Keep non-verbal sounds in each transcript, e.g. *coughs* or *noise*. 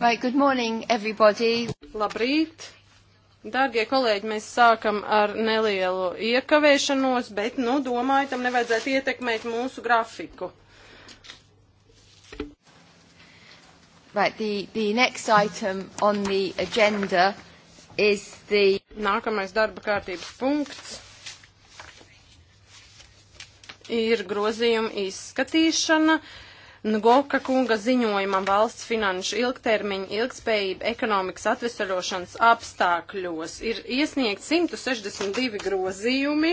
Right, good morning, everybody. Labrīt! Dārgie kolēģi, mēs sākam ar nelielu iekavēšanos, bet, nu, domāju, tam nevajadzētu ietekmēt mūsu grafiku. Right, the, the next item on the agenda is the... Nākamais darba kārtības punkts ir grozījuma izskatīšana. Uh, Ngoka kunga ziņojumam valsts finanšu ilgtermiņa ilgspējība ekonomikas atvesaļošanas apstākļos ir iesniegt 162 grozījumi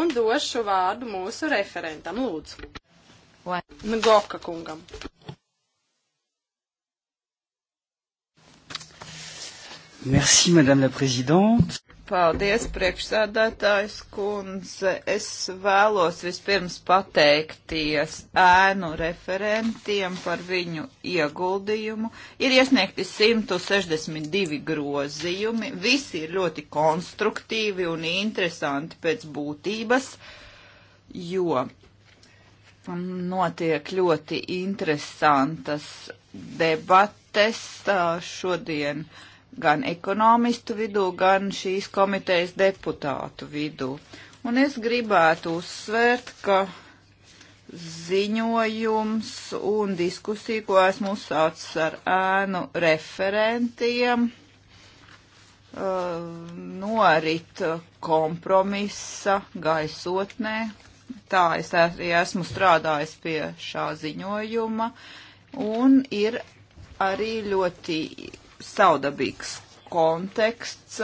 un došu vārdu mūsu referentam. Lūdzu. Ngoka kungam. Merci, Madame la Présidente. Paldies, priekšsādātājs kundze. Es vēlos vispirms pateikties ēnu referentiem par viņu ieguldījumu. Ir iesniegti 162 grozījumi. Visi ir ļoti konstruktīvi un interesanti pēc būtības, jo notiek ļoti interesantas debates šodien. Uh, gan ekonomistu vidū, gan šīs komitejas deputātu vidū. Un es gribētu uzsvērt, ka ziņojums un diskusija, ko esmu uzsācis ar ēnu referentiem, eh, norit kompromisa gaisotnē. Tā es arī esmu strādājis pie šā ziņojuma un ir arī ļoti saudabīgs konteksts.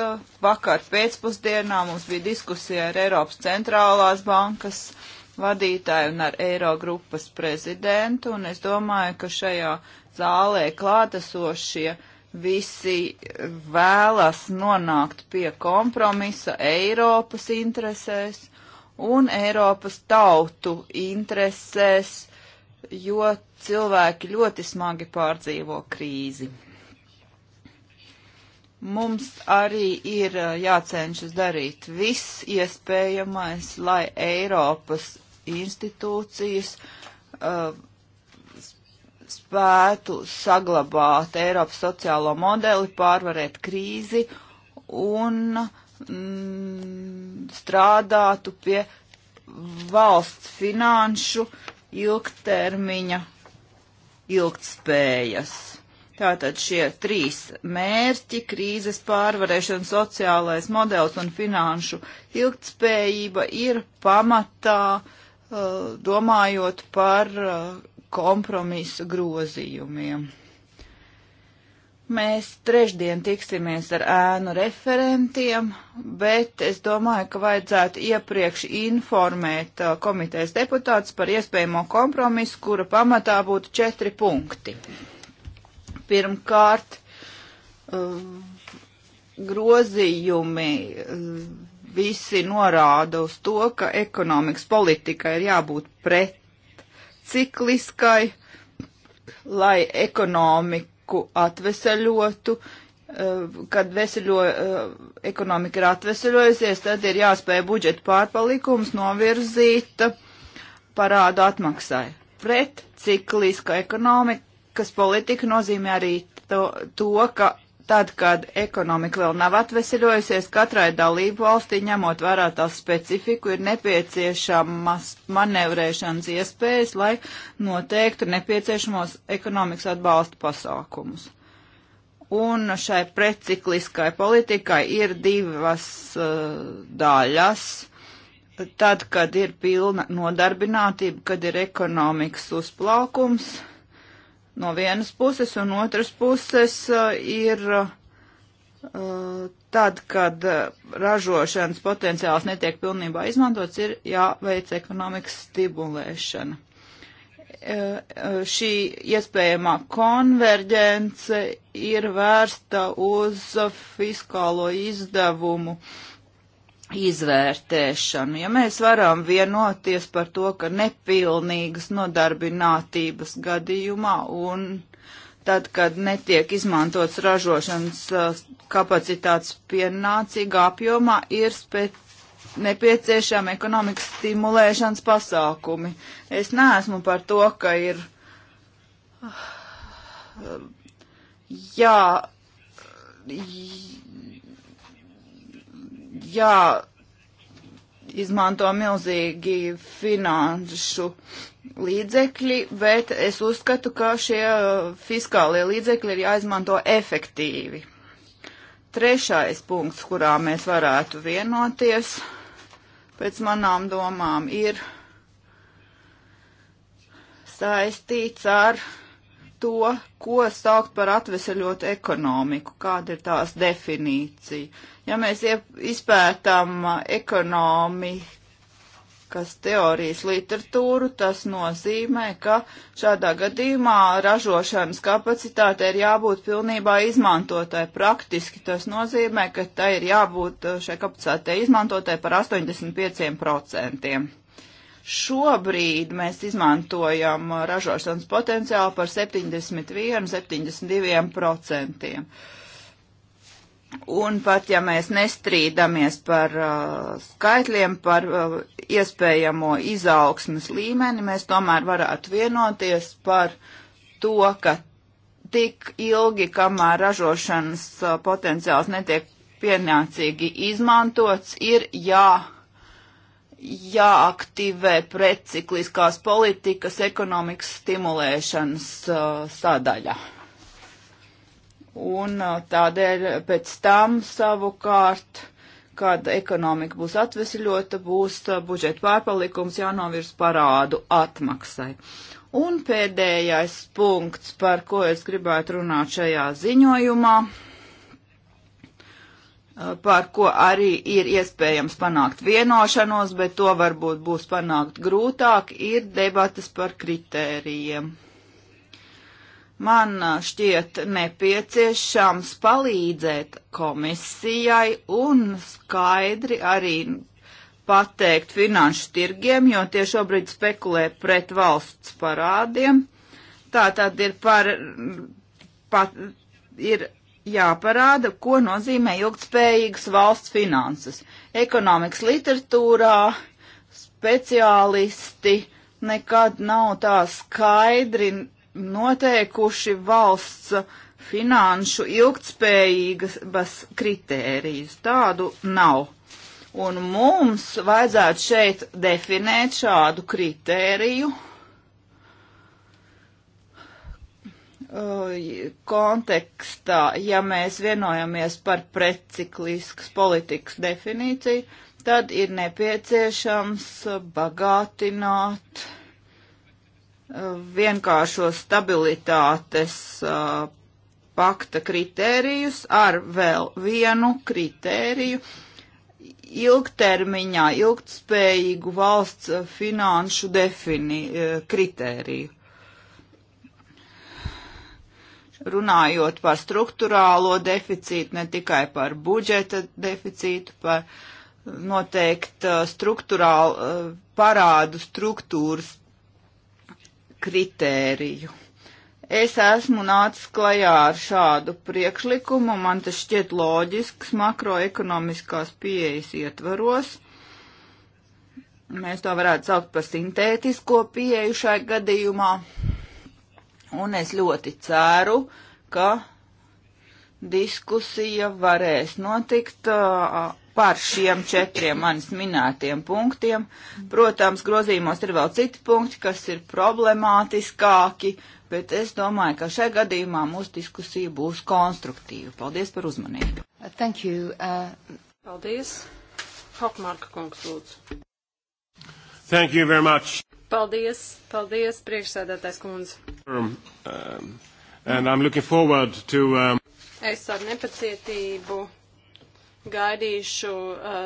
Vakar pēcpusdienā mums bija diskusija ar Eiropas centrālās bankas vadītāju un ar Eirogrupas prezidentu, un es domāju, ka šajā zālē klātesošie visi vēlas nonākt pie kompromisa Eiropas interesēs un Eiropas tautu interesēs, jo cilvēki ļoti smagi pārdzīvo krīzi. Mums arī ir jācenšas darīt viss iespējamais, lai Eiropas institūcijas uh, spētu saglabāt Eiropas sociālo modeli, pārvarēt krīzi un mm, strādātu pie valsts finanšu ilgtermiņa ilgtspējas. Tātad šie trīs mērķi - krīzes pārvarēšana, sociālais modelis un finanšu ilgtspējība - ir pamatā uh, domājot par uh, kompromisu grozījumiem. Mēs trešdien tiksimies ar ēnu referentiem, bet es domāju, ka vajadzētu iepriekš informēt uh, komitejas deputātus par iespējamo kompromisu, kura pamatā būtu četri punkti. Pirmkārt, um, grozījumi um, visi norāda uz to, ka ekonomikas politika ir jābūt pret cikliskai, lai ekonomiku atveseļotu, uh, kad veseļo, uh, ekonomika ir atveseļojusies, tad ir jāspēj budžeta pārpalikums novirzīt parādu atmaksai. Pret cikliska ekonomika Ekonomikas politika nozīmē arī to, to ka tad, kad ekonomika vēl nav atveseļojusies, katrai dalību valstī, ņemot vērā tās specifiku, ir nepieciešamas manevrēšanas iespējas, lai noteiktu nepieciešamos ekonomikas atbalsta pasākumus. Un šai precikliskai politikai ir divas uh, daļas. Tad, kad ir pilna nodarbinātība, kad ir ekonomikas uzplaukums, uh, no vienas puses, un otras puses uh, ir uh, tad, kad uh, ražošanas potenciāls netiek pilnībā izmantots, ir jāveic ekonomikas stimulēšana. Šī iespējamā konverģence ir vērsta uz fiskālo izdevumu uh, izvērtēšanu. Ja mēs varam vienoties par to, ka nepilnīgas nodarbinātības gadījumā un tad, kad netiek izmantots ražošanas uh, kapacitātes pienācīgā apjomā, ir spēc nepieciešami ekonomikas stimulēšanas pasākumi. Es neesmu par to, ka ir uh, jā, jā, izmanto milzīgi finanšu līdzekļi, bet es uzskatu, ka šie fiskālie līdzekļi ir jāizmanto efektīvi. Trešais punkts, kurā mēs varētu vienoties, pēc manām domām, ir saistīts ar to, ko saukt par atveseļotu ekonomiku, kāda ir tās definīcija. Ja mēs izpētām uh, ekonomikas teorijas literatūru, tas nozīmē, ka šādā gadījumā ražošanas kapacitāte ir jābūt pilnībā izmantotai praktiski. Tas nozīmē, ka tai ir jābūt uh, šai kapacitātei izmantotai par 85%. Šobrīd mēs izmantojam ražošanas potenciālu par 71-72%. Un pat ja mēs nestrīdamies par uh, skaitļiem, par uh, iespējamo izaugsmas līmeni, mēs tomēr varētu vienoties par to, ka tik ilgi, kamēr ražošanas uh, potenciāls netiek pienācīgi izmantots, ir jā. Ja jāaktivē precikliskās politikas ekonomikas stimulēšanas uh, sadaļa. Un uh, tādēļ pēc tam savukārt, kad ekonomika būs atvesļota, būs uh, budžeta pārpalikums jānovirs parādu atmaksai. Un pēdējais punkts, par ko es gribētu runāt šajā ziņojumā, Eh, par ko arī ir iespējams panākt vienošanos, bet to varbūt būs panākt grūtāk, ir debatas par kritērijiem. Man eh, šķiet nepieciešams palīdzēt komisijai un skaidri arī pateikt finanšu tirgiem, jo tie šobrīd spekulē pret valsts parādiem. Tā tad ir par, pat, ir jāparāda, ko nozīmē ilgtspējīgas valsts finanses. Ekonomikas literatūrā speciālisti nekad nav tā skaidri noteikuši valsts finanšu ilgtspējīgas kritērijas. Tādu nav. Un mums vajadzētu šeit definēt šādu kritēriju kontekstā, ja mēs vienojamies par precikliskas politikas definīciju, tad ir nepieciešams bagātināt uh, vienkāršo stabilitātes uh, pakta kritērijus ar vēl vienu kritēriju ilgtermiņā ilgtspējīgu valsts uh, finanšu defini, kritēriju runājot par struktūrālo deficītu, ne tikai par budžeta deficītu, par noteikti uh, struktūrālu uh, parādu struktūras kritēriju. Es esmu nācis klajā ar šādu priekšlikumu, man tas šķiet loģisks makroekonomiskās pieejas ietvaros. Mēs to varētu saukt par sintētisko pieeju šai gadījumā. Un es ļoti ceru, ka diskusija varēs notikt par šiem četriem manis minētiem punktiem. Protams, grozījumos ir vēl citi punkti, kas ir problemātiskāki, bet es domāju, ka šajā gadījumā mūsu diskusija būs konstruktīva. Paldies par uzmanību. Thank you. Uh... Paldies. Hopmārka kungs lūdzu. Thank you very much. Paldies, paldies, priekšsēdētājs kundze. Um, um, to, um... Es ar nepacietību gaidīšu uh,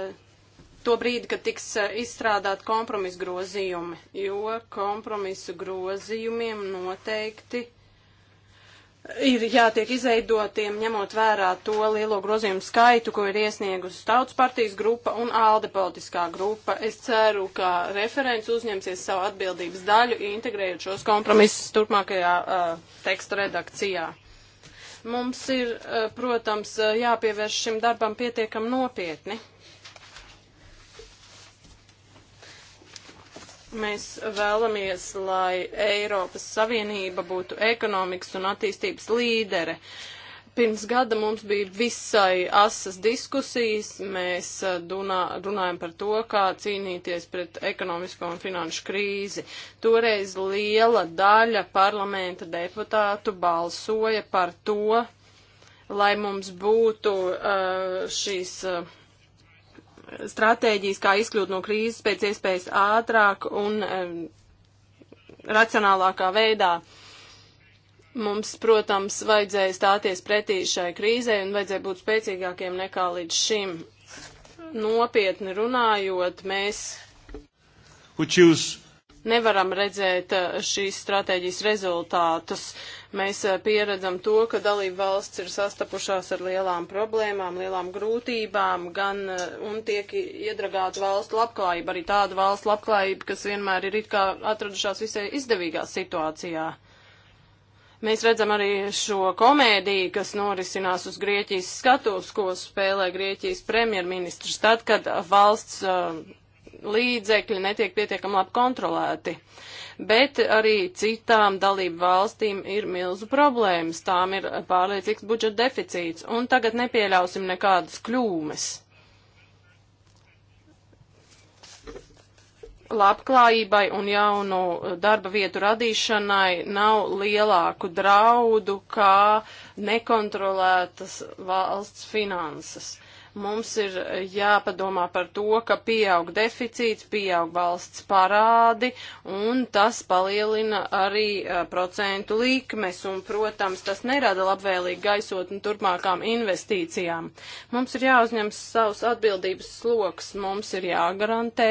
to brīdi, kad tiks uh, izstrādāt kompromisu grozījumi, jo kompromisu grozījumiem noteikti ir jātiek izveidotiem, ņemot vērā to lielo grozījumu skaitu, ko ir iesniegusi Tautas partijas grupa un ALDE politiskā grupa. Es ceru, ka referents uzņemsies savu atbildības daļu, integrējot šos kompromisus turpmākajā uh, teksta redakcijā. Mums ir, uh, protams, uh, jāpievērš šim darbam pietiekam nopietni. Mēs vēlamies, lai Eiropas Savienība būtu ekonomikas un attīstības līdere. Pirms gada mums bija visai asas diskusijas. Mēs eh, dunā, runājam par to, kā cīnīties pret ekonomisko un finanšu krīzi. Toreiz liela daļa parlamenta deputātu balsoja par to, lai mums būtu uh, šīs. Uh, stratēģijas, kā izkļūt no krīzes pēc iespējas ātrāk un um, racionālākā veidā. Mums, protams, vajadzēja stāties pretī šai krīzē un vajadzēja būt spēcīgākiem nekā līdz šim. Nopietni runājot, mēs. Who choose nevaram redzēt eh, šīs stratēģijas rezultātus. Mēs eh, pieredzam to, ka dalība valsts ir sastapušās ar lielām problēmām, lielām grūtībām, gan eh, un tiek iedragāta valstu labklājība, arī tāda valsts labklājība, kas vienmēr ir it kā atradušās visai izdevīgā situācijā. Mēs redzam arī šo komēdiju, kas norisinās uz Grieķijas skatos, ko spēlē Grieķijas premjerministrs. Tad, kad valsts uh, līdzekļi netiek pietiekami labi kontrolēti. Bet arī citām dalību valstīm ir milzu problēmas, tām ir pārliecīgs budžeta deficīts, un tagad nepieļausim nekādas kļūmes. labklājībai un jaunu darba vietu radīšanai nav lielāku draudu kā nekontrolētas valsts finanses. Mums ir eh, jāpadomā par to, ka pieaug deficīts, pieaug valsts parādi, un tas palielina arī eh, procentu likmes, un, protams, tas nerada labvēlīgi gaisotni turpmākām investīcijām. Mums ir jāuzņems savus atbildības sloks, mums ir jāgarantē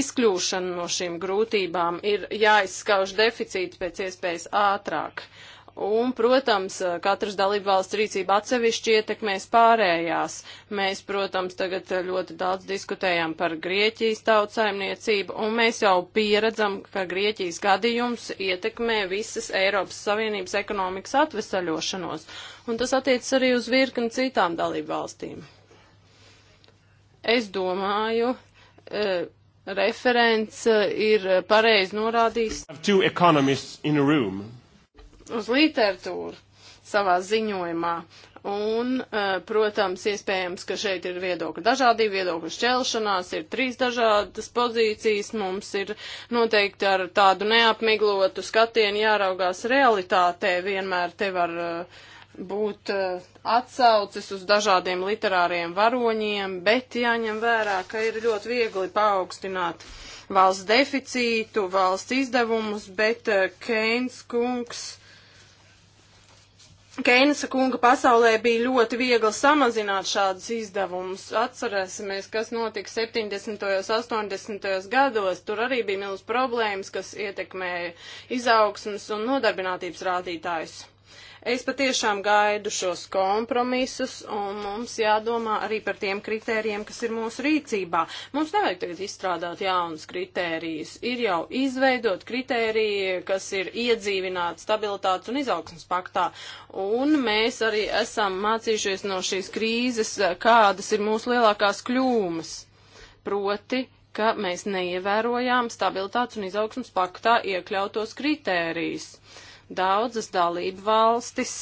izkļūšana no šīm grūtībām ir jāizskauž deficīts pēc iespējas ātrāk. Un, protams, katras dalībvalsts rīcība atsevišķi ietekmēs pārējās. Mēs, protams, tagad ļoti daudz diskutējam par Grieķijas tautsaimniecību, un mēs jau pieredzam, ka Grieķijas gadījums ietekmē visas Eiropas Savienības ekonomikas atvesaļošanos, un tas attiecas arī uz virkni citām dalībvalstīm. Es domāju, e, referents ir pareizi norādījis uz literatūru savā ziņojumā. Un, eh, protams, iespējams, ka šeit ir viedokļu dažādība, viedokļu šķelšanās, ir trīs dažādas pozīcijas, mums ir noteikti ar tādu neapmiglotu skatienu jāraugās realitātē, vienmēr te var eh, būt eh, atsaucis uz dažādiem literāriem varoņiem, bet jāņem vērā, ka ir ļoti viegli paaugstināt valsts deficītu, valsts izdevumus, bet Keins kungs Keinsa kunga pasaulē bija ļoti viegli samazināt šādus izdevumus. Atcerēsimies, kas notika 70. un 80. gados. Tur arī bija milz problēmas, kas ietekmēja izaugsmas un nodarbinātības rādītājus. Es patiešām gaidu šos kompromisus, un mums jādomā arī par tiem kritērijiem, kas ir mūsu rīcībā. Mums nevajag tagad izstrādāt jaunas kritērijas. Ir jau izveidot kritēriju, kas ir iedzīvināta stabilitātes un izaugsmas paktā, un mēs arī esam mācījušies no šīs krīzes, kādas ir mūsu lielākās kļūmas. Proti, ka mēs neievērojām stabilitātes un izaugsmas paktā iekļautos kritērijus. Uh, Daudzas dalību valstis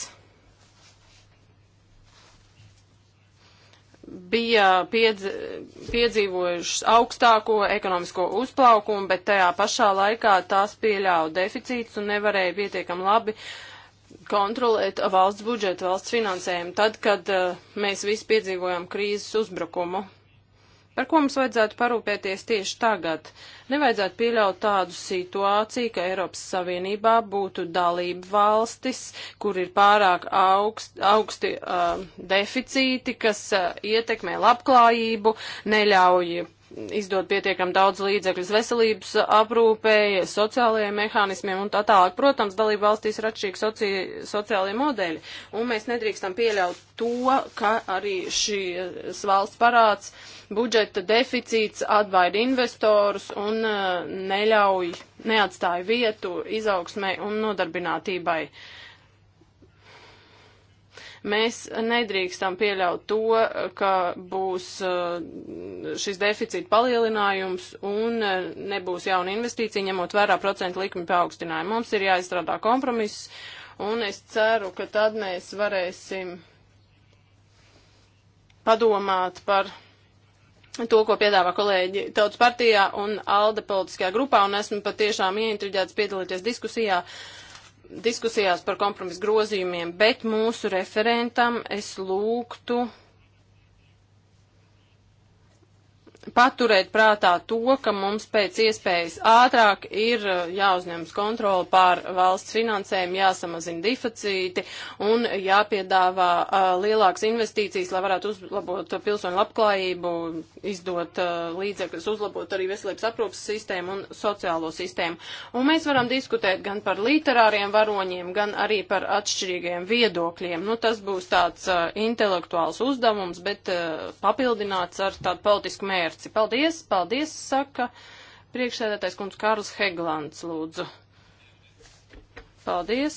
bija piedz, piedzīvojušas augstāko ekonomisko uzplaukumu, bet tajā pašā laikā tās pieļāva deficīts un nevarēja pietiekam labi kontrolēt valsts budžetu, valsts finansējumu, tad, kad uh, mēs visi piedzīvojām krīzes uzbrukumu. Par ko mums vajadzētu parūpēties tieši tagad? Nevajadzētu pieļaut tādu situāciju, ka Eiropas Savienībā būtu dalība valstis, kur ir pārāk augst, augsti uh, deficīti, kas uh, ietekmē labklājību, neļauj izdot pietiekam daudz līdzekļus veselības aprūpēji, sociālajiem mehānismiem un tā tālāk. Protams, dalība valstīs ir atšķirīgi soci, sociālajie modeļi, un mēs nedrīkstam pieļaut to, ka arī šīs valsts parāds, budžeta deficīts atbaida investorus un uh, neļauj, neatstāja vietu izaugsmai un nodarbinātībai. Uh, Mēs nedrīkstam pieļaut to, ka būs eh, šis deficīta palielinājums un eh, nebūs jauna investīcija, ņemot vērā procentu likmi paaugstinājumu. Mums ir jāizstrādā kompromiss, un es ceru, ka tad mēs varēsim padomāt par to, ko piedāvā kolēģi Tautas partijā un Alde politiskajā grupā, un esmu patiešām ieintriģēts piedalīties diskusijā. Uh, diskusijās par kompromisu grozījumiem, bet mūsu referentam es lūgtu paturēt prātā to, ka mums pēc iespējas ātrāk ir uh, jāuzņemas kontroli pār valsts finansējumu, jāsamazina deficīti un jāpiedāvā uh, lielākas investīcijas, lai varētu uzlabot pilsoņu labklājību, izdot uh, līdzekļus, uzlabot arī veselības aprūpas sistēmu un sociālo sistēmu. Un mēs varam diskutēt gan par literāriem varoņiem, gan arī par atšķirīgiem viedokļiem. Nu, tas būs tāds uh, intelektuāls uzdevums, bet uh, papildināts ar tādu politisku mērķi mērci. Paldies, paldies, saka priekšsēdētais kungs Kārls Heglants, lūdzu. Paldies.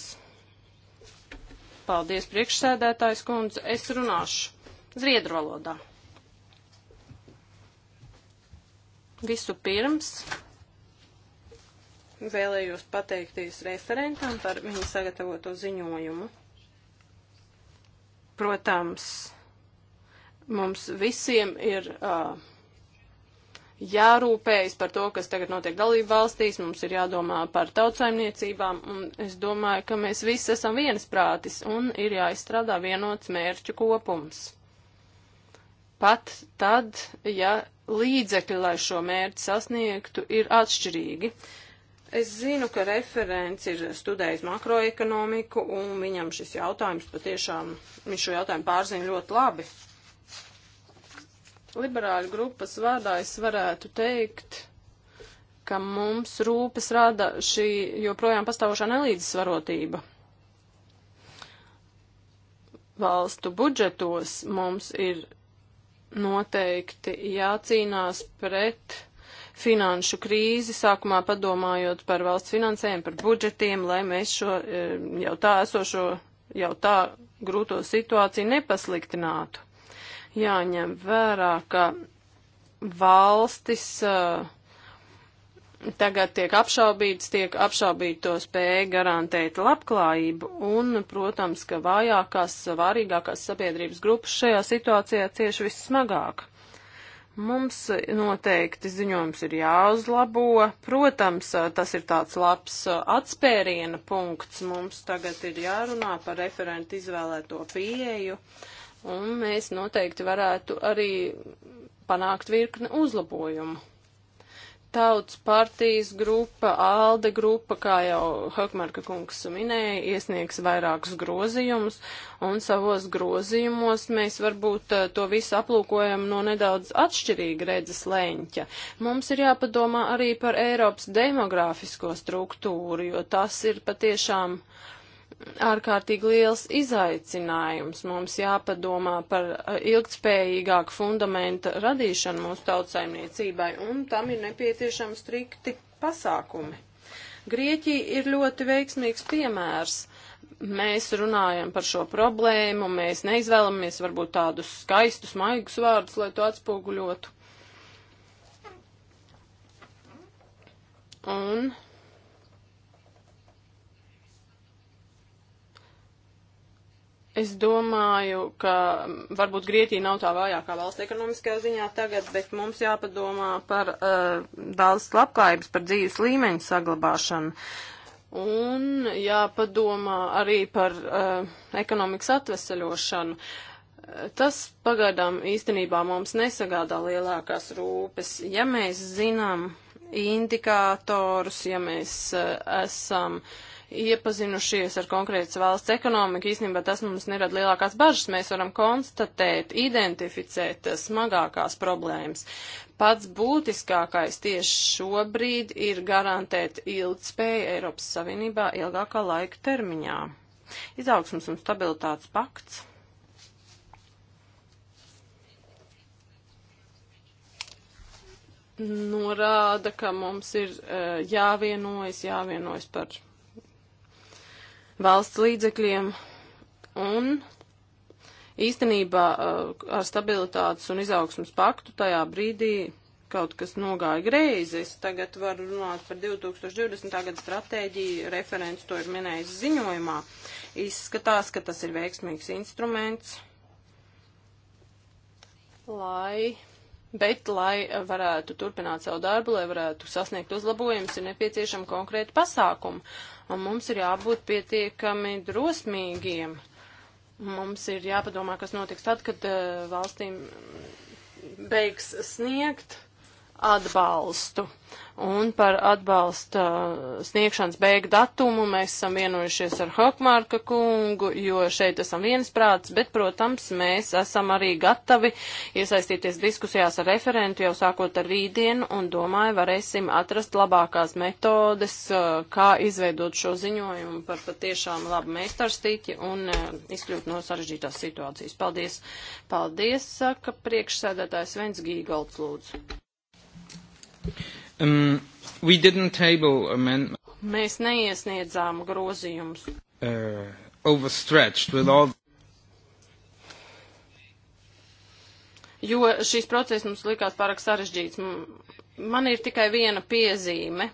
Paldies, priekšsēdētājs kundze. Es runāšu zviedru valodā. Visu pirms vēlējos pateikties referentam par viņu sagatavoto ziņojumu. Protams, mums visiem ir uh, jārūpējas par to, kas tagad notiek dalību valstīs, mums ir jādomā par tautsaimniecībām, un es domāju, ka mēs visi esam viensprātis un ir jāizstrādā vienots mērķu kopums. Pat tad, ja līdzekļi, lai šo mērķi sasniegtu, ir atšķirīgi. Es zinu, ka referents ir studējis makroekonomiku, un viņam šis jautājums patiešām, viņš šo jautājumu pārzina ļoti labi. Liberāļu grupas vārdā es varētu teikt, ka mums rūpes rada šī joprojām pastāvošā nelīdzsvarotība valstu budžetos mums ir noteikti jācīnās pret finanšu krīzi, sākumā padomājot par valsts finansējumu, par budžetiem, lai mēs šo eh, jau tā esošo, jau tā grūto situāciju nepasliktinātu jāņem vērā, ka valstis uh, tagad tiek apšaubīts, tiek apšaubīta to spēja garantēt labklājību, un, protams, ka vājākās, vārīgākās sabiedrības grupas šajā situācijā cieši vissmagāk. Mums noteikti ziņojums ir jāuzlabo. Protams, uh, tas ir tāds labs uh, atspēriena punkts. Mums tagad ir jārunā par referentu izvēlēto pieeju. Uh, un mēs noteikti varētu arī panākt virkni uzlabojumu. Tautas partijas grupa, ALDE grupa, kā jau Hakmarka kungs minēja, iesniegs vairākus grozījumus, un savos grozījumos mēs varbūt eh, to visu aplūkojam no nedaudz atšķirīga redzes leņķa. Mums ir jāpadomā arī par Eiropas demografisko struktūru, jo tas ir patiešām uh, ārkārtīgi liels izaicinājums. Mums jāpadomā par uh, ilgtspējīgāku fundamenta radīšanu mūsu tautsaimniecībai, un tam ir nepieciešami strikti pasākumi. Grieķija ir ļoti veiksmīgs piemērs. Mēs runājam par šo problēmu, mēs neizvēlamies varbūt tādus skaistus, maigus vārdus, lai to atspoguļotu. Un Es domāju, ka varbūt Grieķija nav tā vājākā valsts ekonomiskajā ziņā tagad, bet mums jāpadomā par uh, eh, valsts labklājības, par dzīves līmeņu saglabāšanu. Un jāpadomā arī par uh, ekonomikas atveseļošanu. Tas pagaidām īstenībā mums nesagādā lielākās rūpes. Ja mēs zinām indikātorus, ja mēs uh, esam uh, iepazinušies ar konkrētas valsts ekonomiku, īstenībā tas mums nerada lielākās bažas. Mēs varam konstatēt, identificēt smagākās problēmas. Pats būtiskākais tieši šobrīd ir garantēt ilgspēju Eiropas Savienībā ilgākā laika termiņā. Izaugsmas un stabilitātes pakts. norāda, ka mums ir uh, jāvienojas, jāvienojas par valsts līdzekļiem un īstenībā uh, ar stabilitātes un izaugsmas paktu tajā brīdī kaut kas nogāja greizi. Es tagad varu runāt par 2020. gada stratēģiju, referents to ir minējis ziņojumā. Izskatās, ka tas ir veiksmīgs instruments, lai Bet, lai varētu turpināt savu darbu, lai varētu sasniegt uzlabojumus, ir nepieciešama konkrēta pasākuma. Un mums ir jābūt pietiekami drosmīgiem. Mums ir jāpadomā, kas notiks tad, kad uh, valstīm beigs sniegt atbalstu. Un par atbalsta sniegšanas beigu datumu mēs esam vienojušies ar Hokmārka kungu, jo šeit esam viensprāts, bet, protams, mēs esam arī gatavi iesaistīties diskusijās ar referentu jau sākot ar rītdienu un domāju, varēsim atrast labākās metodes, uh, kā izveidot šo ziņojumu par patiešām labu meistarstiķi un uh, izkļūt no sarežģītās situācijas. Paldies! Paldies, saka priekšsēdētājs Vens Gīgolds lūdzu. Um, we didn't table amendment. Mēs neiesniedzām grozījumus. Uh, overstretched with all. Jo šīs process mums likās pārāk sarežģīts. Man ir tikai viena piezīme.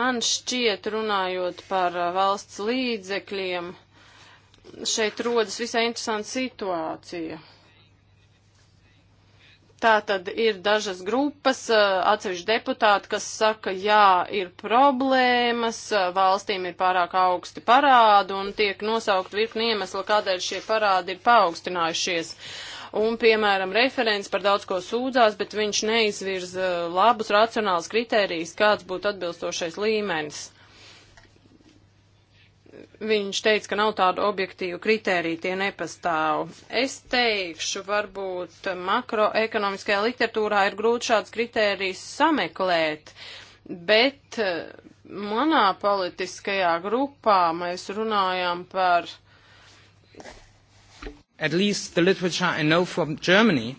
Man šķiet, runājot par uh, valsts līdzekļiem, šeit rodas visai interesanta situācija. Tā tad ir dažas grupas, atsevišķi deputāti, kas saka, jā, ir problēmas, valstīm ir pārāk augsti parādi un tiek nosaukt virkni iemesli, kādēļ šie parādi ir paaugstinājušies. Un, piemēram, referents par daudz ko sūdzās, bet viņš neizvirza labus racionālus kritērijus, kāds būtu atbilstošais līmenis viņš teica, ka nav tādu objektīvu kritēriju, tie nepastāv. Es teikšu, varbūt makroekonomiskajā literatūrā ir grūti šāds kritērijs sameklēt, bet eh, manā politiskajā grupā mēs runājam par. At least the literature I know from Germany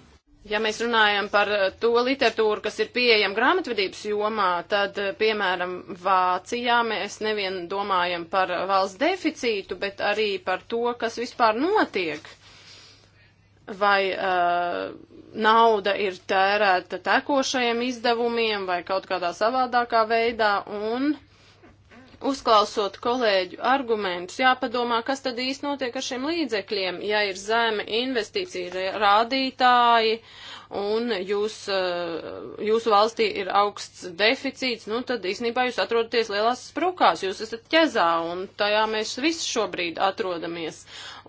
Ja mēs runājam par eh, to literatūru, kas ir pieejama grāmatvedības jomā, tad, eh, piemēram, Vācijā mēs nevien domājam par valsts deficītu, bet arī par to, kas vispār notiek. Vai uh, nauda ir tērēta tekošajiem izdevumiem vai kaut kādā savādākā veidā, un uzklausot kolēģu argumentus, jāpadomā, kas tad īsti notiek ar šiem līdzekļiem, ja ir zemi investīcija rādītāji un jūs, eh, jūsu valstī ir augsts deficīts, nu tad īstenībā jūs atrodaties lielās sprukās, jūs esat ķezā un tajā mēs visi šobrīd atrodamies.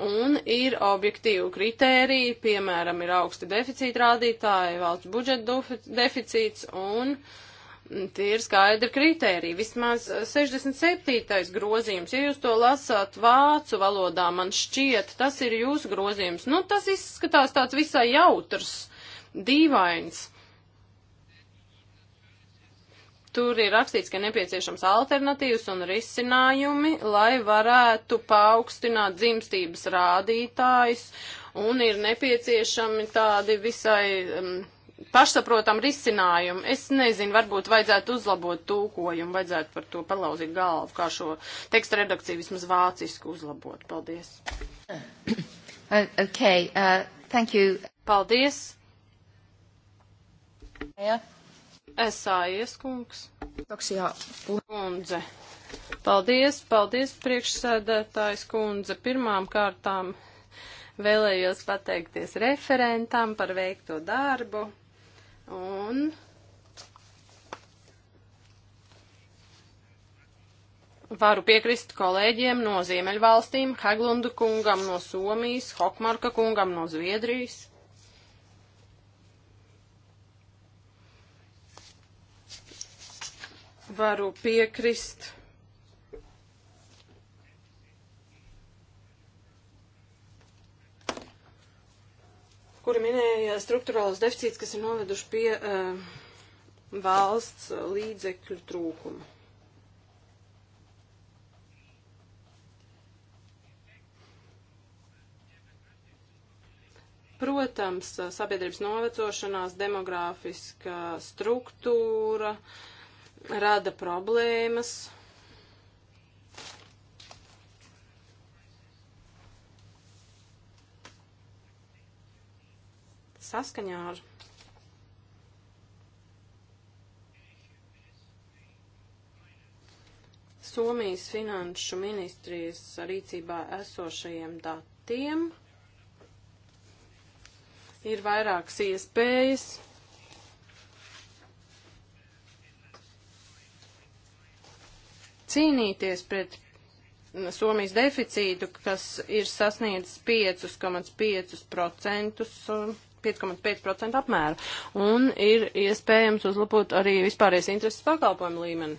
Un ir objektīvu kritēriju, piemēram, ir augsti deficīta rādītāji, valsts budžeta deficīts un. Uh, Tie ir skaidri kriteriji. Vismaz 67. grozījums, ja jūs to lasāt vācu valodā, man šķiet, tas ir jūsu grozījums. Nu, tas izskatās tāds visai jautrs, dīvains. Tur ir rakstīts, ka nepieciešams alternatīvas un risinājumi, lai varētu paaugstināt dzimstības rādītājus, un ir nepieciešami tādi visai. Um, pašsaprotam risinājumu. Es nezinu, varbūt vajadzētu uzlabot tūkojumu, vajadzētu par to palauzīt galvu, kā šo tekstu redakciju vismaz vācisku uzlabot. Paldies. *coughs* Uh, okay, uh, thank you. Paldies. Yeah. Esājies, kungs. Toksijā. Kundze. Paldies, paldies, priekšsēdētājs kundze. Pirmām kārtām vēlējos pateikties referentam par veikto darbu. Un varu piekrist kolēģiem no Ziemeļvalstīm, Haglundu kungam no Somijas, Hokmarka kungam no Zviedrijas. Varu piekrist kuri minēja struktūrālos deficīts, kas ir noveduši pie uh, valsts līdzekļu trūkuma. Protams, sabiedrības novecošanās, demogrāfiskā struktūra rada problēmas, saskaņā ar Somijas finanšu ministrijas rīcībā esošajiem datiem ir vairākas iespējas. Cīnīties pret Somijas deficītu, kas ir sasniedzis 5,5% 5,5% apmēra. Un ir iespējams uzlabot arī vispārējais intereses pakalpojumu līmeni.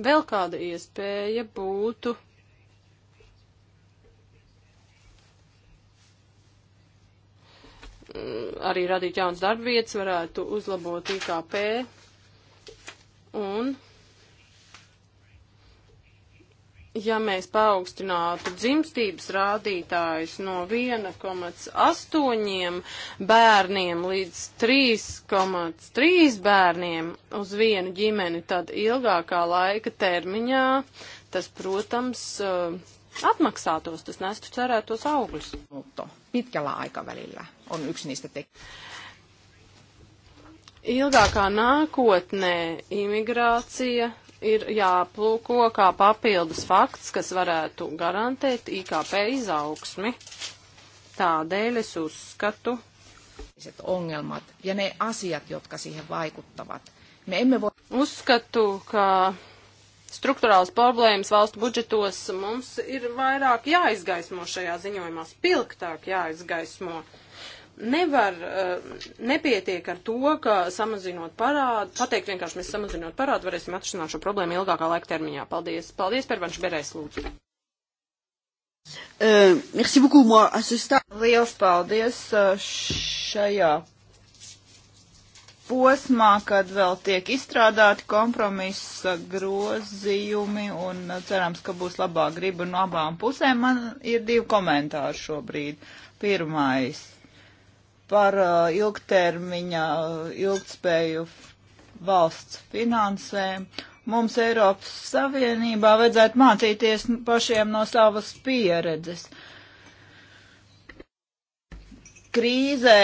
Vēl kāda iespēja būtu arī radīt jaunas darbvietas, varētu uzlabot IKP un ja mēs paaugstinātu dzimstības rādītājus no 1,8 bērniem līdz 3,3 bērniem uz vienu ģimeni, tad ilgākā laika termiņā tas, protams, eh, atmaksātos, tas nestu cerētos augļus. Pitkällä aikavälillä on yksi niistä tekijöistä. Ilgākā nākotnē imigrācija ir jāplūko kā papildus fakts, kas varētu garantēt IKP izaugsmi. Tādēļ es uzskatu. Ongelmat ja ne asiat, jotka siihen vaikuttavat. Me emme voi... Uzskatu, ka struktūrāls problēmas valstu budžetos mums ir vairāk jāizgaismo šajā ziņojumā, spilgtāk jāizgaismo. Uh, nevar, eh, nepietiek ar to, ka samazinot parādu, pateikt vienkārši mēs samazinot parādu, varēsim atrisināt šo problēmu ilgākā laika termiņā. Paldies. Paldies, Pervanš Berēs, lūdzu. Uh, merci beaucoup, moi, à ce stade. Liels paldies eh, šajā posmā, kad vēl tiek izstrādāti kompromisa grozījumi un cerams, ka būs labā griba no abām pusēm. Man ir divi komentāri šobrīd. Pirmais par uh, ilgtermiņa uh, ilgtspēju valsts finansēm. Mums Eiropas Savienībā vajadzētu mācīties pašiem no savas pieredzes. Krīzē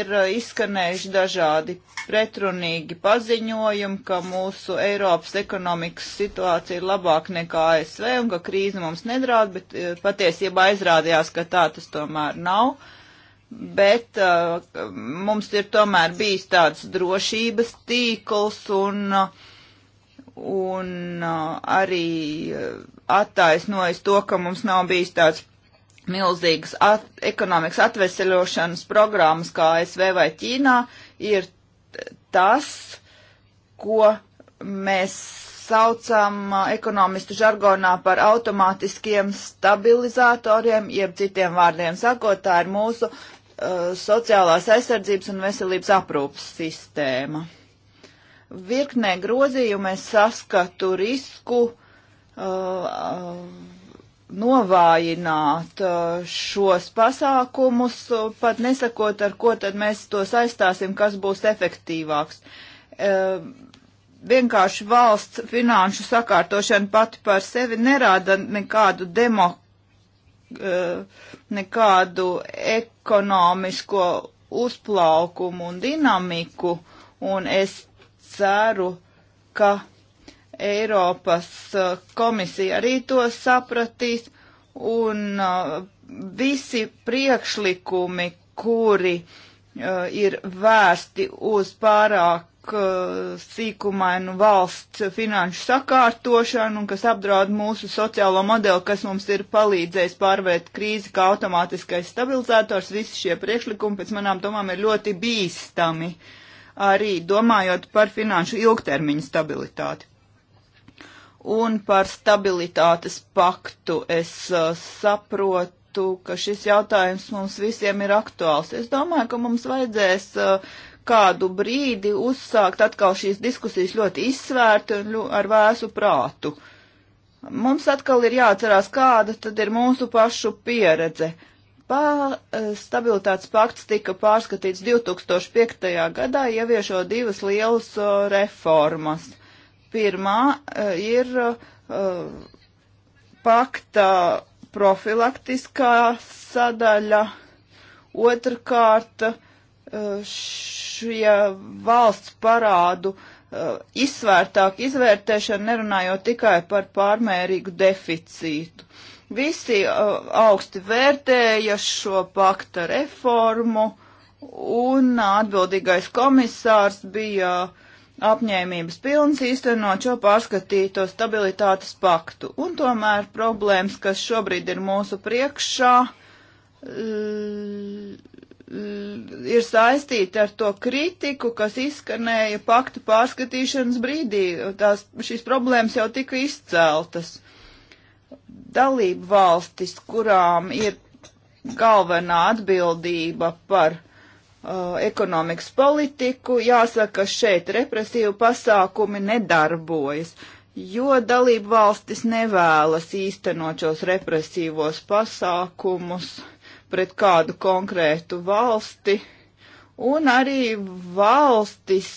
ir uh, izskanējuši dažādi pretrunīgi paziņojumi, ka mūsu Eiropas ekonomikas situācija ir labāk nekā ASV un ka krīze mums nedraud, bet patiesībā aizrādījās, ka tā tas tomēr nav. Uh, bet uh, mums ir tomēr bijis tāds drošības tīkls un, un uh, arī uh, attaisnojas to, ka mums nav bijis tāds milzīgas at ekonomikas atveseļošanas programmas kā ASV vai Ķīnā, ir tas, ko mēs saucam uh, ekonomistu žargonā par automātiskiem stabilizatoriem, jeb citiem vārdiem sakot, tā ir mūsu Uh, sociālās aizsardzības un veselības aprūpas sistēma. Virknē grozījumu es saskatu risku uh, uh novājināt uh, šos pasākumus, pat nesakot, ar ko tad mēs to saistāsim, kas būs efektīvāks. Uh, vienkārši valsts finanšu sakārtošana pati par sevi nerāda nekādu demokrātiju E, nekādu ekonomisko uzplaukumu un dinamiku, un es ceru, ka Eiropas e, komisija arī to sapratīs, un e, visi priekšlikumi, kuri ir vērsti uz pārāk pārāk uh, sīkumainu valsts finanšu sakārtošanu un kas apdraud mūsu sociālo modeli, kas mums ir palīdzējis pārvērt krīzi kā automātiskais stabilizators. Visi šie priekšlikumi pēc manām domām ir ļoti bīstami, arī domājot par finanšu ilgtermiņu stabilitāti. Un par stabilitātes paktu es uh, saprotu saprotu, ka šis jautājums mums visiem ir aktuāls. Es domāju, ka mums vajadzēs uh, kādu brīdi uzsākt atkal šīs diskusijas ļoti izsvērti un ļu, ar vēsu prātu. Mums atkal ir jāatcerās, kāda tad ir mūsu pašu pieredze. Pā, eh, stabilitātes pakts tika pārskatīts 2005. gadā, ieviešo divas lielas uh, reformas. Pirmā uh, ir uh, pakta profilaktiskā sadaļa, otrkārt uh, šie valsts parādu eh, izsvērtāk izvērtēšana, nerunājot tikai par pārmērīgu deficītu. Visi eh, augsti vērtēja šo pakta reformu, un atbildīgais komisārs bija apņēmības pilns īstenot šo pārskatīto stabilitātes paktu. Un tomēr problēmas, kas šobrīd ir mūsu priekšā, ir saistīta ar to kritiku, kas izskanēja paktu pārskatīšanas brīdī. Tās, šīs problēmas jau tika izceltas. Dalību valstis, kurām ir galvenā atbildība par uh, ekonomikas politiku, jāsaka, šeit represīvu pasākumi nedarbojas, jo dalību valstis nevēlas īstenot šos represīvos pasākumus. Uh, pret kādu konkrētu valsti, un arī valstis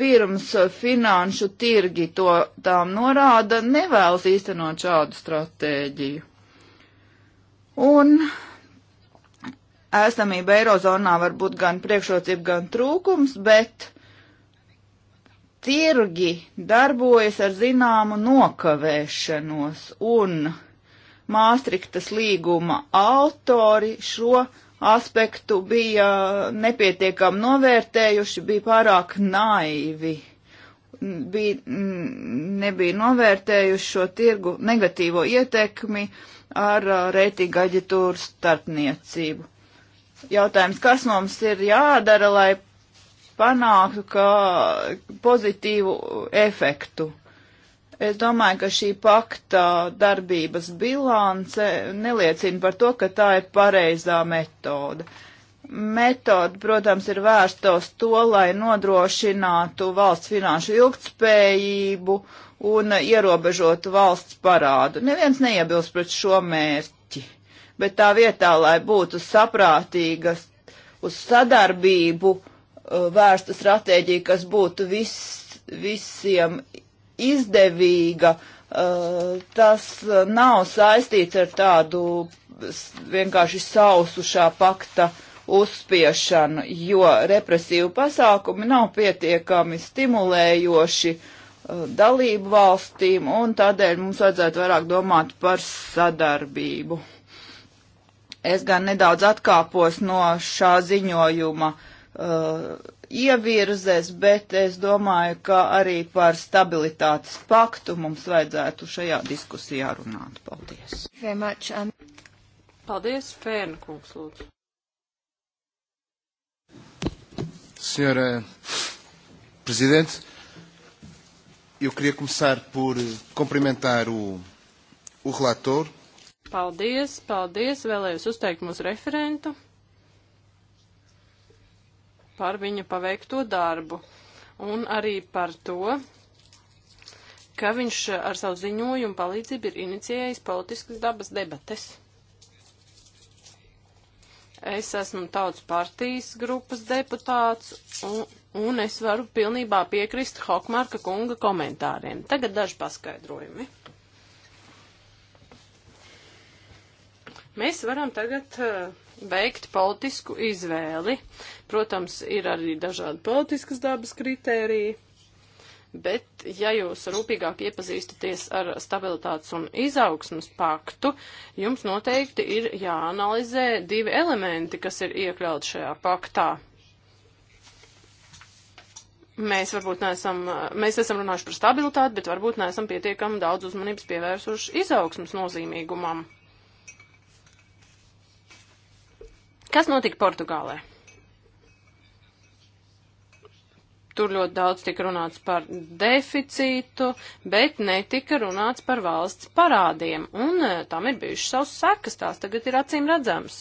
pirms finanšu tirgi to tām norāda, nevēlas īstenot šādu stratēģiju. Un esamība Eirozonā var būt gan priekšrocība, gan trūkums, bet tirgi darbojas ar zināmu nokavēšanos, un Māstriktas līguma autori šo aspektu bija nepietiekami novērtējuši, bija pārāk naivi, bija, mm, nebija novērtējuši šo tirgu negatīvo ietekmi ar reitinga aģitūru starpniecību. Jautājums, kas mums ir jādara, lai panāktu, ka pozitīvu efektu Es domāju, ka šī pakta darbības bilance neliecina par to, ka tā ir pareizā metode. Metode, protams, ir vērsta uz to, lai nodrošinātu valsts finanšu ilgtspējību un ierobežotu valsts parādu. Neviens neiebilst pret šo mērķi, bet tā vietā, lai būtu saprātīgas uz sadarbību uh, vērsta stratēģija, kas būtu viss visiem izdevīga, eh, tas nav saistīts ar tādu vienkārši sausušā pakta uzspiešanu, jo represīvu pasākumi nav pietiekami stimulējoši eh, dalību valstīm, un tādēļ mums vajadzētu vairāk domāt par sadarbību. Es gan nedaudz atkāpos no šā ziņojuma uh, ievirzēs, bet es domāju, ka arī par stabilitātes paktu mums vajadzētu šajā diskusijā runāt. Paldies. Much, um... Paldies, Fērna kungs, lūdzu. Senhora Presidente, eu queria começar por cumprimentar o, o relator. Paldies, paldies, vēlējos uzteikt mūsu referentu par viņa paveikto darbu un arī par to, ka viņš ar savu ziņojumu palīdzību ir inicijējis politiskas dabas debates. Es esmu tautas partijas grupas deputāts, un, un es varu pilnībā piekrist Hokmarka kunga komentāriem. Tagad daži paskaidrojumi. Mēs varam tagad uh, veikt politisku izvēli. Protams, ir arī dažādi politiskas dabas kritēriji, bet ja jūs rūpīgāk iepazīstaties ar stabilitātes un izaugsmas paktu, jums noteikti ir jāanalizē divi elementi, kas ir iekļauts šajā paktā. Mēs varbūt neesam, mēs esam runājuši par stabilitāti, bet varbūt neesam pietiekami daudz uzmanības pievērsuši izaugsmas nozīmīgumam. Kas notika Portugālē? Tur ļoti daudz tika runāts par deficītu, bet netika runāts par valsts parādiem, un e, tam ir bijušas savas sekas, tās tagad ir acīm redzams.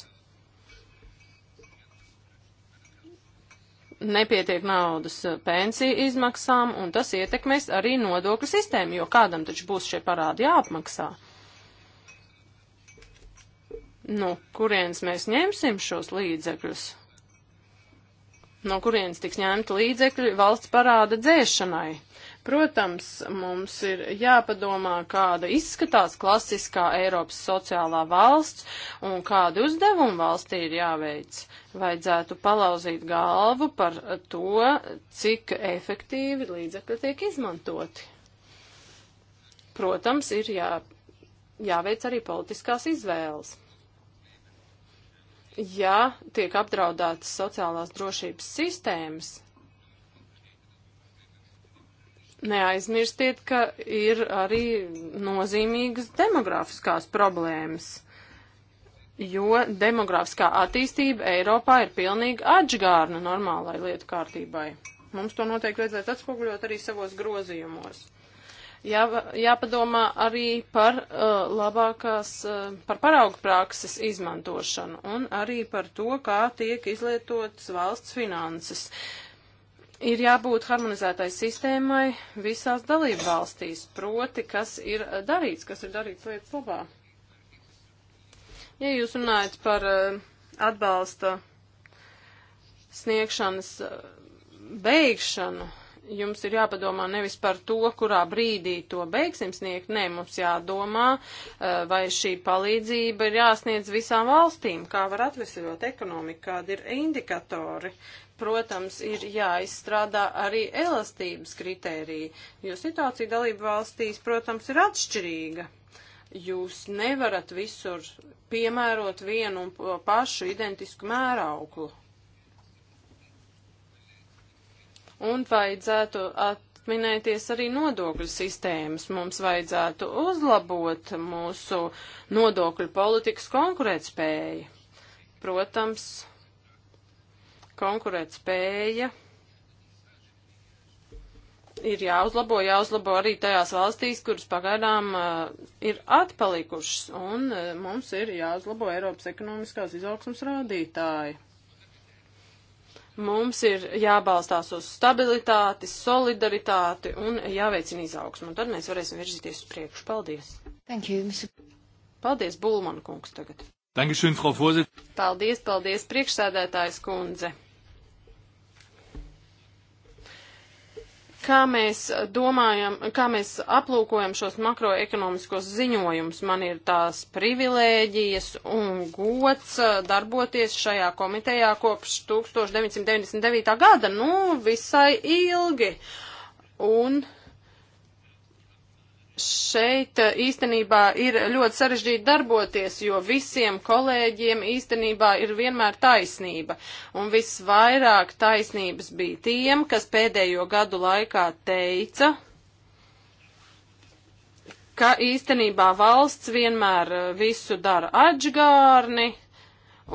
Nepietiek naudas e, pensiju izmaksām, un tas ietekmēs arī nodokļu sistēmu, jo kādam taču būs šie parādi jāapmaksā. Uh, no nu, kurienes mēs ņemsim šos līdzekļus? No kurienes tiks ņemti līdzekļi valsts parāda dzēšanai? Protams, mums ir jāpadomā, kāda izskatās klasiskā Eiropas sociālā valsts un kādu uzdevumu valstī ir jāveic. Vajadzētu palauzīt galvu par to, cik efektīvi līdzekļi tiek izmantoti. Protams, ir jā, jāveic arī politiskās izvēles ja tiek apdraudētas sociālās drošības sistēmas, neaizmirstiet, ka ir arī nozīmīgas demografiskās problēmas, jo demografiskā attīstība Eiropā ir pilnīgi atžgārna normālai lietu kārtībai. Mums to noteikti vajadzētu atspoguļot arī savos grozījumos. Jā, jāpadomā arī par uh, labākās, uh, par paraugu prakses izmantošanu un arī par to, kā tiek izlietotas valsts finanses. Ir jābūt harmonizētai sistēmai visās dalību valstīs, proti, kas ir darīts, kas ir darīts lietas labā. Ja jūs runājat par uh, atbalsta sniegšanas uh, beigšanu, jums ir jāpadomā nevis par to, kurā brīdī to beigsim sniegt, nē, mums jādomā, eh, vai šī palīdzība ir jāsniedz visām valstīm, kā var atvesļot ekonomiku, kādi ir indikatori. Protams, ir jāizstrādā arī elastības kritērija, jo situācija dalību valstīs, protams, ir atšķirīga. Jūs nevarat visur piemērot vienu un pašu identisku mērauklu. un vajadzētu atminēties arī nodokļu sistēmas. Mums vajadzētu uzlabot mūsu nodokļu politikas konkurētspēju. Protams, konkurētspēja ir jāuzlabo, jāuzlabo arī tajās valstīs, kuras pagaidām uh, ir atpalikušas, un uh, mums ir jāuzlabo Eiropas ekonomiskās izaugsmas rādītāji. Mums ir jābalstās uz stabilitāti, solidaritāti un jāveicina izaugsmu. Un tad mēs varēsim virzīties uz priekšu. Paldies! Thank you, Mr. Paldies, Bulman kungs tagad. Dankeschön, Frau Vorsitz. Paldies, paldies, priekšsēdētājs kundze. kā mēs domājam, kā mēs aplūkojam šos makroekonomiskos ziņojumus. Man ir tās privilēģijas un gods uh, darboties šajā komitejā kopš 1999. gada, nu, visai ilgi. Un šeit eh, īstenībā ir ļoti sarežģīti darboties, jo visiem kolēģiem īstenībā ir vienmēr taisnība. Un visvairāk taisnības bija tiem, kas pēdējo gadu laikā teica, ka īstenībā valsts vienmēr eh, visu dara atžgārni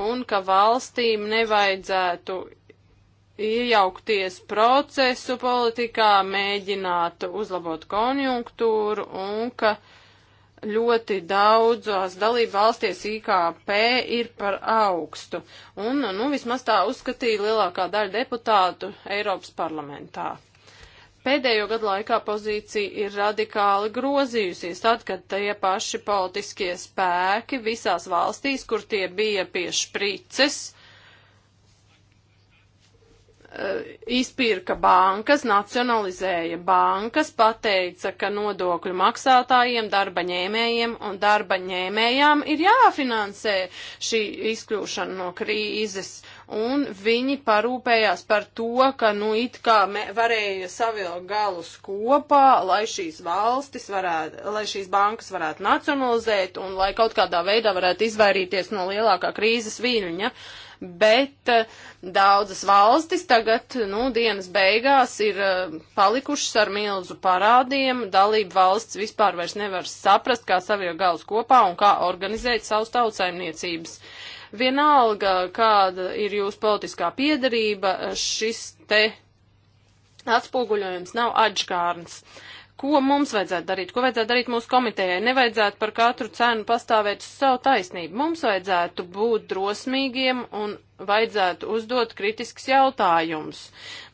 un ka valstīm nevajadzētu iejaukties procesu politikā, mēģināt uzlabot konjunktūru un ka ļoti daudzās dalība valstīs IKP ir par augstu. Un, nu, vismaz tā uzskatīja lielākā daļa deputātu Eiropas parlamentā pēdējo gadu laikā pozīcija ir radikāli grozījusies, tad, kad tie paši politiskie spēki visās valstīs, kur tie bija pie šprices, Eh, izpirka bankas, nacionalizēja bankas, pateica, ka nodokļu maksātājiem, darba ņēmējiem un darba ņēmējām ir jāfinansē šī izkļūšana no krīzes. Un viņi parūpējās par to, ka nu it kā varēja savilkt galus kopā, lai šīs valstis varētu, lai šīs bankas varētu nacionalizēt un lai kaut kādā veidā varētu izvairīties no lielākā krīzes viļņa. Ja? bet eh, daudzas valstis tagad, nu, dienas beigās ir eh, palikušas ar milzu parādiem, dalība valsts vispār vairs nevar saprast, kā saviet galus kopā un kā organizēt savus tautsaimniecības. Vienalga, kāda ir jūsu politiskā piedarība, eh, šis te atspoguļojums nav atžkārns. Uh, ko mums vajadzētu darīt, ko vajadzētu darīt mūsu komitejai. Nevajadzētu par katru cenu pastāvēt uz savu taisnību. Mums vajadzētu būt drosmīgiem un vajadzētu uzdot kritisks jautājums.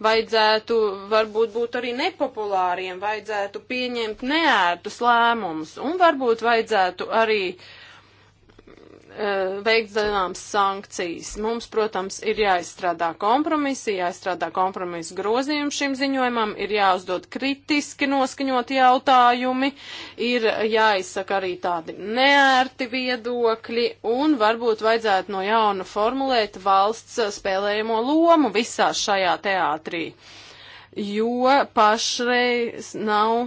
Vajadzētu varbūt būt arī nepopulāriem, vajadzētu pieņemt neērtus lēmumus un varbūt vajadzētu arī uh, Eh, veikt zināmas sankcijas. Mums, protams, ir jāizstrādā kompromisi, jāizstrādā kompromisu grozījumi šim ziņojumam, ir jāuzdod kritiski noskaņot jautājumi, ir jāizsaka arī tādi neērti viedokļi un varbūt vajadzētu no jauna formulēt valsts spēlējamo lomu visā šajā teātrī, jo pašreiz nav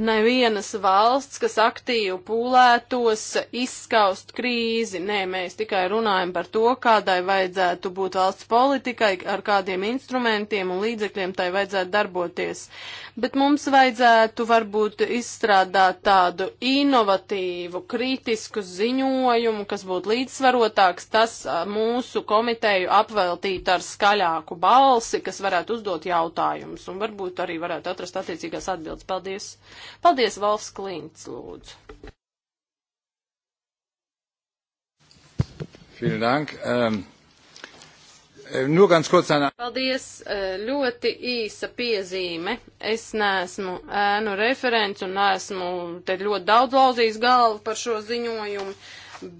nevienas valsts, kas aktīvi pūlētos izskaust krīzi. Nē, mēs tikai runājam par to, kādai vajadzētu būt valsts politikai, ar kādiem instrumentiem un līdzekļiem tai vajadzētu darboties bet mums vajadzētu varbūt izstrādāt tādu inovatīvu, kritisku ziņojumu, kas būtu līdzsvarotāks, tas mūsu komiteju apveltīt ar skaļāku balsi, kas varētu uzdot jautājumus un varbūt arī varētu atrast attiecīgās atbildes. Paldies! Paldies, Valsts Klints, lūdzu! Vielen Dank. Ähm, Eh, nu, gan skotsānā. Paldies, eh, ļoti īsa piezīme. Es neesmu ēnu referents un neesmu te ļoti daudz lauzījis galvu par šo ziņojumu,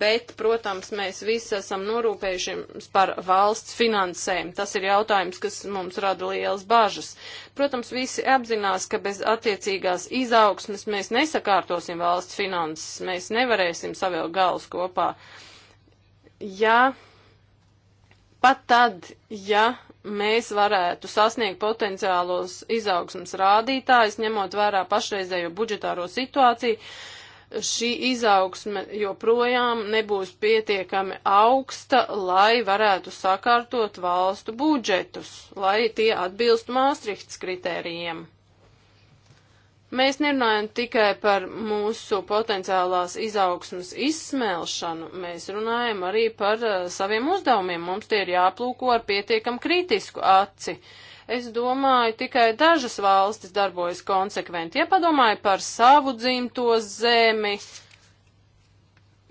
bet, protams, mēs visi esam norūpējušies par valsts finansēm. Tas ir jautājums, kas mums rada lielas bažas. Protams, visi apzinās, ka bez attiecīgās izaugsmes mēs nesakārtosim valsts finanses, mēs nevarēsim savēl galus kopā. Jā. Ja Pat tad, ja mēs varētu sasniegt potenciālos izaugsmas rādītājus, ņemot vērā pašreizējo budžetāro situāciju, šī izaugsme joprojām nebūs pietiekami augsta, lai varētu sakārtot valstu budžetus, lai tie atbilstu Māstrihts kritērijiem. Mēs nerunājam tikai par mūsu potenciālās izaugsmas izsmelšanu, mēs runājam arī par uh, saviem uzdevumiem. Mums tie ir jāplūko ar pietiekam kritisku aci. Es domāju, tikai dažas valstis darbojas konsekventi. Ja padomāju par savu dzimto zemi, uh,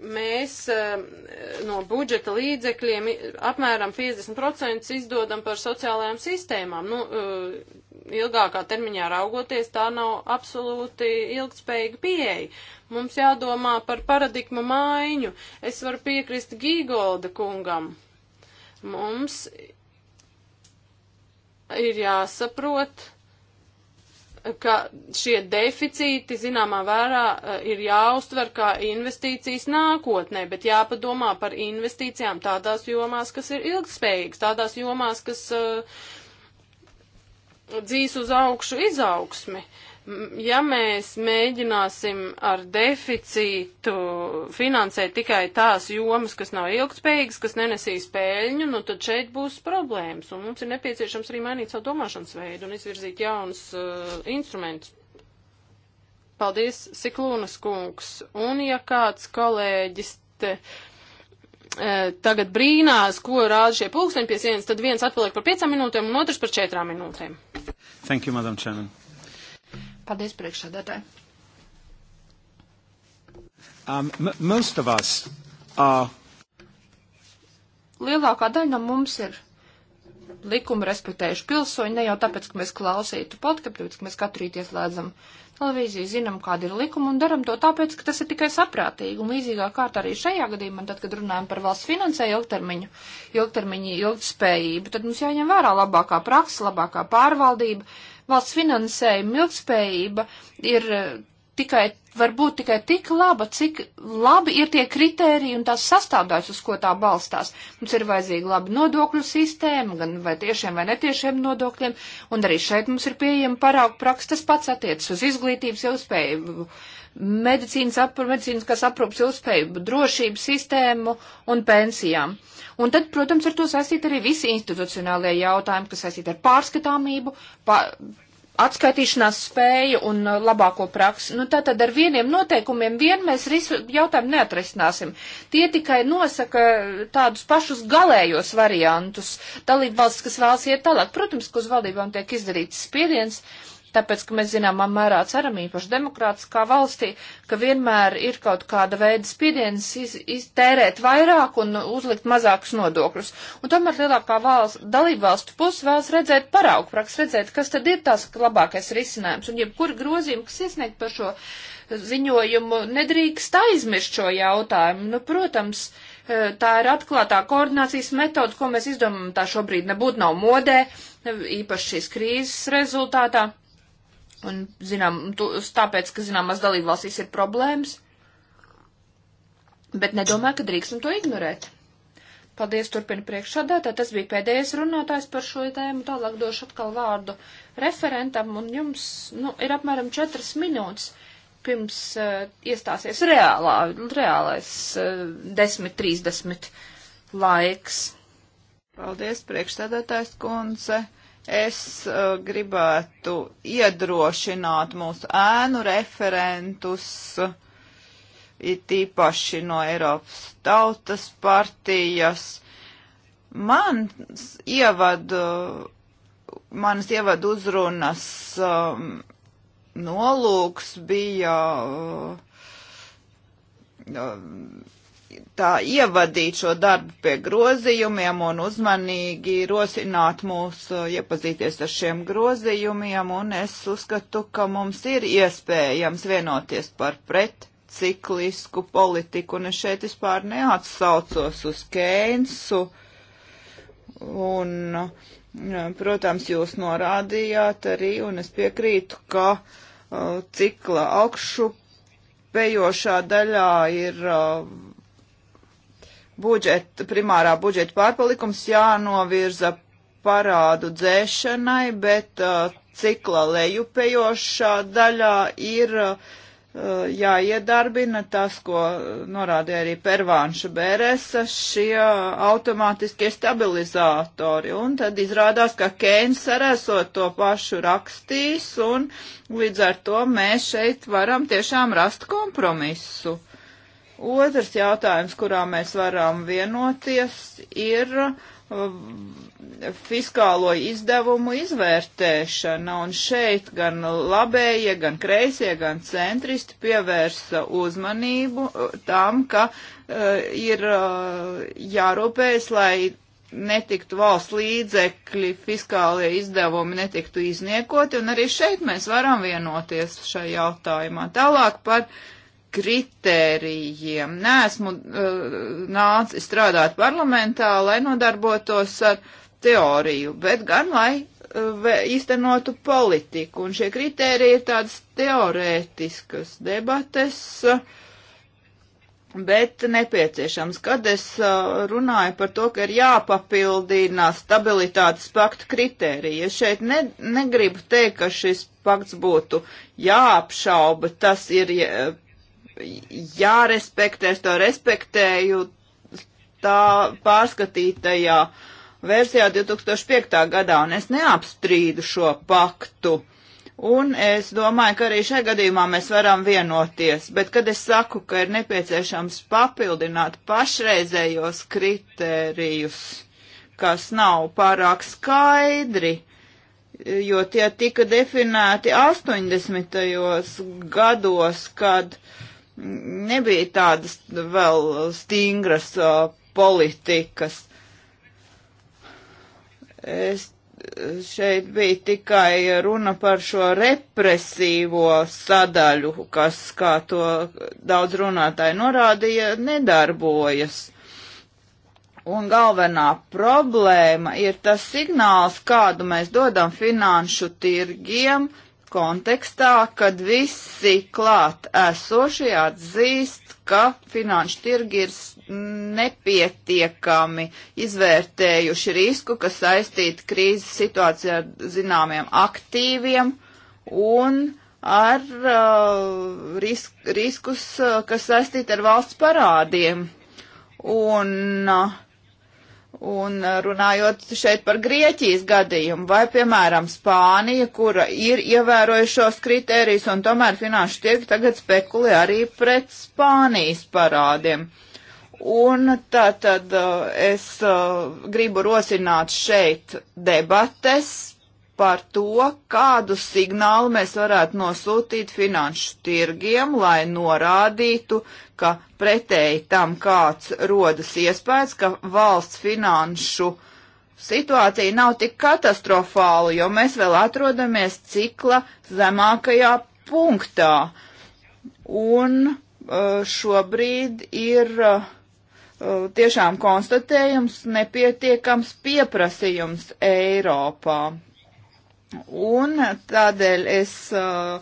mēs e, no budžeta līdzekļiem apmēram 50% izdodam par sociālajām sistēmām. Nu, e, ilgākā termiņā raugoties, tā nav absolūti ilgspējīga pieeja. Mums jādomā par paradigmu maiņu. Es varu piekrist Gīgolda kungam. Mums ir jāsaprot, ka šie deficīti zināmā vērā eh, ir jāuztver kā investīcijas nākotnē, bet jāpadomā par investīcijām tādās jomās, kas ir ilgspējīgas, tādās jomās, kas uh, dzīs uz augšu izaugsmi. Uh, ja mēs mēģināsim ar deficītu finansēt tikai tās jomas, kas nav ilgspējīgas, kas nenesīs pēļņu, nu tad šeit būs problēmas. Un mums ir nepieciešams arī mainīt savu domāšanas veidu un izvirzīt jaunus uh, instrumentus. Paldies, Siklūnas kungs. Un ja kāds kolēģis te uh, tagad brīnās, ko rāda šie pulksteņi pie sienas, tad viens atpaliek par piecām minūtēm un otrs par četrām minūtēm. Thank you, Madam Chairman. Paldies priekšsādātāji. Um, most of us are. Lielākā daļa no mums ir likumu respektējuši pilsoņi, ne jau tāpēc, ka mēs klausītu podkāpju, ka mēs katru rītu ieslēdzam televīziju, zinām, kāda ir likuma un daram to tāpēc, ka tas ir tikai saprātīgi. Un līdzīgā kārtā arī šajā gadījumā, tad, kad runājam par valsts finansēju ilgtermiņu, ilgtermiņu ilgtspējību, tad mums jāņem vērā labākā praksa, labākā pārvaldība, Valsts finansējuma ilgspējība ir eh, tikai, var būt tikai tik laba, cik labi ir tie kriteriji un tās sastāvdaļas, uz ko tā balstās. Mums ir vajadzīga laba nodokļu sistēma, gan vai tiešiem vai netiešiem nodokļiem, un arī šeit mums ir pieejama parauga praksa, tas pats attiecas uz izglītības ilgspējību. Uh, medicīnas, apru, medicīnas kas aprūpas ilgspējību, drošības sistēmu un pensijām. Un tad, protams, ar to saistīt arī visi institucionālie jautājumi, kas saistīti ar pārskatāmību, pa, atskaitīšanās spēju un uh, labāko praksi. Nu, tātad ar vieniem noteikumiem vien mēs risu jautājumu neatrisināsim. Tie tikai nosaka tādus pašus galējos variantus dalībvalsts, kas vēlas iet tālāk. Protams, ka uz valdībām tiek izdarīts spiediens. Uh, Tāpēc, ka mēs zināmā mērā ceram īpaši demokrātiskā valstī, ka vienmēr ir kaut kāda veida spiediens iz, iztērēt vairāk un uzlikt mazākus nodokļus. Un tomēr lielākā valsts, dalībvalstu puse vēlas redzēt paraugu praks, redzēt, kas tad ir tās labākais risinājums. Un jebkur grozījumi, kas iesniegt par šo ziņojumu, nedrīkst aizmirst šo jautājumu. Nu, protams, e, tā ir atklātā koordinācijas metode, ko mēs izdomājam, tā šobrīd nebūtu nav modē, e, īpaši šīs krīzes rezultātā. Un, zinām, tu, tāpēc, ka zināmās dalībvalstīs ir problēmas, bet nedomāju, ka drīkstam to ignorēt. Paldies, turpina priekšsādātā. Tas bija pēdējais runātājs par šo tēmu. Tālāk došu atkal vārdu referentam, un jums, nu, ir apmēram četras minūtes pirms uh, iestāsies reālā, reālais uh, eh, 10.30 laiks. Paldies, priekšsēdētājs kundze. Uh, Es uh, gribētu iedrošināt mūsu ēnu referentus, it īpaši no Eiropas tautas partijas. Mans ievadu, manas ievadu uzrunas um, nolūks bija. Uh, um, tā ievadīt šo darbu pie grozījumiem un uzmanīgi rosināt mūs uh, iepazīties ar šiem grozījumiem, un es uzskatu, ka mums ir iespējams vienoties par pretciklisku politiku, un es šeit vispār neatsaucos uz Keinsu, un, uh, protams, jūs norādījāt arī, un es piekrītu, ka uh, cikla augšup Pējošā daļā ir uh, budžeta, primārā budžeta pārpalikums jānovirza parādu dzēšanai, bet uh, cikla lejupējošā daļā ir uh, jāiedarbina tas, ko norādīja arī Pervānša Bēresa, šie automātiskie stabilizātori. Un tad izrādās, ka Keins arēsot to pašu rakstīs, un līdz ar to mēs šeit varam tiešām rast kompromisu. Otrs jautājums, kurā mēs varam vienoties, ir uh, fiskālo izdevumu izvērtēšana, un šeit gan labējie, gan kreisie, gan centristi pievērsa uzmanību uh, tam, ka uh, ir uh, jārūpējas, lai netiktu valsts līdzekļi, fiskālie izdevumi netiktu izniekoti, un arī šeit mēs varam vienoties šajā jautājumā. Tālāk par uh, kritērijiem. Nē, esmu uh, nācis strādāt parlamentā, lai nodarbotos ar teoriju, bet gan lai uh, īstenotu politiku. Un šie kritēriji ir tādas teorētiskas debates. Uh, bet nepieciešams. Kad es eh, runāju par to, ka ir jāpapildina stabilitātes pakta kritērija, es šeit ne, negribu teikt, ka šis pakts būtu jāapšauba, tas ir jārespektē, es to respektēju tā pārskatītajā versijā 2005. gadā, un es neapstrīdu šo paktu. Un es domāju, ka arī šajā gadījumā mēs varam vienoties, bet kad es saku, ka ir nepieciešams papildināt pašreizējos kritērijus, kas nav pārāk skaidri, jo tie tika definēti 80. gados, kad uh, nebija tādas vēl stingras uh, politikas. Es šeit bija tikai runa par šo represīvo sadaļu, kas, kā to daudz runātāji norādīja, nedarbojas. Un galvenā problēma ir tas signāls, kādu mēs dodam finanšu tirgiem, uh, kontekstā, kad visi klāt esošie atzīst, ka finanšu tirgi ir nepietiekami izvērtējuši risku, kas saistīti krīzes situācijā ar zināmiem aktīviem un ar uh, risk, riskus, uh, kas saistīti ar valsts parādiem. Un uh, Un uh, runājot šeit par Grieķijas gadījumu, vai piemēram Spānija, kura ir ievērojušos kritērijus un tomēr finanšu tirgi tagad spekulē arī pret Spānijas parādiem. Un tā tad uh, es uh, gribu rosināt šeit debates par to, kādu signālu mēs varētu nosūtīt finanšu tirgiem, lai norādītu, ka pretēji tam kāds rodas iespējas, ka valsts finanšu situācija nav tik katastrofāla, jo mēs vēl atrodamies cikla zemākajā punktā. Un uh, šobrīd ir uh, uh, tiešām konstatējums nepietiekams pieprasījums Eiropā Un tādēļ es uh,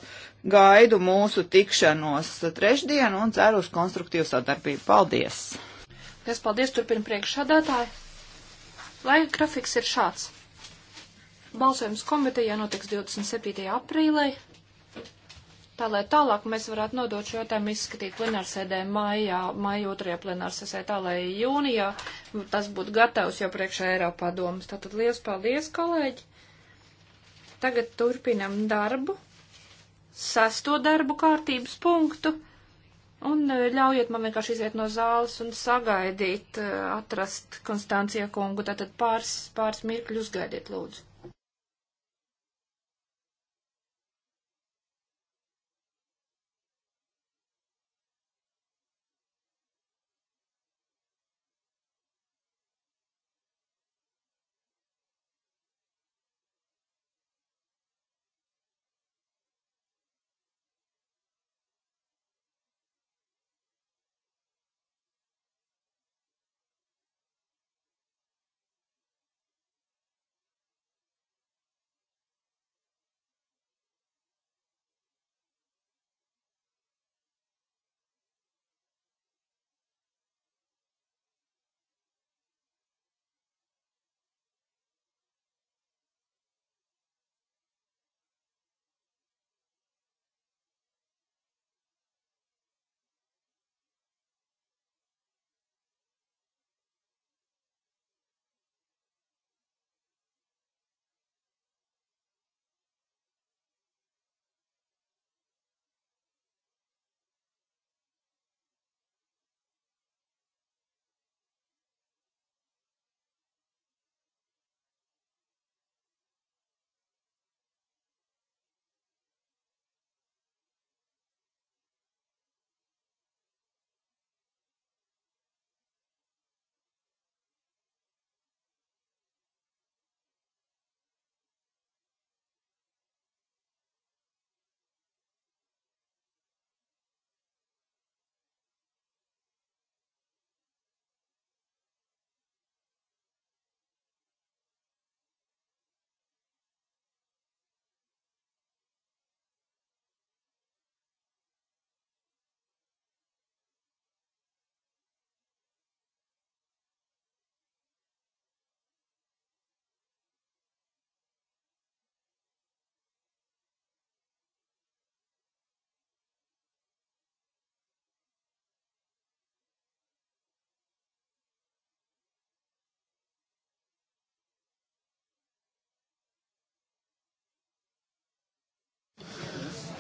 gaidu mūsu tikšanos trešdien un ceru uz konstruktīvu sadarbību. Paldies! Es paldies turpinu priekšsādātāju. Laika grafiks ir šāds. Balsojums komitejā notiks 27. aprīlī. Tā lai tālāk mēs varētu nodot šo jautājumu izskatīt plenārsēdē maijā, maija otrajā plenārsēdē, tā lai jūnijā tas būtu gatavs jau priekšā Eiropā domas. Tātad liels paldies, kolēģi! Tagad turpinam darbu, sesto darbu kārtības punktu, un e, ļaujiet man vienkārši iziet no zāles un sagaidīt, e, atrast Konstancija kungu, tātad pāris, pāris mirkļus gaidiet lūdzu.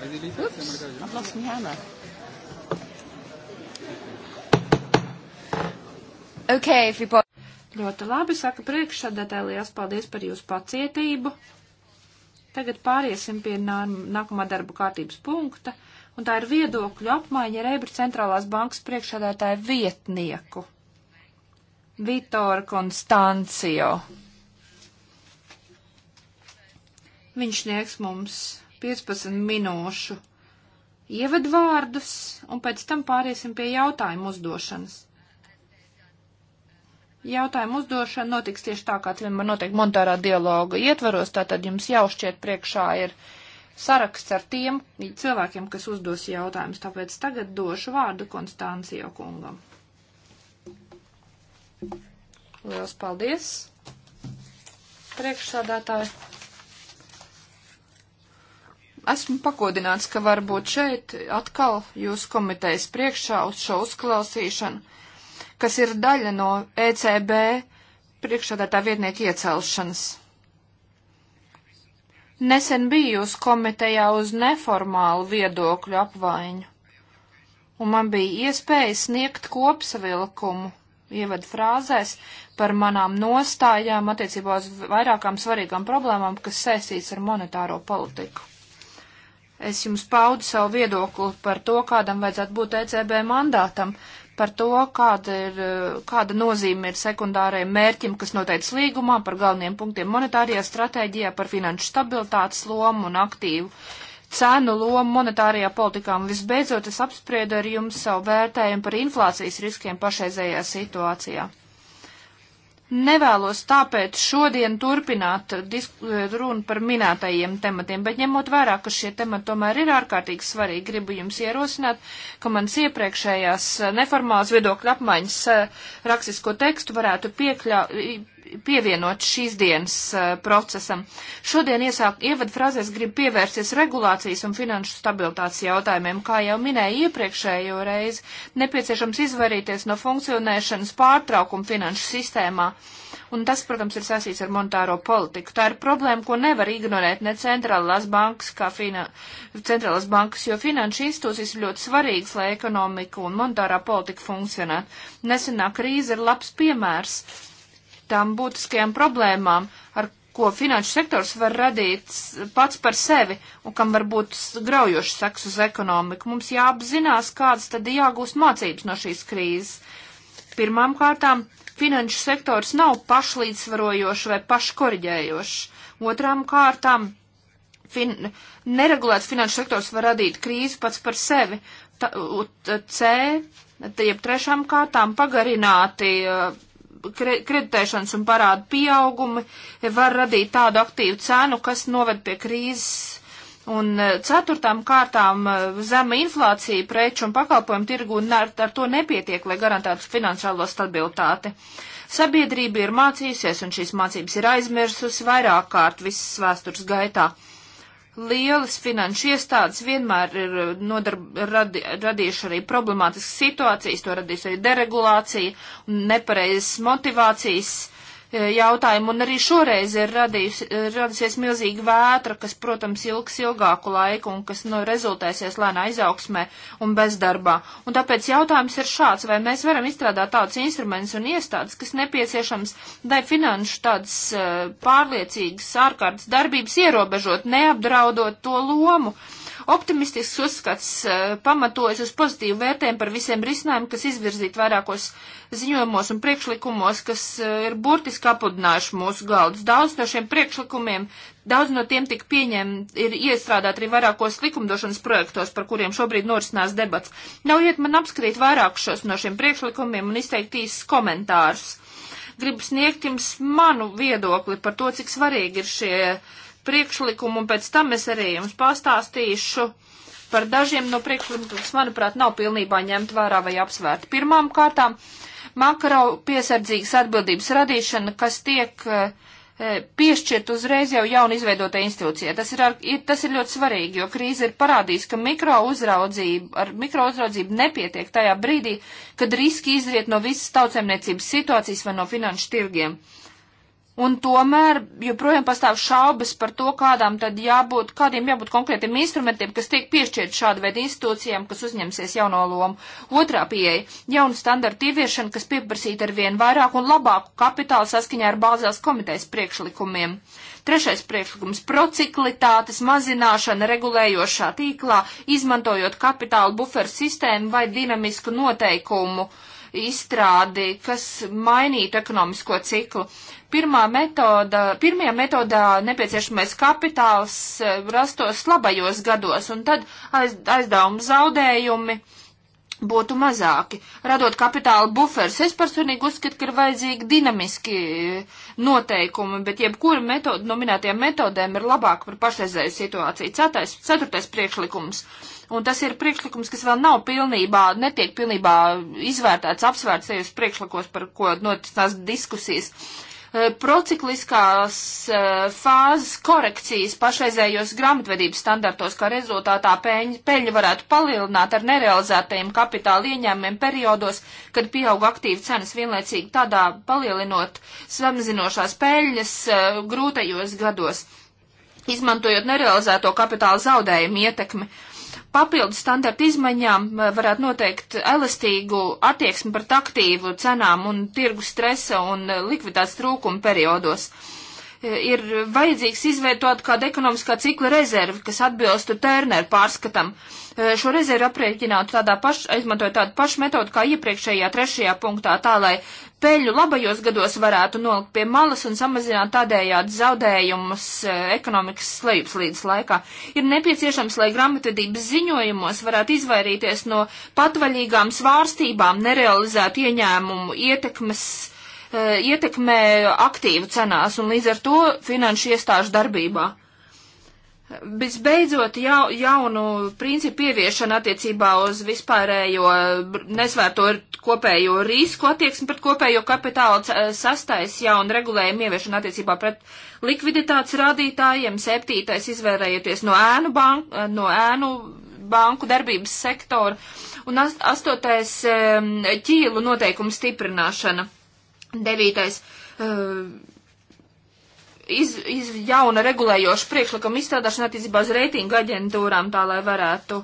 Oops, I've lost my hammer. Okay, everybody. Ļoti labi, saka priekšsādātāji, liels paldies par jūsu pacietību. Tagad pāriesim pie nā, nākamā darba kārtības punkta, un tā ir viedokļu apmaiņa ar Ebru centrālās bankas priekšsādātāju vietnieku Vitoru Konstancijo. Viņš sniegs mums 15 minūšu ievadvārdus, un pēc tam pāriesim pie jautājumu uzdošanas. Jautājumu uzdošana notiks tieši tā, kā tas vienmēr notiek monetārā dialoga ietvaros, tātad jums jau šķiet priekšā ir saraksts ar tiem cilvēkiem, kas uzdos jautājumus, tāpēc tagad došu vārdu Konstāncijo kungam. Lielas paldies, priekšsādātāji! Esmu pakodināts, ka varbūt šeit atkal jūs komitejas priekšā uz šo uzklausīšanu, kas ir daļa no ECB priekšādātā vietnieka iecelšanas. Nesen biju uz komitejā uz neformālu viedokļu apvaiņu, un man bija iespēja sniegt kopsavilkumu ievadu frāzēs par manām nostājām attiecībā uz vairākām svarīgām problēmām, kas saistīts ar monetāro politiku. Es jums paudu savu viedokli par to, kādam vajadzētu būt ECB mandātam, par to, kāda, ir, kāda nozīme ir sekundārajiem mērķim, kas noteikts līgumā, par galveniem punktiem monetārajā stratēģijā, par finanšu stabilitātes lomu un aktīvu cenu lomu monetārajā politikā. Un visbeidzot, es apspriedu ar jums savu vērtējumu par inflācijas riskiem pašreizējā situācijā. Nevēlos tāpēc šodien turpināt runu par minētajiem tematiem, bet ņemot vērā, ka šie temati tomēr ir ārkārtīgi svarīgi, gribu jums ierosināt, ka mans iepriekšējās neformālas viedokļa apmaiņas eh, rakstisko tekstu varētu piekļaut pievienot šīs dienas uh, procesam. Šodien iesāk ievadfrazēs grib pievērsties regulācijas un finanšu stabilitātes jautājumiem. Kā jau minēju iepriekšējo reizi, nepieciešams izvairīties no funkcionēšanas pārtraukuma finanšu sistēmā. Un tas, protams, ir sasīts ar monetāro politiku. Tā ir problēma, ko nevar ignorēt ne centrālās bankas, kā fina, centrālās bankas, jo finanšu institūcijas ir ļoti svarīgas, lai ekonomika un monetārā politika funkcionētu. Nesenā krīze ir labs piemērs tām būtiskajām problēmām, ar ko finanšu sektors var radīt pats par sevi un kam var būt graujoši seks uz ekonomiku. Mums jāapzinās, kādas tad jāgūst mācības no šīs krīzes. Pirmām kārtām, finanšu sektors nav pašlīdzvarojošs vai paškoriģējošs. Otrām kārtām, fin neregulēts finanšu sektors var radīt krīzi pats par sevi. Ta C, jeb trešām kārtām pagarināti uh, kreditēšanas un parādu pieaugumi var radīt tādu aktīvu cenu, kas noved pie krīzes. Un e, ceturtām kārtām e, zema inflācija preču un pakalpojumu tirgu un ar, ar to nepietiek, lai garantētu finansiālo stabilitāti. Sabiedrība ir mācījusies, un šīs mācības ir aizmirsusi vairāk kārt visas vēstures gaitā. Lielas finanšu iestādes vienmēr ir eh, nodarb, radi, radījuši arī problemātiskas situācijas, to radīs arī deregulācija un nepareizas motivācijas E, jautājumu, un arī šoreiz ir radījus, radusies milzīga vētra, kas, protams, ilgs ilgāku laiku un kas nu, rezultēsies lēnā izaugsmē un bezdarbā. Un tāpēc jautājums ir šāds, vai mēs varam izstrādāt tādus instrumentus un iestādes, kas nepieciešams, lai finanšu tādas e, pārliecīgas ārkārtas darbības ierobežot, neapdraudot to lomu Optimistisks uzskats eh, pamatojas uz pozitīvu vērtējumu par visiem risinājumiem, kas izvirzīti vairākos ziņojumos un priekšlikumos, kas eh, ir burtiski apudinājuši mūsu galdus. Daudz no šiem priekšlikumiem, daudz no tiem tika pieņemti, ir iestrādāt arī vairākos likumdošanas projektos, par kuriem šobrīd norisinās debats. Ļaujiet man apskatīt vairākus no šiem priekšlikumiem un izteikt īsus komentārus gribu sniegt jums manu viedokli par to, cik svarīgi ir šie priekšlikumu, un pēc tam es arī jums pastāstīšu par dažiem no priekšlikumiem, kas, manuprāt, nav pilnībā ņemt vērā vai apsvērti. Pirmām kārtām makarau piesardzīgas atbildības radīšana, kas tiek uh, piešķirt uzreiz jau jaunu izveidotai institūcijai. Tas ir, ar, ir, tas ir ļoti svarīgi, jo krīze ir parādījusi, ka mikrouzraudzība, ar mikrouzraudzību nepietiek tajā brīdī, kad riski izriet no visas tautsēmniecības situācijas vai no finanšu tirgiem. Uh, un tomēr joprojām pastāv šaubas par to, kādām tad jābūt, kādiem jābūt konkrētiem instrumentiem, kas tiek piešķirt šādu veidu institūcijām, kas uzņemsies jauno lomu. Otrā pieeja - jaunu standartu ieviešana, kas pieprasīta ar vien vairāk un labāku kapitālu saskaņā ar bāzās komitejas priekšlikumiem. Trešais priekšlikums - prociklitātes mazināšana regulējošā tīklā, izmantojot kapitāla buferu sistēmu vai dinamisku noteikumu izstrādi, kas mainītu ekonomisko ciklu. Pirmā metoda, pirmajā metodā nepieciešamais kapitāls eh, rastos labajos gados, un tad aiz, aizdevumu zaudējumi būtu mazāki. Radot kapitāla buferus, es personīgi uzskatu, ka ir vajadzīgi dinamiski eh, noteikumi, bet jebkura metoda, no minētajām metodēm ir labāka par pašreizēju situāciju. Ceturtais, ceturtais priekšlikums un tas ir priekšlikums, kas vēl nav pilnībā, netiek pilnībā izvērtēts, apsvērts tajos priekšlikos, par ko notiks tās diskusijas. Eh, procikliskās eh, fāzes korekcijas pašreizējos grāmatvedības standartos, kā rezultātā peļņa varētu palielināt ar nerealizētajiem kapitāla ieņēmumiem periodos, kad pieauga aktīvu cenas vienlaicīgi tādā palielinot samazinošās peļņas eh, grūtajos gados izmantojot nerealizēto kapitāla zaudējumu ietekmi papildu standartu izmaiņām eh, varētu noteikt elastīgu attieksmi pret aktīvu cenām un tirgu stresa un eh, likviditātes trūkuma periodos. Eh, ir vajadzīgs izveidot kādu ekonomiskā cikla rezervi, kas atbilstu Tērneru pārskatam. Šo rezervi aprēķinātu tādā paš, izmantojot tādu pašu metodu kā iepriekšējā trešajā punktā, tā lai peļu labajos gados varētu nolikt pie malas un samazināt tādējādi zaudējumus e, ekonomikas slēpslīdes laikā. Ir nepieciešams, lai grāmatvedības ziņojumos varētu izvairīties no patvaļīgām svārstībām, nerealizētu ieņēmumu ietekmes e, ietekmē aktīvu cenās un līdz ar to finanšu iestāžu darbībā. Visbeidzot, jau, jaunu principu ieviešana attiecībā uz vispārējo nesvērto kopējo risku attieksmi pret kopējo kapitālu eh, sastais jaunu regulējumu ieviešana attiecībā pret likviditātes rādītājiem, septītais izvērējoties no ēnu, bank, eh, no ēnu banku darbības sektora un astotais ķīlu noteikumu stiprināšana. Devītais. Uh, iz, iz jauna regulējoša priekšlikuma izstrādāšana attiecībā uz reitingu aģentūrām, tā lai varētu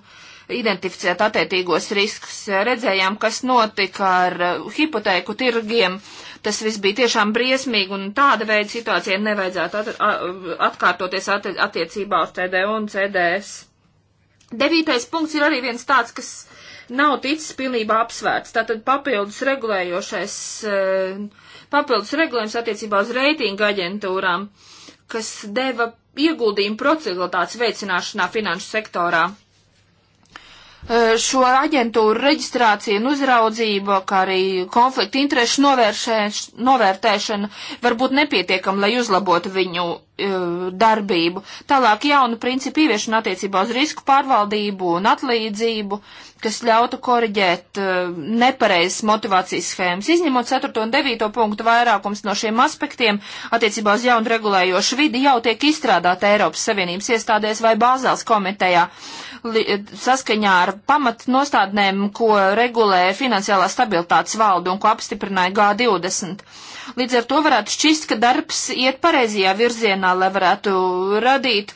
identificēt attiecīgos riskus. Redzējām, kas notika ar uh, hipotēku tirgiem. Tas viss bija tiešām briesmīgi un tāda veida situācija nevajadzētu at, atkārtoties at, attiecībā uz CDU un CDS. Devītais punkts ir arī viens tāds, kas nav ticis pilnībā apsvērts. Tātad papildus regulējošais uh, papildus regulējums attiecībā uz reitingu aģentūrām, kas deva ieguldījumu prociklitātes veicināšanā finanšu sektorā. E, šo aģentūru reģistrācija un uzraudzība, kā arī konflikta interešu novērtēšana var būt nepietiekama, lai uzlabotu viņu e, darbību. Tālāk jaunu principu ieviešana attiecībā uz risku pārvaldību un atlīdzību, kas ļautu koriģēt uh, nepareizas motivācijas schēmas. Izņemot 4. un 9. punktu vairākums no šiem aspektiem attiecībā uz jaunu regulējošu vidi jau tiek izstrādāta Eiropas Savienības iestādēs vai Bāzēls komitejā li, eh, saskaņā ar pamat nostādnēm, ko regulē finansiālā stabilitātes valda un ko apstiprināja G20. Līdz ar to varētu šķist, ka darbs iet pareizajā virzienā, lai varētu radīt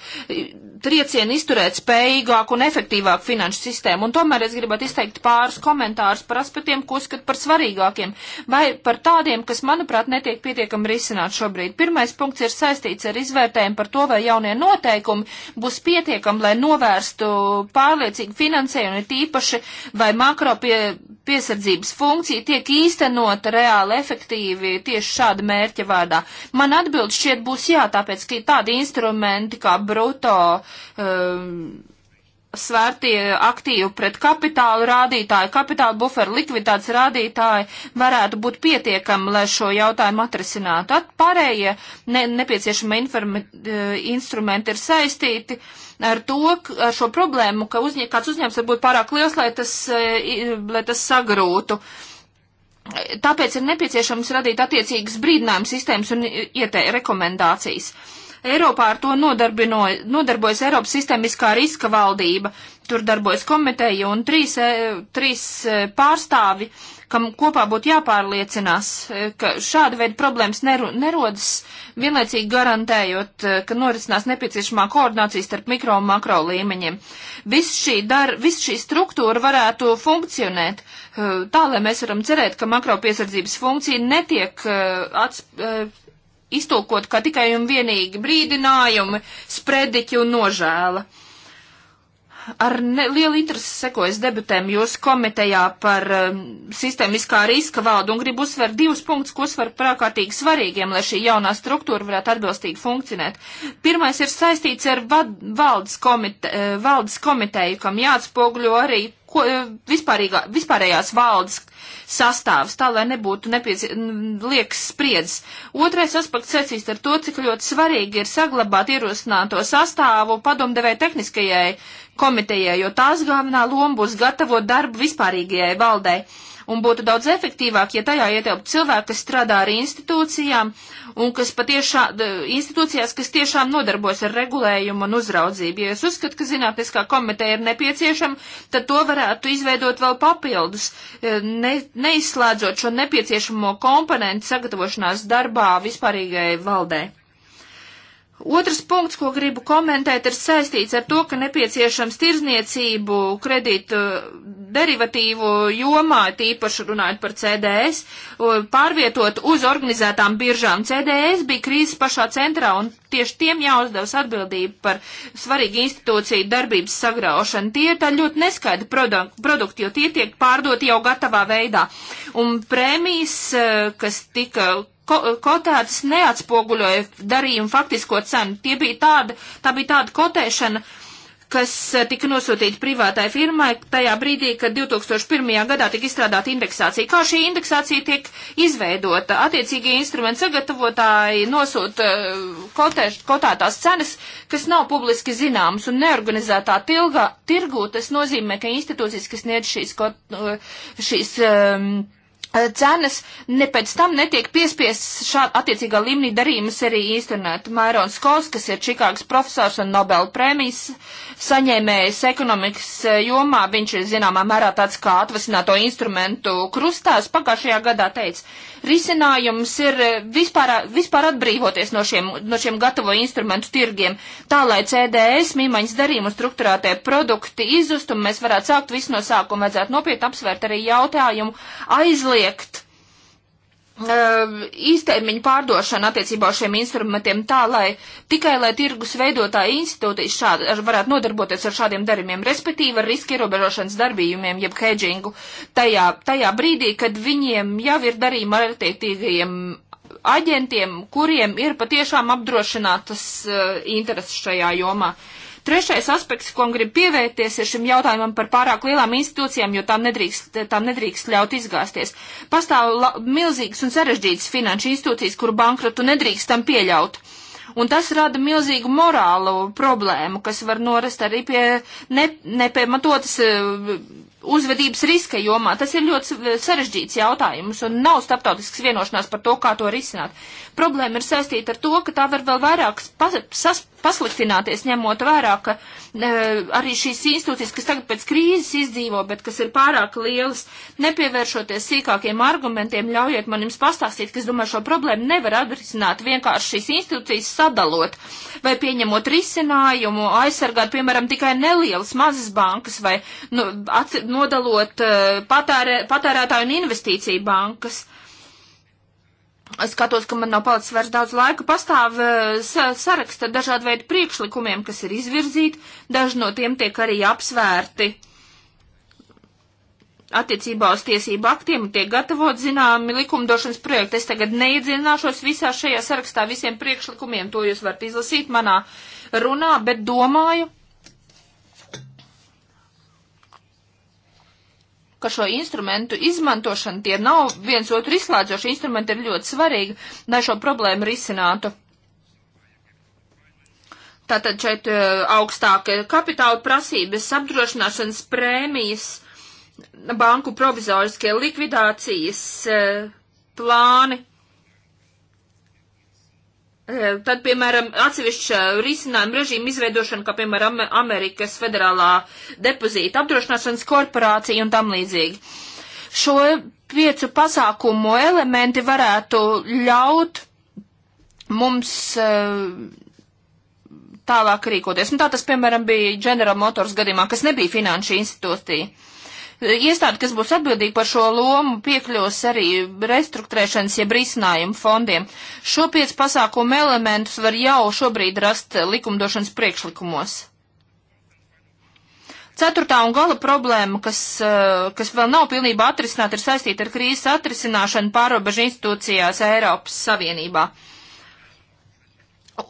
triecienu izturēt spējīgāku un efektīvāku finanšu sistēmu. Un tomēr es gribētu izteikt pāris komentārus par aspektiem, ko skat par svarīgākiem, vai par tādiem, kas, manuprāt, netiek pietiekami risināt šobrīd. Pirmais punkts ir saistīts ar izvērtējumu par to, vai jaunie noteikumi būs pietiekami, lai novērstu pārliecīgu finansējumu, ir tīpaši, vai makro pie, piesardzības funkcija tiek īstenota reāli efektīvi tieši tieši šāda mērķa vārdā? Man atbild šķiet būs jā, tāpēc, ka tādi instrumenti kā bruto. Um, svērtie aktīvi pret kapitālu rādītāju, kapitāla buferu likviditātes rādītāji varētu būt pietiekami, lai šo jautājumu atrisinātu. At pārējie ne, nepieciešama informi, eh, instrumenti ir saistīti ar to, ar šo problēmu, ka uzņē, kāds uzņēmums var būt pārāk liels, lai tas, eh, lai tas sagrūtu. Uh, Tāpēc ir nepieciešams radīt attiecīgas brīdinājuma sistēmas un ietē rekomendācijas. Eiropā ar to nodarbojas Eiropas sistemiskā riska valdība, tur darbojas komiteja un trīs, eh, trīs eh, pārstāvi kam kopā būtu jāpārliecinās, eh, ka šāda veida problēmas neru, nerodas, vienlaicīgi garantējot, eh, ka norisinās nepieciešamā koordinācija starp mikro un makro līmeņiem. Viss šī, dar, viss šī struktūra varētu funkcionēt eh, tā, lai mēs varam cerēt, ka makro piesardzības funkcija netiek ats, iztulkot kā tikai un vienīgi brīdinājumi, sprediķi un nožēla. Uh, ar lielu interesi sekojas debatēm jūsu komitejā par um, sistēmiskā riska valdu un gribu uzsvērt divus punktus, ko uzsver prākārtīgi svarīgiem, lai šī jaunā struktūra varētu atbilstīgi funkcionēt. Pirmais ir saistīts ar vad, valdes, komite, eh, valdes komiteju, kam jāatspoguļo arī ko, eh, vispārīgā, vispārējās valdes sastāvs, tā lai nebūtu nepieci, liekas spriedzes. Otrais aspekts secīst ar to, cik ļoti svarīgi ir saglabāt ierosināto sastāvu padomdevēja tehniskajai komitejai, jo tās galvenā loma būs gatavot darbu vispārīgajai valdei. Un būtu daudz efektīvāk, ja tajā ietilptu cilvēki, kas strādā ar institūcijām un kas patiešām, institūcijās, kas tiešām nodarbojas ar regulējumu un uzraudzību. Ja es uzskatu, ka zinātniskā komiteja ir nepieciešama, tad to varētu izveidot vēl papildus, e, ne, neizslēdzot šo nepieciešamo komponentu sagatavošanās darbā vispārīgai valdei. Otrs punkts, ko gribu komentēt, ir saistīts ar to, ka nepieciešams tirzniecību kredītu eh, derivatīvu jomā, tīpaši runājot par CDS, pārvietot uz organizētām biržām. CDS bija krīzes pašā centrā un tieši tiem jāuzdevas atbildība par svarīgu institūciju darbības sagraušanu. Tie ir tā ļoti neskaidri produkti, jo tie tiek pārdoti jau gatavā veidā. Un prēmijas, eh, kas tika ko, kotētas neatspoguļoja darījumu faktisko cenu. Tie bija tāda, tā bija tāda kotēšana, kas eh, tika nosūtīta privātai firmai tajā brīdī, kad 2001. gadā tika izstrādāta indeksācija. Kā šī indeksācija tiek izveidota? Attiecīgie instrumenti sagatavotāji nosūta eh, kotēš, kotētās cenas, kas nav publiski zināmas un neorganizētā tilgā, tirgū. Tas nozīmē, ka institūcijas, kas sniedz šīs, eh, šīs um, Eh, cenas ne pēc tam netiek piespiestas šāda attiecīgā līmenī darījumus arī īstenot. Mairons Kols, kas ir Čikāgas profesors un Nobel prēmijas saņēmējs ekonomikas eh, jomā, viņš ir zināmā mērā tāds kā atvasināto instrumentu krustās, pagājušajā gadā teica, risinājums ir eh, vispār, vispār atbrīvoties no šiem, no šiem gatavo instrumentu tirgiem, tā lai CDS, mīmaņas darījumu struktūrātie produkti izust, un mēs varētu sākt visu no sākuma, vajadzētu nopietni apsvērt arī jautājumu aizliegt Ehm, īstermiņu pārdošanu attiecībā uz šiem instrumentiem tā, lai tikai lai tirgus veidotāji institūtīs šādi, varētu nodarboties ar šādiem darījumiem, respektīvi ar riska ierobežošanas darbījumiem, jeb hedžingu, tajā, tajā brīdī, kad viņiem jau ir darījumi ar attiecīgajiem aģentiem, kuriem ir patiešām apdrošinātas uh, intereses šajā jomā. Uh, Trešais aspekts, ko grib pievērties, ir šim jautājumam par pārāk lielām institūcijām, jo tām nedrīkst, tām nedrīkst ļaut izgāzties. Pastāv la, milzīgas un sarežģītas finanšu institūcijas, kuru bankrotu nedrīkstam pieļaut. Un tas rada milzīgu morālu problēmu, kas var norest arī pie ne, nepiematotas eh, uzvedības riska jomā. Tas ir ļoti eh, sarežģīts jautājums un nav starptautisks vienošanās par to, kā to risināt. Problēma ir saistīta ar to, ka tā var vēl vairāk pas, sas, pasliktināties, ņemot vērā, ka e, arī šīs institūcijas, kas tagad pēc krīzes izdzīvo, bet kas ir pārāk lielas, nepievēršoties sīkākiem argumentiem, ļaujiet man jums pastāstīt, ka es domāju, šo problēmu nevar atrisināt vienkārši šīs institūcijas sadalot vai pieņemot risinājumu, aizsargāt, piemēram, tikai nelielas mazas bankas vai nu, at, nodalot e, patērē, patērētāju un investīciju bankas. Uh, Es skatos, ka man nav palicis vairs daudz laika. Pastāv e, saraksts ar dažādu veidu priekšlikumiem, kas ir izvirzīti. Daži no tiem tiek arī apsvērti attiecībā uz tiesību aktiem un tiek gatavot zināmi likumdošanas projekti. Es tagad neiedzināšos visā šajā sarakstā visiem priekšlikumiem, to jūs varat izlasīt manā runā, bet domāju, ka šo instrumentu izmantošana tie nav viens otru izslēdzoši instrumenti ir ļoti svarīgi, lai šo problēmu risinātu. Tātad šeit e, augstāka kapitāla prasības, apdrošināšanas prēmijas, banku provizoriskie likvidācijas e, plāni. Eh, tad, piemēram, atsevišķa risinājuma režīma izveidošana, kā piemēram Amerikas Federālā depozīta apdrošināšanas korporācija un tam līdzīgi. Šo piecu pasākumu elementi varētu ļaut mums eh, tālāk rīkoties. Un tā tas, piemēram, bija General Motors gadījumā, kas nebija finanšu institūcija. Iestāde, kas būs atbildīga par šo lomu, piekļūs arī restruktūrēšanas jeb risinājumu fondiem. Šo piec pasākumu elementus var jau šobrīd rast likumdošanas priekšlikumos. Ceturtā un gala problēma, kas, eh, kas vēl nav pilnībā atrisināta, ir saistīta ar krīzes atrisināšanu pārobežu institūcijās Eiropas Savienībā.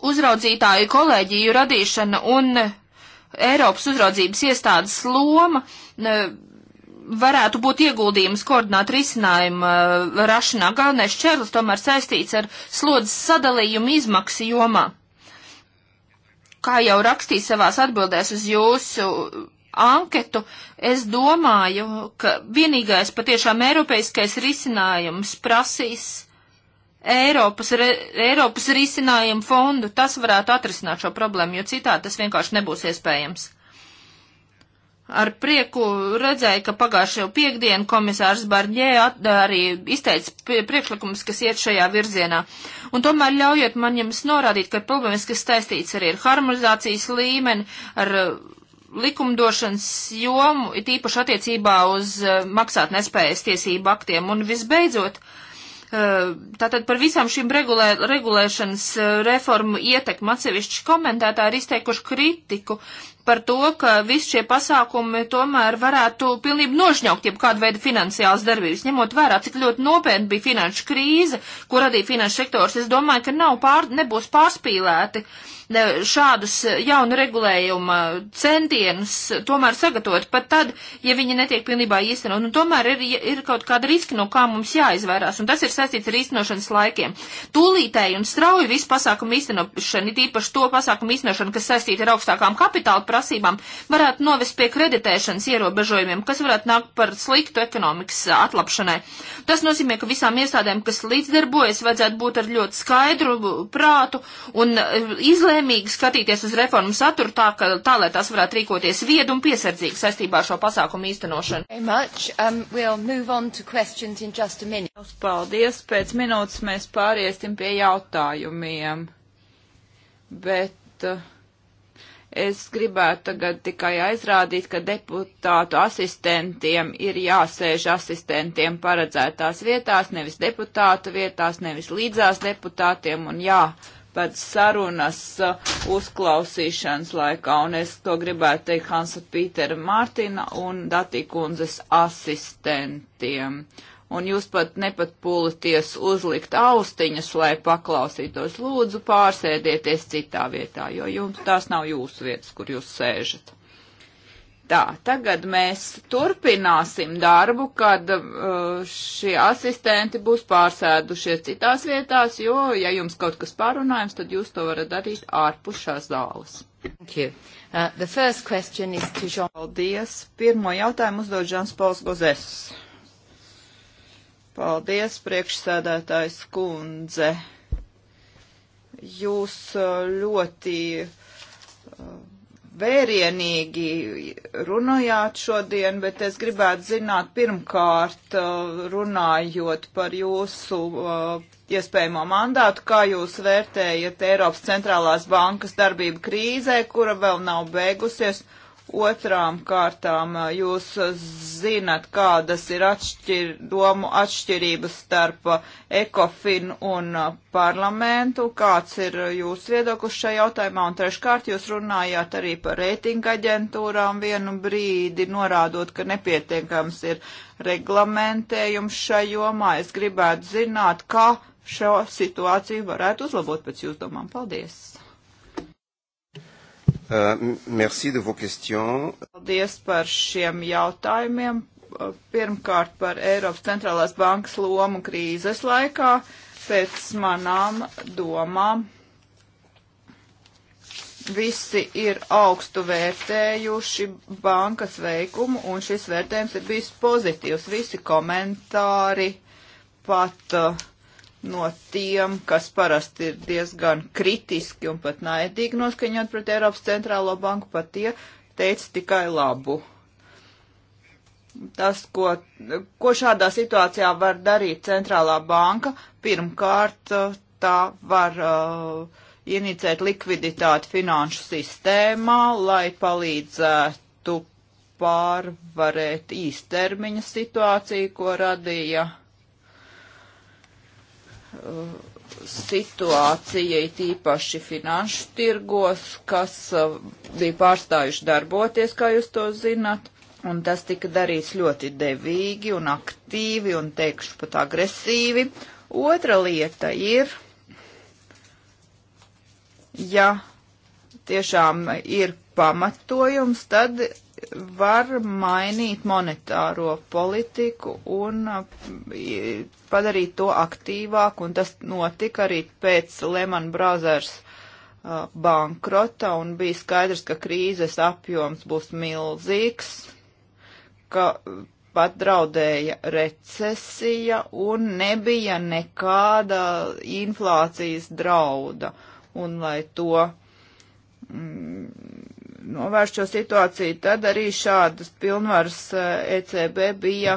Uzraudzītāju kolēģiju radīšana un Eiropas uzraudzības iestādes loma eh, varētu būt ieguldījums koordināt risinājumu uh, rašanā. Galvenais čērlis tomēr saistīts ar slodzes sadalījumu izmaksu jomā. Kā jau rakstīja savās atbildēs uz jūsu anketu, es domāju, ka vienīgais patiešām eiropeiskais risinājums prasīs Eiropas, re, Eiropas risinājumu fondu. Tas varētu atrisināt šo problēmu, jo citādi tas vienkārši nebūs iespējams. Ar prieku redzēju, ka pagājušajā piekdienu komisārs Barņē arī izteica priekšlikumus, kas iet šajā virzienā. Un tomēr ļaujiet man jums norādīt, ka ir problēmas, kas saistīts arī ar harmonizācijas līmeni, ar uh, likumdošanas jomu, it īpaši attiecībā uz uh, maksāt nespējas tiesību aktiem. Un visbeidzot, uh, Tātad par visām šīm regulē, regulēšanas reformu ietekmu atsevišķi komentētāji ir izteikuši kritiku par to, ka visi šie pasākumi tomēr varētu pilnībā nožņaukt jeb kādu veidu finansiālas darbības, ņemot vērā, cik ļoti nopietni bija finanšu krīze, ko radīja finanšu sektors. Es domāju, ka nav pār, nebūs pārspīlēti uh, šādus jaunu regulējuma centienus tomēr sagatavot pat tad, ja viņi netiek pilnībā īstenot. Un tomēr ir, ir kaut kāda riska, no kā mums jāizvairās, un tas ir saistīts ar īstenošanas laikiem. Tūlītēji un strauji visu pasākumu īstenošanu, it īpaši to pasākumu īstenošanu, kas saistīta ar augstākām kapitāla prasībām, varētu novest pie kreditēšanas ierobežojumiem, kas varētu nākt par sliktu ekonomikas atlapšanai. Tas nozīmē, ka visām iestādēm, kas līdzdarbojas, vajadzētu būt ar ļoti skaidru prātu un eh, izlēmumu, Lēmīgi skatīties uz reformu saturu tā, ka, tā lai tās varētu rīkoties viedu un piesardzīgi saistībā ar šo pasākumu īstenošanu. Um, we'll Paldies, pēc minūtes mēs pāriesim pie jautājumiem. Bet uh, es gribētu tagad tikai aizrādīt, ka deputātu asistentiem ir jāsēž asistentiem paredzētās vietās, nevis deputātu vietās, nevis līdzās deputātiem un jā. Uh, pat sarunas uh, uzklausīšanas laikā, un es to gribētu teikt Hansa Pītera Mārtina un Datī kundzes asistentiem. Un jūs pat nepat pūlaties uzlikt austiņas, lai paklausītos. Lūdzu, pārsēdieties citā vietā, jo jums tās nav jūsu vietas, kur jūs sēžat. Tā, tagad mēs turpināsim darbu, kad uh, šie asistenti būs pārsēdušies citās vietās, jo, ja jums kaut kas pārunājums, tad jūs to varat darīt ārpus šās zāles. Uh, Jean... Paldies. Pirmo jautājumu uzdod Žans Pauls Gozes. Paldies, priekšsēdētājs kundze. Jūs uh, ļoti. Uh, vērienīgi runājāt šodien, bet es gribētu zināt pirmkārt, uh, runājot par jūsu uh, iespējamo mandātu, kā jūs vērtējat Eiropas centrālās bankas darbību krīzē, kura vēl nav beigusies, Otrām kārtām jūs zinat, kādas ir atšķir, domu atšķirības starp ECOFIN un parlamentu, kāds ir jūsu viedoklis šajā jautājumā, un treškārt jūs runājāt arī par reitinga aģentūrām vienu brīdi, norādot, ka nepietiekams ir reglamentējums šajā jomā. Es gribētu zināt, kā šo situāciju varētu uzlabot pēc jūsu domām. Paldies! Euh, merci de vos questions. Paldies par šiem jautājumiem. Uh, pirmkārt par Eiropas centrālās bankas lomu krīzes laikā. Pēc manām domām visi ir augstu vērtējuši bankas veikumu, un šis vērtējums ir bijis pozitīvs. Visi komentāri pat uh, no tiem, kas parasti ir diezgan kritiski un pat naidīgi noskaņot pret Eiropas centrālo banku, pat tie teica tikai labu. Tas, ko, ko šādā situācijā var darīt centrālā banka, pirmkārt, tā var uh, inicēt likviditāti finanšu sistēmā, lai palīdzētu pārvarēt īstermiņa situāciju, ko radīja uh, Uh, situācija, it īpaši finanšu tirgos, kas uh, bija pārstājuši darboties, kā jūs to zinat, un tas tika darīts ļoti devīgi un aktīvi un teikšu pat agresīvi. Otra lieta ir, ja tiešām ir pamatojums, tad var mainīt monetāro politiku un eh, padarīt to aktīvāku, un tas notika arī pēc Lehman Brothers eh, bankrota, un bija skaidrs, ka krīzes apjoms būs milzīgs, ka pat draudēja recesija un nebija nekāda inflācijas drauda. Un lai to mm, novērst šo situāciju, tad arī šādas pilnvaras ECB eh, e bija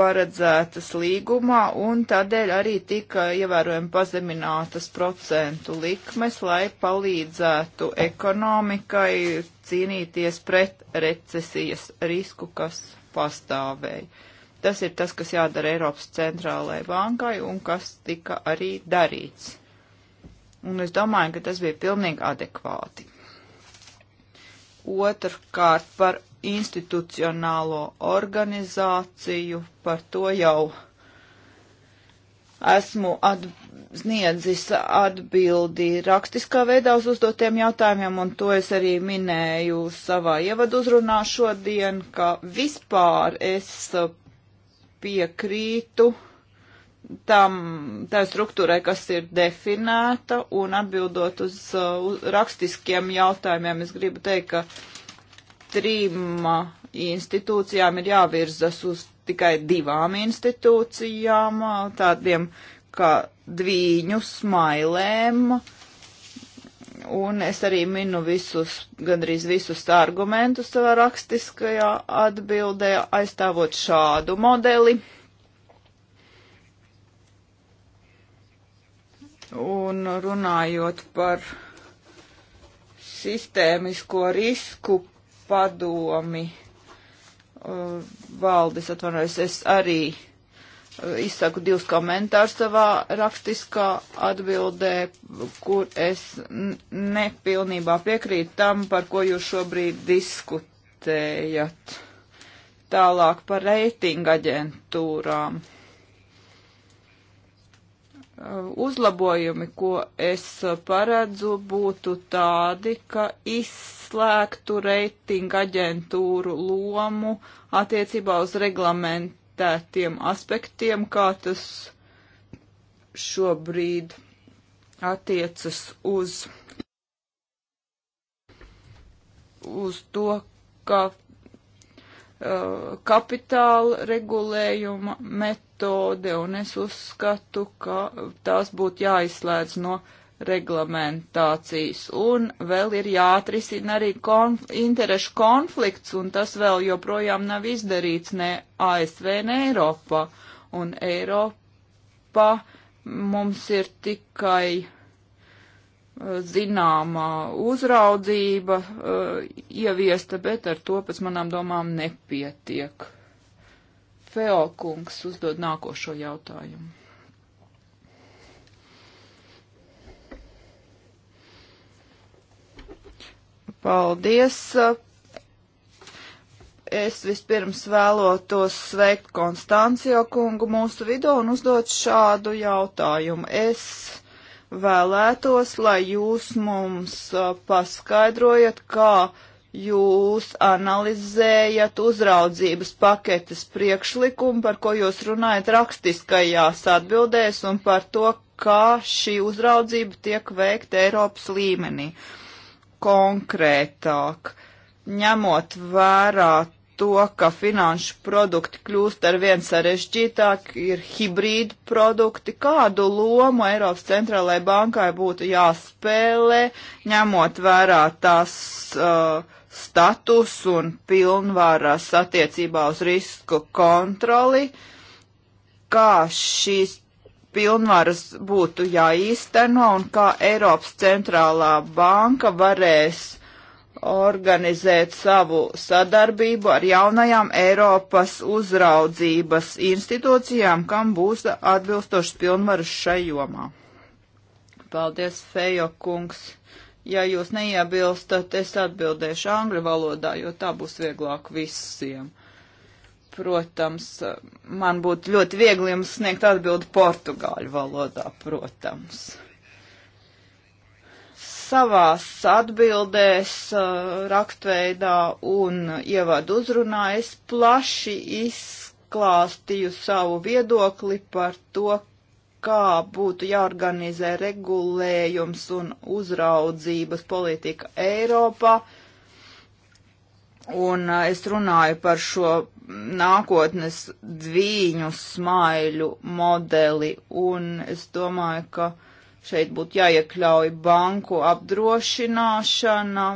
paredzētas līgumā, un tādēļ arī tika ievērojami pazeminātas procentu likmes, lai palīdzētu ekonomikai cīnīties pret recesijas risku, kas pastāvēja. Tas ir tas, kas jādara Eiropas centrālajai bankai un kas tika arī darīts. Un es domāju, ka tas bija pilnīgi adekvāti. Otrkārt par institucionālo organizāciju, par to jau esmu at, sniedzis atbildi rakstiskā veidā uz uzdotiem jautājumiem, un to es arī minēju savā ievadu uzrunā šodien, ka vispār es piekrītu uh, tam, tā struktūrai, kas ir definēta, un atbildot uz, uh, uz rakstiskiem jautājumiem, es gribu teikt, ka trim uh, institūcijām ir jāvirzas uz tikai divām institūcijām, uh, tādiem kā dvīņu smailēm, un es arī minu visus, gandrīz visus argumentus savā rakstiskajā atbildē, aizstāvot šādu modeli Un runājot par sistēmisko risku padomi, uh, valdes atvainojas, es arī uh, izsaku divus komentārus savā rakstiskā atbildē, kur es nepilnībā piekrītu tam, par ko jūs šobrīd diskutējat. Tālāk par reitinga aģentūrām. Eh, uzlabojumi, ko es paredzu, būtu tādi, ka izslēgtu reitinga aģentūru lomu attiecībā uz reglamentētiem aspektiem, kā tas šobrīd attiecas uz, uz to, ka eh, kapitāla regulējuma met metode, un es uzskatu, ka tās būtu jāizslēdz no reglamentācijas. Un vēl ir jāatrisina arī konf interešu konflikts, un tas vēl joprojām nav izdarīts ne ASV, ne Eiropā. Un Eiropā mums ir tikai eh, zināmā uzraudzība uh, ieviesta, bet ar to pēc manām domām nepietiek. Feokungs uzdod nākošo jautājumu. Paldies! Es vispirms vēlotos sveikt Konstancijo kungu mūsu vidū un uzdot šādu jautājumu. Es vēlētos, lai jūs mums paskaidrojat, kā uh, jūs analizējat uzraudzības paketes priekšlikumu, par ko jūs runājat rakstiskajās atbildēs un par to, kā šī uzraudzība tiek veikta Eiropas līmenī. Konkrētāk, ņemot vērā to, ka finanšu produkti kļūst ar vien sarežģītāki, ir hibrīdu produkti, kādu lomu Eiropas centrālajai bankai būtu jāspēlē, ņemot vērā tās uh, status un pilnvaras attiecībā uz risku kontroli, kā šīs pilnvaras būtu jāīsteno un kā Eiropas centrālā banka varēs organizēt savu sadarbību ar jaunajām Eiropas uzraudzības institūcijām, kam būs atbilstošas pilnvaras šai jomā. Paldies, Fejo kungs. Ja jūs neiebilstat, es atbildēšu angļu valodā, jo tā būs vieglāk visiem. Protams, man būtu ļoti viegli jums sniegt atbildi portugāļu valodā, protams. Savās atbildēs, uh, raktveidā un ievadu uzrunā es plaši izklāstīju savu viedokli par to, kā būtu jāorganizē regulējums un uzraudzības politika Eiropā. Un uh, es runāju par šo nākotnes dviņu smaiļu modeli, un es domāju, ka šeit būtu jāiekļauj banku apdrošināšana,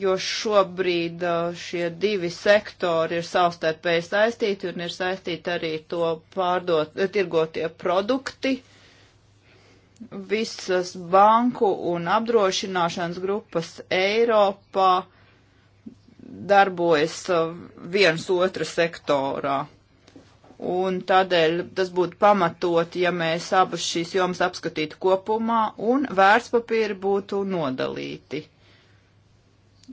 jo šobrīd šie divi sektori ir savstarpēji saistīti un ir saistīti arī to pārdot, tirgotie produkti. Visas banku un apdrošināšanas grupas Eiropā darbojas viens otra sektorā. Un tādēļ tas būtu pamatot, ja mēs abas šīs jomas apskatītu kopumā un vērtspapīri būtu nodalīti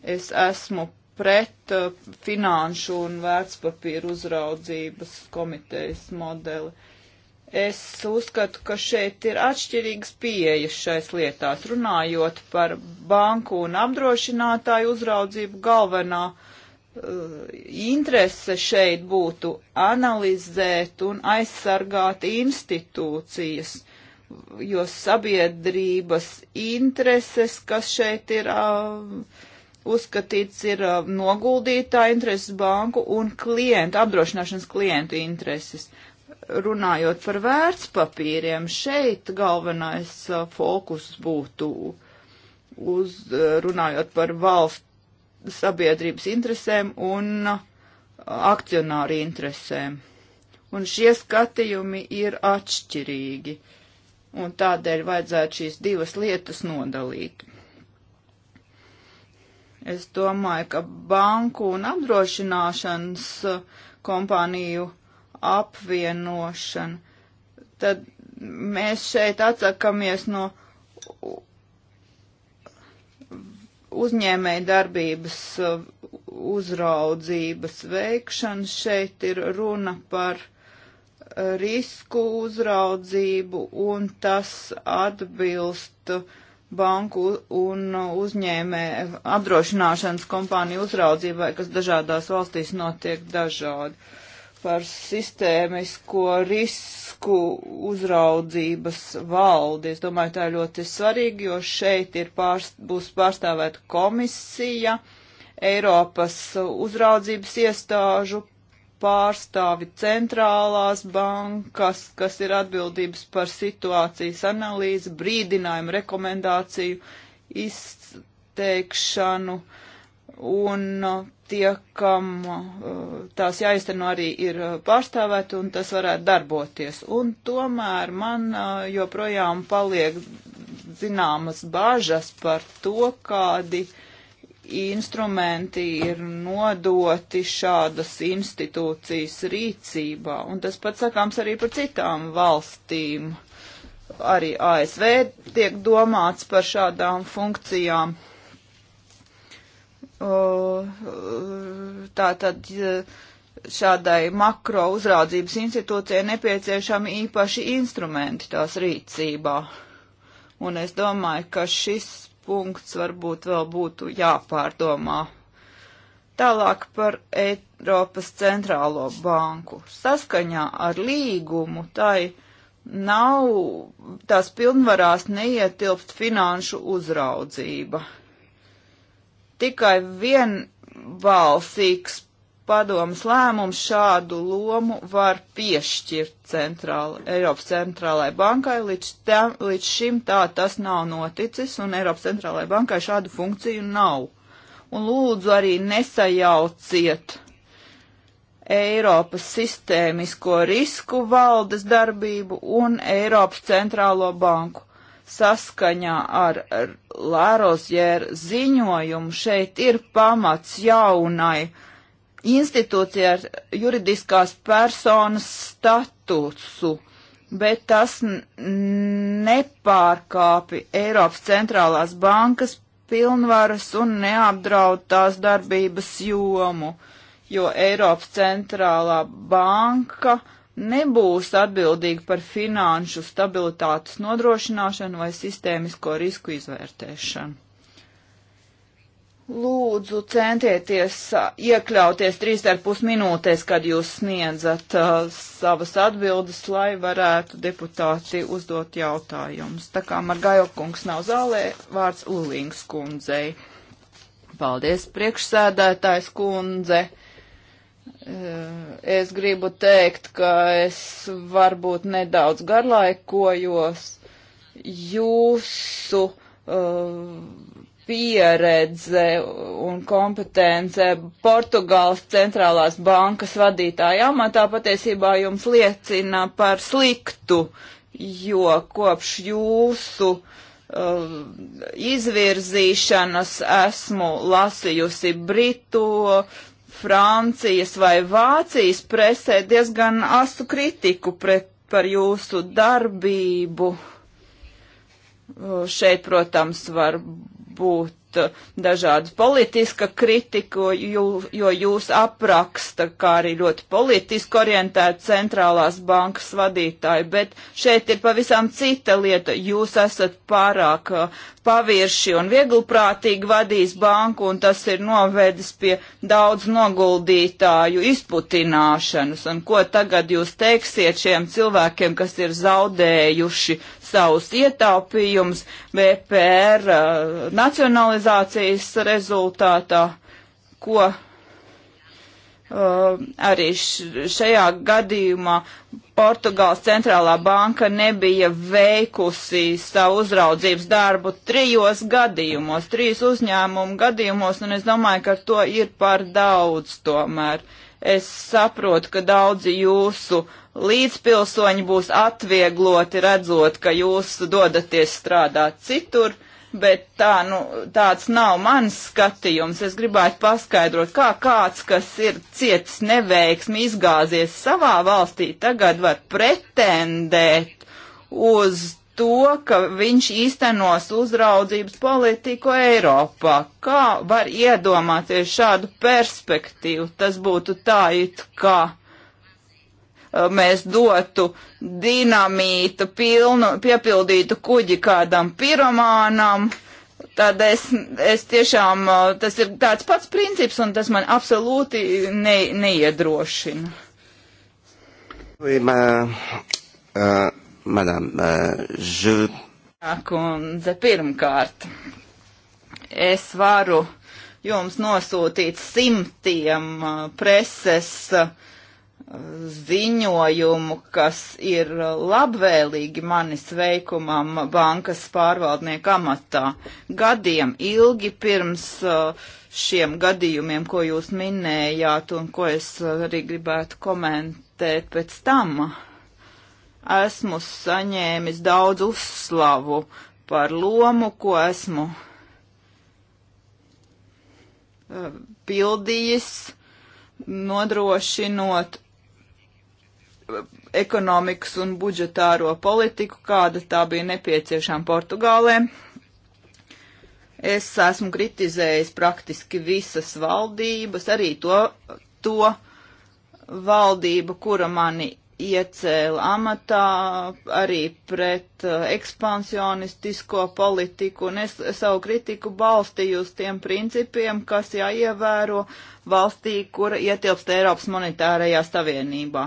Es esmu pret uh, finanšu un vērtspapīru uzraudzības komitejas modeli. Es uzskatu, ka šeit ir atšķirīgas pieejas šais lietās. Runājot par banku un apdrošinātāju uzraudzību, galvenā uh, interese šeit būtu analizēt un aizsargāt institūcijas, jo sabiedrības intereses, kas šeit ir uh, uzskatīts ir uh, noguldītā intereses banku un klientu, apdrošināšanas klientu intereses. Runājot par vērtspapīriem, šeit galvenais uh, fokus būtu uz uh, runājot par valsts sabiedrības interesēm un akcionāru interesēm. Un šie skatījumi ir atšķirīgi, un tādēļ vajadzētu šīs divas lietas nodalīt. Es domāju, ka banku un apdrošināšanas uh, kompāniju apvienošana, tad mēs šeit atsakamies no uzņēmēja darbības uh, uzraudzības veikšanas. Šeit ir runa par uh, risku uzraudzību un tas atbilst uh, banku un uzņēmē apdrošināšanas kompāniju uzraudzībai, kas dažādās valstīs notiek dažādi. Par sistēmisko risku uzraudzības valdi. Es domāju, tā ir ļoti svarīgi, jo šeit ir pārst, būs pārstāvēta komisija, Eiropas uzraudzības iestāžu pārstāvi centrālās bankas, kas ir atbildības par situācijas analīzi, brīdinājumu, rekomendāciju izteikšanu, un uh, tie, kam uh, tās jāizteno arī ir uh, pārstāvēt, un tas varētu darboties. Un tomēr man joprojām paliek zināmas bāžas par to, kādi uh, instrumenti ir nodoti šādas institūcijas rīcībā, un tas pats sakāms arī par citām valstīm. Arī ASV tiek domāts par šādām funkcijām. Tātad šādai makro uzraudzības institūcijai nepieciešami īpaši instrumenti tās rīcībā. Un es domāju, ka šis punkts varbūt vēl būtu jāpārdomā. Tālāk par Eiropas centrālo banku. Saskaņā ar līgumu tai nav, tās pilnvarās neietilpst finanšu uzraudzība. Tikai vienbalsīgs padomas lēmums šādu lomu var piešķirt centrāla, Eiropas centrālajai bankai. Līdz, tam, līdz šim tā tas nav noticis, un Eiropas centrālajai bankai šādu funkciju nav. Un lūdzu arī nesajauciet Eiropas sistēmisko risku valdes darbību un Eiropas centrālo banku saskaņā ar, ar Lārosjēra ziņojumu šeit ir pamats jaunai institūcija ar juridiskās personas statusu, bet tas nepārkāpi Eiropas centrālās bankas pilnvaras un neapdraud tās darbības jomu, jo Eiropas centrālā banka nebūs atbildīga par finanšu stabilitātes nodrošināšanu vai sistēmisko risku izvērtēšanu. Lūdzu, centieties uh, iekļauties trīs ar pus minūtēs, kad jūs sniedzat uh, savas atbildes, lai varētu deputāti uzdot jautājumus. Tā kā Margaio kungs nav zālē, vārds Ulīngas kundzei. Paldies, priekšsēdētājs kundze. Uh, es gribu teikt, ka es varbūt nedaudz garlaikojos jūsu. Uh, pieredze un kompetence Portugāles centrālās bankas vadītāja amatā patiesībā jums liecina par sliktu, jo kopš jūsu uh, izvirzīšanas esmu lasījusi Britu, Francijas vai Vācijas presē diezgan astu kritiku pret, par jūsu darbību. Uh, šeit, protams, var būt uh, dažāda politiska kritika, jo, jo jūs apraksta, kā arī ļoti politiski orientēta centrālās bankas vadītāja, bet šeit ir pavisam cita lieta. Jūs esat pārāk uh, pavirši un vieglprātīgi vadījis banku, un tas ir novedis pie daudz noguldītāju izputināšanas. Un ko tagad jūs teiksiet šiem cilvēkiem, kas ir zaudējuši savus ietaupījumus VPR uh, nacionalizācijas rezultātā, ko Uh, arī šajā gadījumā Portugāles centrālā banka nebija veikusi savu uzraudzības darbu trijos gadījumos, trīs uzņēmumu gadījumos, un es domāju, ka to ir par daudz tomēr. Uh, Es saprotu, ka daudzi jūsu līdzpilsoņi būs atviegloti redzot, ka jūs dodaties strādāt citur, bet tā, nu, tāds nav mans skatījums. Es gribētu paskaidrot, kā kāds, kas ir cietis neveiksmi, izgāzies savā valstī, tagad var pretendēt uz to, ka viņš īstenos uzraudzības politiku Eiropā. Kā var iedomāties šādu perspektīvu? Tas būtu tā it kā uh, mēs dotu dinamītu, pilnu, piepildītu kuģi kādam piromānam. Tad es, es tiešām, uh, tas ir tāds pats princips, un tas man absolūti ne, neiedrošina. Uh, uh Madam, uh, je... Kundze, pirmkārt, es varu jums nosūtīt simtiem uh, preses uh, ziņojumu, kas ir labvēlīgi manis veikumam bankas pārvaldnieka amatā. Gadiem ilgi pirms šiem gadījumiem, ko jūs minējāt un ko es arī gribētu komentēt pēc tam. Uh, esmu saņēmis daudz uzslavu par lomu, ko esmu eh, pildījis, nodrošinot eh, ekonomikas un budžetāro politiku, kāda tā bija nepieciešama Portugālē. Es esmu kritizējis praktiski visas valdības, arī to, to valdību, kura mani iecēla amatā arī pret uh, ekspansionistisko politiku, un es savu kritiku balstīju uz tiem principiem, kas jāievēro valstī, kura ietilpst Eiropas monetārajā savienībā.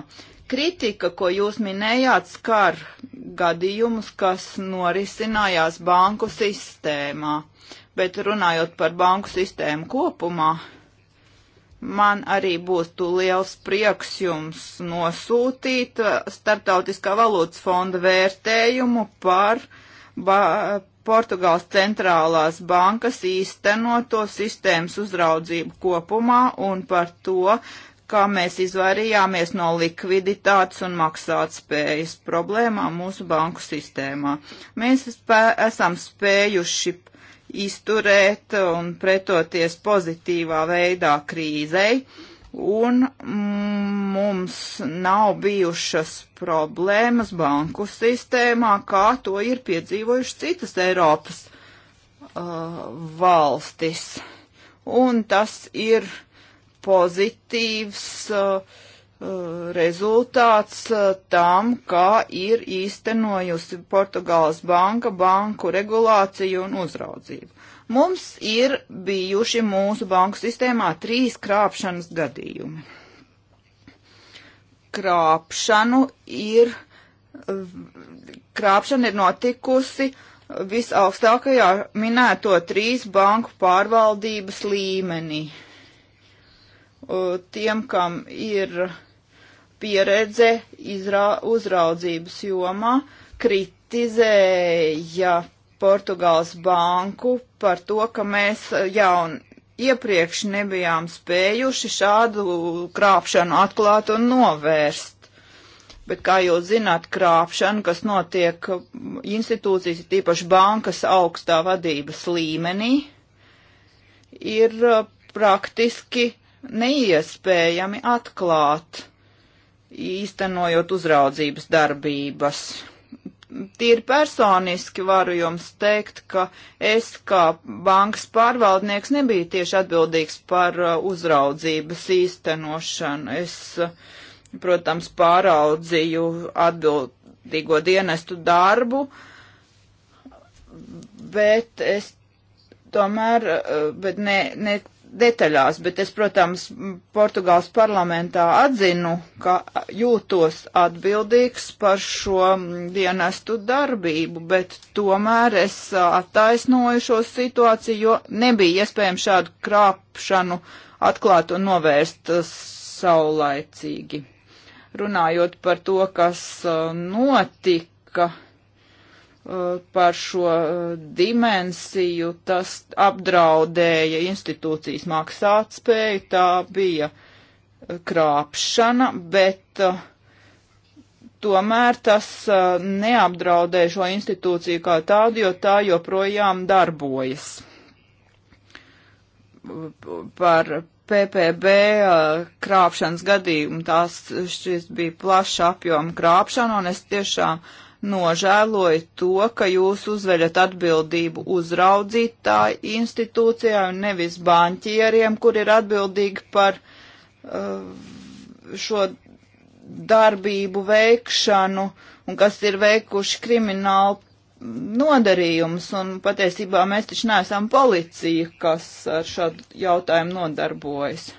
Kritika, ko jūs minējāt, skar gadījumus, kas norisinājās banku sistēmā, bet runājot par banku sistēmu kopumā, Man arī būtu liels prieks jums nosūtīt uh, Startautiskā valūtas fonda vērtējumu par ba Portugāles centrālās bankas īstenoto sistēmas uzraudzību kopumā un par to, kā mēs izvairījāmies no likviditātes un maksātspējas problēmām mūsu banku sistēmā. Mēs spē esam spējuši izturēt un pretoties pozitīvā veidā krīzei. Un mm, mums nav bijušas problēmas banku sistēmā, kā to ir piedzīvojuši citas Eiropas uh, valstis. Un tas ir pozitīvs uh, Eh, rezultāts eh, tam, kā ir īstenojusi Portugāles banka banku regulāciju un uzraudzību. Mums ir bijuši mūsu banku sistēmā trīs krāpšanas gadījumi. Krāpšanu ir, krāpšana ir notikusi visaugstākajā minēto trīs banku pārvaldības līmenī. Eh, tiem, kam ir uh, pieredze izrā, uzraudzības jomā kritizēja Portugāles banku par to, ka mēs jau iepriekš nebijām spējuši šādu krāpšanu atklāt un novērst. Bet, kā jūs zināt, krāpšana, kas notiek institūcijas, tīpaši bankas augstā vadības līmenī, ir uh, praktiski neiespējami atklāt īstenojot uzraudzības darbības. Tīri personiski varu jums teikt, ka es kā bankas pārvaldnieks nebiju tieši atbildīgs par uh, uzraudzības īstenošanu. Es, uh, protams, pāraudzīju atbildīgo dienestu darbu, bet es tomēr, uh, bet ne, ne detaļās, bet es, protams, Portugāles parlamentā atzinu, ka jūtos atbildīgs par šo mm, dienestu darbību, bet tomēr es attaisnoju šo situāciju, jo nebija iespējams šādu krāpšanu atklāt un novērst saulaicīgi. Runājot par to, kas notika, par šo eh, dimensiju, tas apdraudēja institūcijas maksātspēju, tā bija eh, krāpšana, bet uh, tomēr tas uh, neapdraudē šo institūciju kā tādu, jo tā joprojām darbojas. Par PPB uh, krāpšanas gadījumu tās šis bija plaša apjoma krāpšana, un es tiešām nožēloju to, ka jūs uzveļat atbildību uzraudzītāju institūcijā un nevis banķieriem, kur ir atbildīgi par uh, šo darbību veikšanu un kas ir veikuši kriminālu nodarījumus. Un patiesībā mēs taču neesam policija, kas ar šādu jautājumu nodarbojas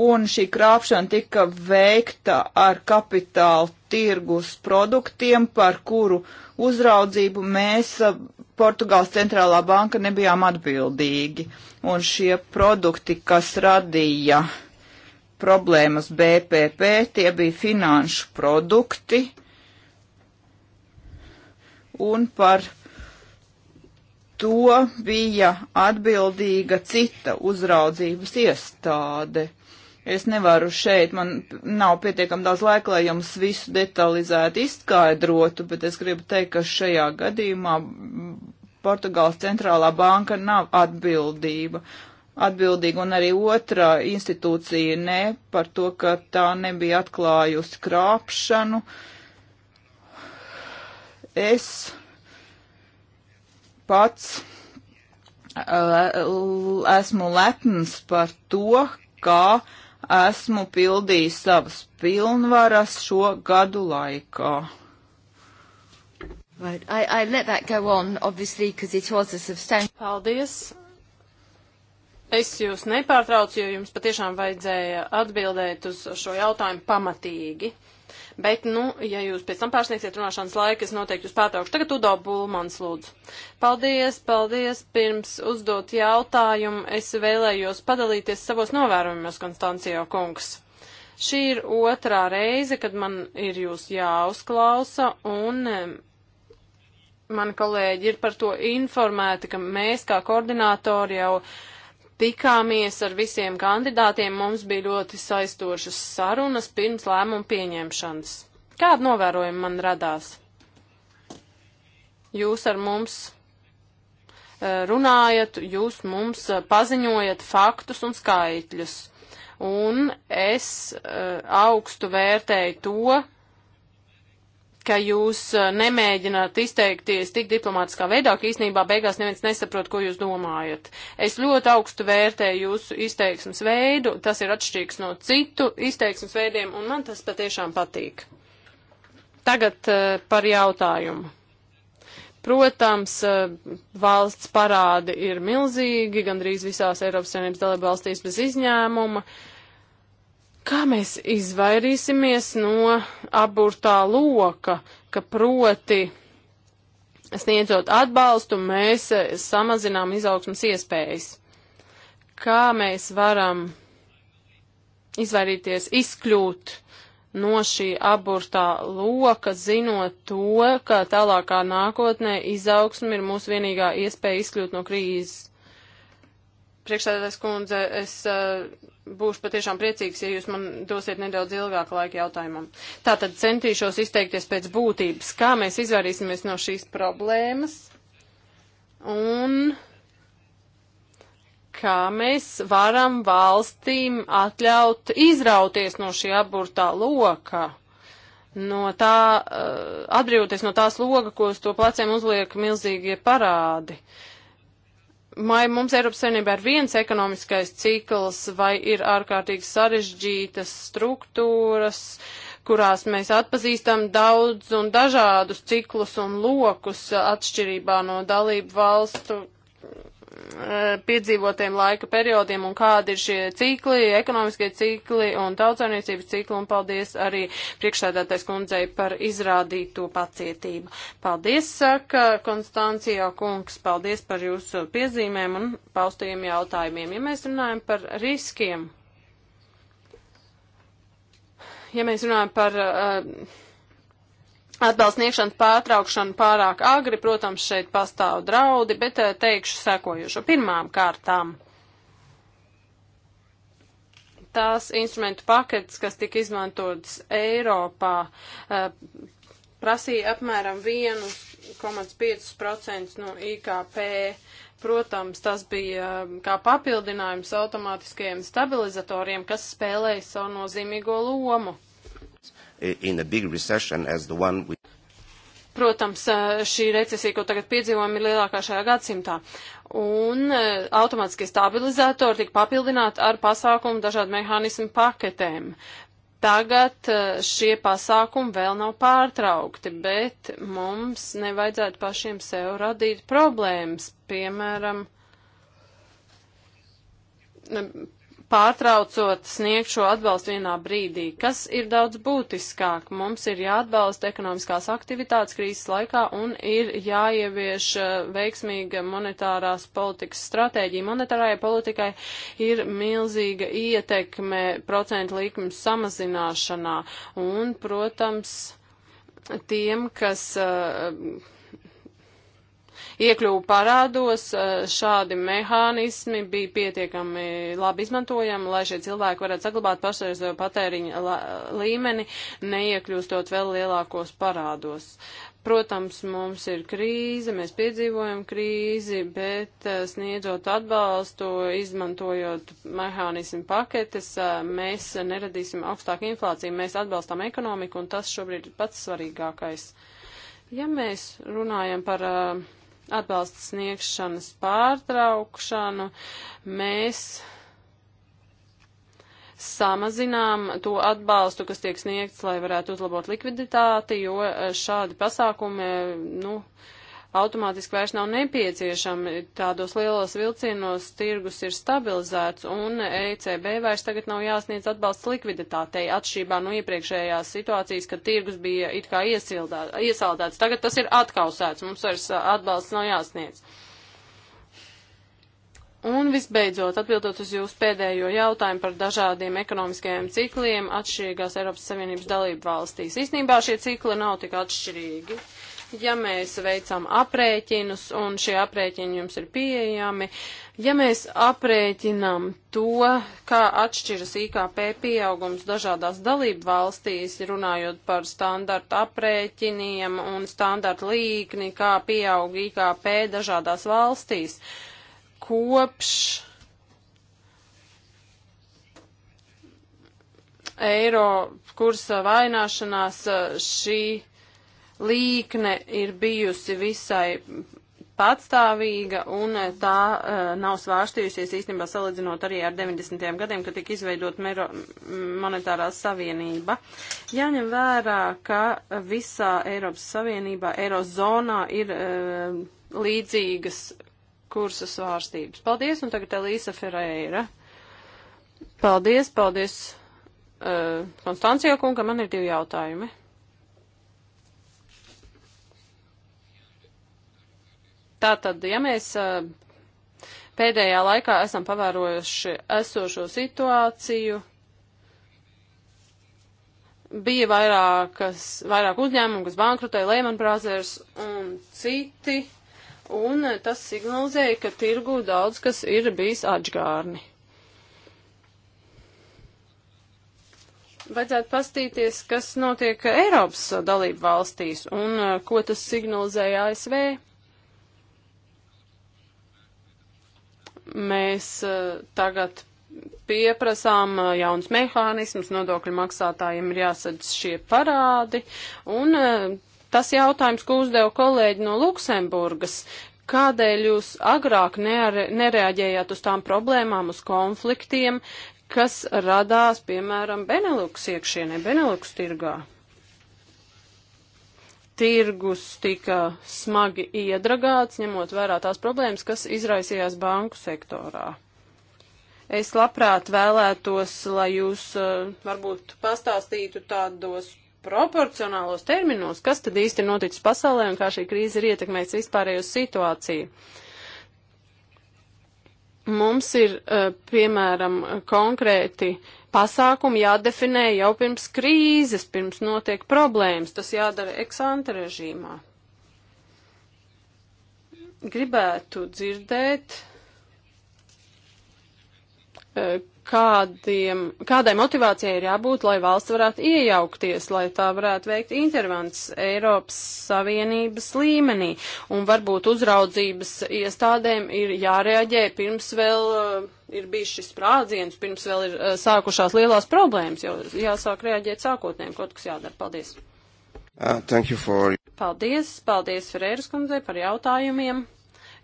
un šī krāpšana tika veikta ar kapitāla tirgus produktiem, par kuru uzraudzību mēs Portugāles centrālā banka nebijām atbildīgi. Un šie produkti, kas radīja problēmas BPP, tie bija finanšu produkti. Un par to bija atbildīga cita uzraudzības iestāde Es nevaru šeit, man nav pietiekami daudz laika, lai jums visu detalizēti izskaidrotu, bet es gribu teikt, ka šajā gadījumā Portugāles centrālā banka nav atbildība. Atbildīga un arī otrā institūcija ne par to, ka tā nebija atklājusi krāpšanu. Es pats esmu lepns par to, kā esmu pildījis savas pilnvaras šo gadu laikā. Right. I, I let that go on, obviously, because it was a substantial. Paldies. Es jūs nepārtraucu, jo jums patiešām vajadzēja atbildēt uz šo jautājumu pamatīgi. Bet, nu, ja jūs pēc tam pārsniegsiet runāšanas laiku, es noteikti jūs pārtraukšu. Tagad Udo Bulmans lūdzu. Paldies, paldies. Pirms uzdot jautājumu, es vēlējos padalīties savos novērojumos, Konstancijo kungs. Šī ir otrā reize, kad man ir jūs jāuzklausa, un eh, mani kolēģi ir par to informēti, ka mēs kā koordinātori jau uh, tikāmies ar visiem kandidātiem, mums bija ļoti saistošas sarunas pirms lēmumu pieņemšanas. Kāda novērojuma man radās? Jūs ar mums eh, runājat, jūs mums eh, paziņojat faktus un skaitļus. Un es eh, augstu vērtēju to, ka jūs eh, nemēģināt izteikties tik diplomātiskā veidā, ka īsnībā beigās neviens nesaprot, ko jūs domājat. Es ļoti augstu vērtēju jūsu izteiksmes veidu, tas ir atšķirīgs no citu izteiksmes veidiem, un man tas patiešām patīk. Tagad uh, par jautājumu. Protams, uh, valsts parādi ir milzīgi, gandrīz visās Eiropas Savienības dalība valstīs bez izņēmuma. Uh, Kā mēs izvairīsimies no aburtā loka, ka proti sniedzot atbalstu, mēs eh, samazinām izaugsmas iespējas? Kā mēs varam izvairīties, izkļūt no šī aburtā loka, zinot to, ka tālākā nākotnē izaugsme ir mūsu vienīgā iespēja izkļūt no krīzes? Priekšstādātais kundze, es uh, būšu patiešām priecīgs, ja jūs man dosiet nedaudz ilgāku laiku jautājumam. Tātad centīšos izteikties pēc būtības, kā mēs izvairīsimies no šīs problēmas un kā mēs varam valstīm atļaut izrauties no šī aburtā loka, no tā, eh, atbrīvoties no tās loga, ko uz to pleciem uzliek milzīgie parādi. Uh, Vai mums Eiropas Savienībā ir viens ekonomiskais cikls, vai ir ārkārtīgi sarežģītas struktūras, kurās mēs atpazīstam daudz un dažādus ciklus un lokus atšķirībā no dalību valstu Eh, piedzīvotiem laika periodiem un kādi ir šie cikli, ekonomiskie cikli un tautsainiecības cikli, un paldies arī priekšsēdētais kundzei par izrādīto pacietību. Paldies, saka Konstancijā kungs, paldies par jūsu piezīmēm un paustajiem jautājumiem. Ja mēs runājam par riskiem, ja mēs runājam par. Uh, atbalstniegšanu pārtraukšanu pārāk agri, protams, šeit pastāv draudi, bet eh, teikšu sekojušo. Pirmām kārtām tās instrumentu paketes, kas tika izmantotas Eiropā, eh, prasīja apmēram 1,5% no IKP. Protams, tas bija eh, kā papildinājums automātiskajiem stabilizatoriem, kas spēlēja savu nozīmīgo lomu in a big recession as the one we Protams, eh, šī recesija, ko tagad piedzīvojam, ir lielākā šajā gadsimtā. Un eh, automātiskie stabilizatori tika papildināti ar pasākumu dažādu mehānismu paketēm. Tagad eh, šie pasākumi vēl nav pārtraukti, bet mums nevajadzētu pašiem sev radīt problēmas. Piemēram, pārtraucot sniegt šo atbalstu vienā brīdī, kas ir daudz būtiskāk. Mums ir jāatbalsta ekonomiskās aktivitātes krīzes laikā un ir jāievieš eh, veiksmīga monetārās politikas stratēģija. Monetārajai politikai ir milzīga ietekme procentu likmes samazināšanā un, protams, tiem, kas. Uh, iekļuvu parādos, eh, šādi mehānismi bija pietiekami labi izmantojami, lai šie cilvēki varētu saglabāt pašreizējo patēriņa līmeni, neiekļūstot vēl lielākos parādos. Protams, mums ir krīze, mēs piedzīvojam krīzi, bet eh, sniedzot atbalstu, izmantojot mehānismu paketes, eh, mēs neradīsim augstāku inflāciju, mēs atbalstām ekonomiku, un tas šobrīd ir pats svarīgākais. Ja mēs runājam par uh, atbalsta sniegšanas pārtraukšanu mēs samazinām to atbalstu, kas tiek sniegts, lai varētu uzlabot likviditāti, jo šādi pasākumi, nu, uh, automātiski vairs nav nepieciešami. Tādos lielos vilcienos tirgus ir stabilizēts un ECB vairs tagad nav jāsniedz atbalsts likviditātei atšķirībā no iepriekšējās situācijas, kad tirgus bija it kā iesildā, iesaldēts. Tagad tas ir atkausēts, mums vairs atbalsts nav jāsniedz. Un visbeidzot, atbildot uz jūsu pēdējo jautājumu par dažādiem ekonomiskajiem cikliem atšķirīgās Eiropas Savienības dalību valstīs. Īsnībā šie cikli nav tik atšķirīgi. Uh, ja mēs veicam aprēķinus, un šie aprēķini jums ir pieejami, ja mēs aprēķinam to, kā atšķiras IKP pieaugums dažādās dalību valstīs, runājot par standarta aprēķiniem un standarta līkni, kā pieauga IKP dažādās valstīs, kopš eiro kursa vaināšanās šī līkne ir bijusi visai patstāvīga un eh, tā uh, nav svārstījusies īstenībā salīdzinot arī ar 90. gadiem, kad tika izveidot mero, monetārā savienība. Jāņem vērā, ka visā Eiropas Savienībā, Eirozonā ir uh, līdzīgas kursa svārstības. Paldies, un tagad Elīsa Ferreira. Paldies, paldies uh, Konstancijā kunga, man ir divi jautājumi. Tātad, ja mēs eh, pēdējā laikā esam pavērojuši esošo situāciju, bija vairākas, vairāk uzņēmumu, kas bankrotēja Lehman Brothers un citi, un tas signalizēja, ka tirgu daudz kas ir bijis atžgārni. Vajadzētu pastīties, kas notiek Eiropas dalību valstīs un eh, ko tas signalizēja ASV. Mēs eh, tagad pieprasām eh, jauns mehānismus, nodokļu maksātājiem ir jāsadz šie parādi, un eh, tas jautājums, ko uzdeva kolēģi no Luksemburgas, kādēļ jūs agrāk neare, nereaģējāt uz tām problēmām, uz konfliktiem, kas radās, piemēram, Beneluks iekšienē, Beneluks tirgā? tirgus tika smagi iedragāts, ņemot vērā tās problēmas, kas izraisījās banku sektorā. Es labprāt vēlētos, lai jūs uh, varbūt pastāstītu tādos proporcionālos terminos, kas tad īsti noticis pasaulē un kā šī krīze ir ietekmējusi vispārējo situāciju. Mums ir, uh, piemēram, konkrēti uh, pasākumi jādefinē jau pirms krīzes, pirms notiek problēmas. Tas jādara eksanta režīmā. Gribētu dzirdēt, eh, kādiem, kādai motivācijai ir jābūt, lai valsts varētu iejaukties, lai tā varētu veikt intervents Eiropas Savienības līmenī. Un varbūt uzraudzības iestādēm ir jāreaģē pirms vēl uh, ir bijis šis sprādziens, pirms vēl ir uh, sākušās lielās problēmas, jo jāsāk reaģēt sākotnēm, kaut kas jādara. Paldies! Uh, you for... Paldies, paldies Ferēras kundzei par jautājumiem.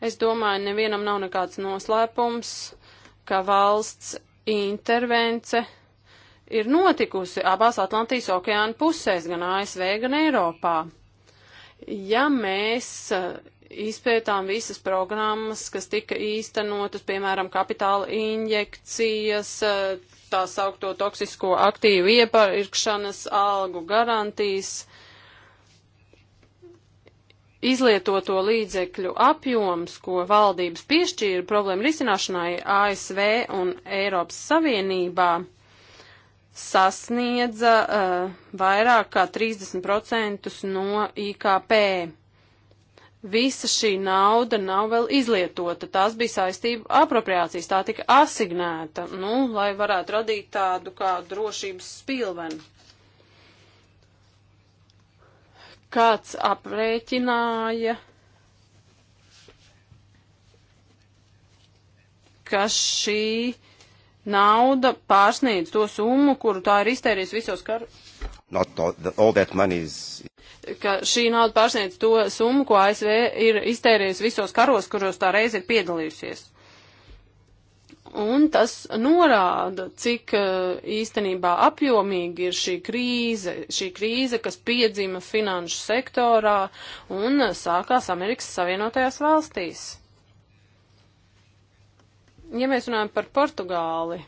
Es domāju, nevienam nav nekāds noslēpums ka valsts intervence ir notikusi abās Atlantijas okeāna pusēs, gan ASV, gan Eiropā. Ja mēs eh, izpētām visas programmas, kas tika īstenotas, piemēram, kapitāla injekcijas, eh, tā saukto toksisko aktīvu iepirkšanas, algu garantijas, izlietoto līdzekļu apjoms, ko valdības piešķīra problēmu risināšanai ASV un Eiropas Savienībā, sasniedza uh, vairāk kā 30% no IKP. Visa šī nauda nav vēl izlietota, tās bija saistība apropriācijas, tā tika asignēta, nu, lai varētu radīt tādu kā drošības spilvenu. kāds aprēķināja, ka šī nauda pārsniedz to summu, kuru tā ir iztērījis visos karos. Is... Ka šī nauda pārsniedz to summu, ko ASV ir iztērījis visos karos, kuros tā reiz ir piedalījusies. Un tas norāda, cik e, īstenībā apjomīgi ir šī krīze, šī krīze, kas piedzima finanšu sektorā un sākās Amerikas Savienotajās valstīs. Ja mēs runājam par Portugāli,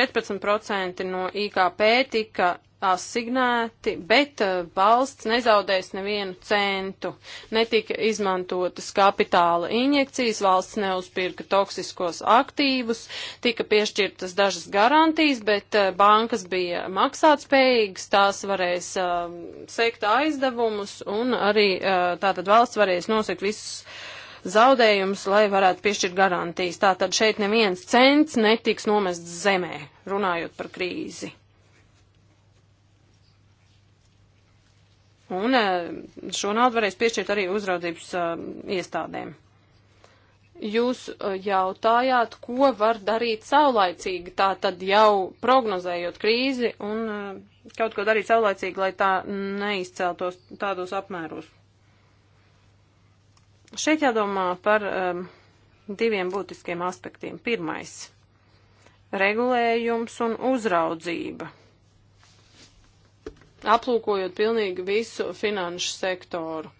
14% no IKP tika asignēti, bet eh, valsts nezaudēs nevienu centu. Netika izmantotas kapitāla injekcijas, valsts neuzpirka toksiskos aktīvus, tika piešķirtas dažas garantijas, bet eh, bankas bija maksātspējīgas, tās varēs uh, sekt aizdevumus un arī uh, tātad valsts varēs nosekt visus zaudējumus, lai varētu piešķirt garantijas. Tātad šeit neviens cents netiks nomests zemē, runājot par krīzi. Un eh, šo naudu varēs piešķirt arī uzraudzības eh, iestādēm. Jūs eh, jautājāt, ko var darīt saulaicīgi, tā tad jau prognozējot krīzi un kaut ko darīt saulaicīgi, lai tā neizceltos tādos apmēros. Šeit jādomā par um, diviem būtiskiem aspektiem. Pirmais - regulējums un uzraudzība aplūkojot pilnīgi visu finanšu sektoru.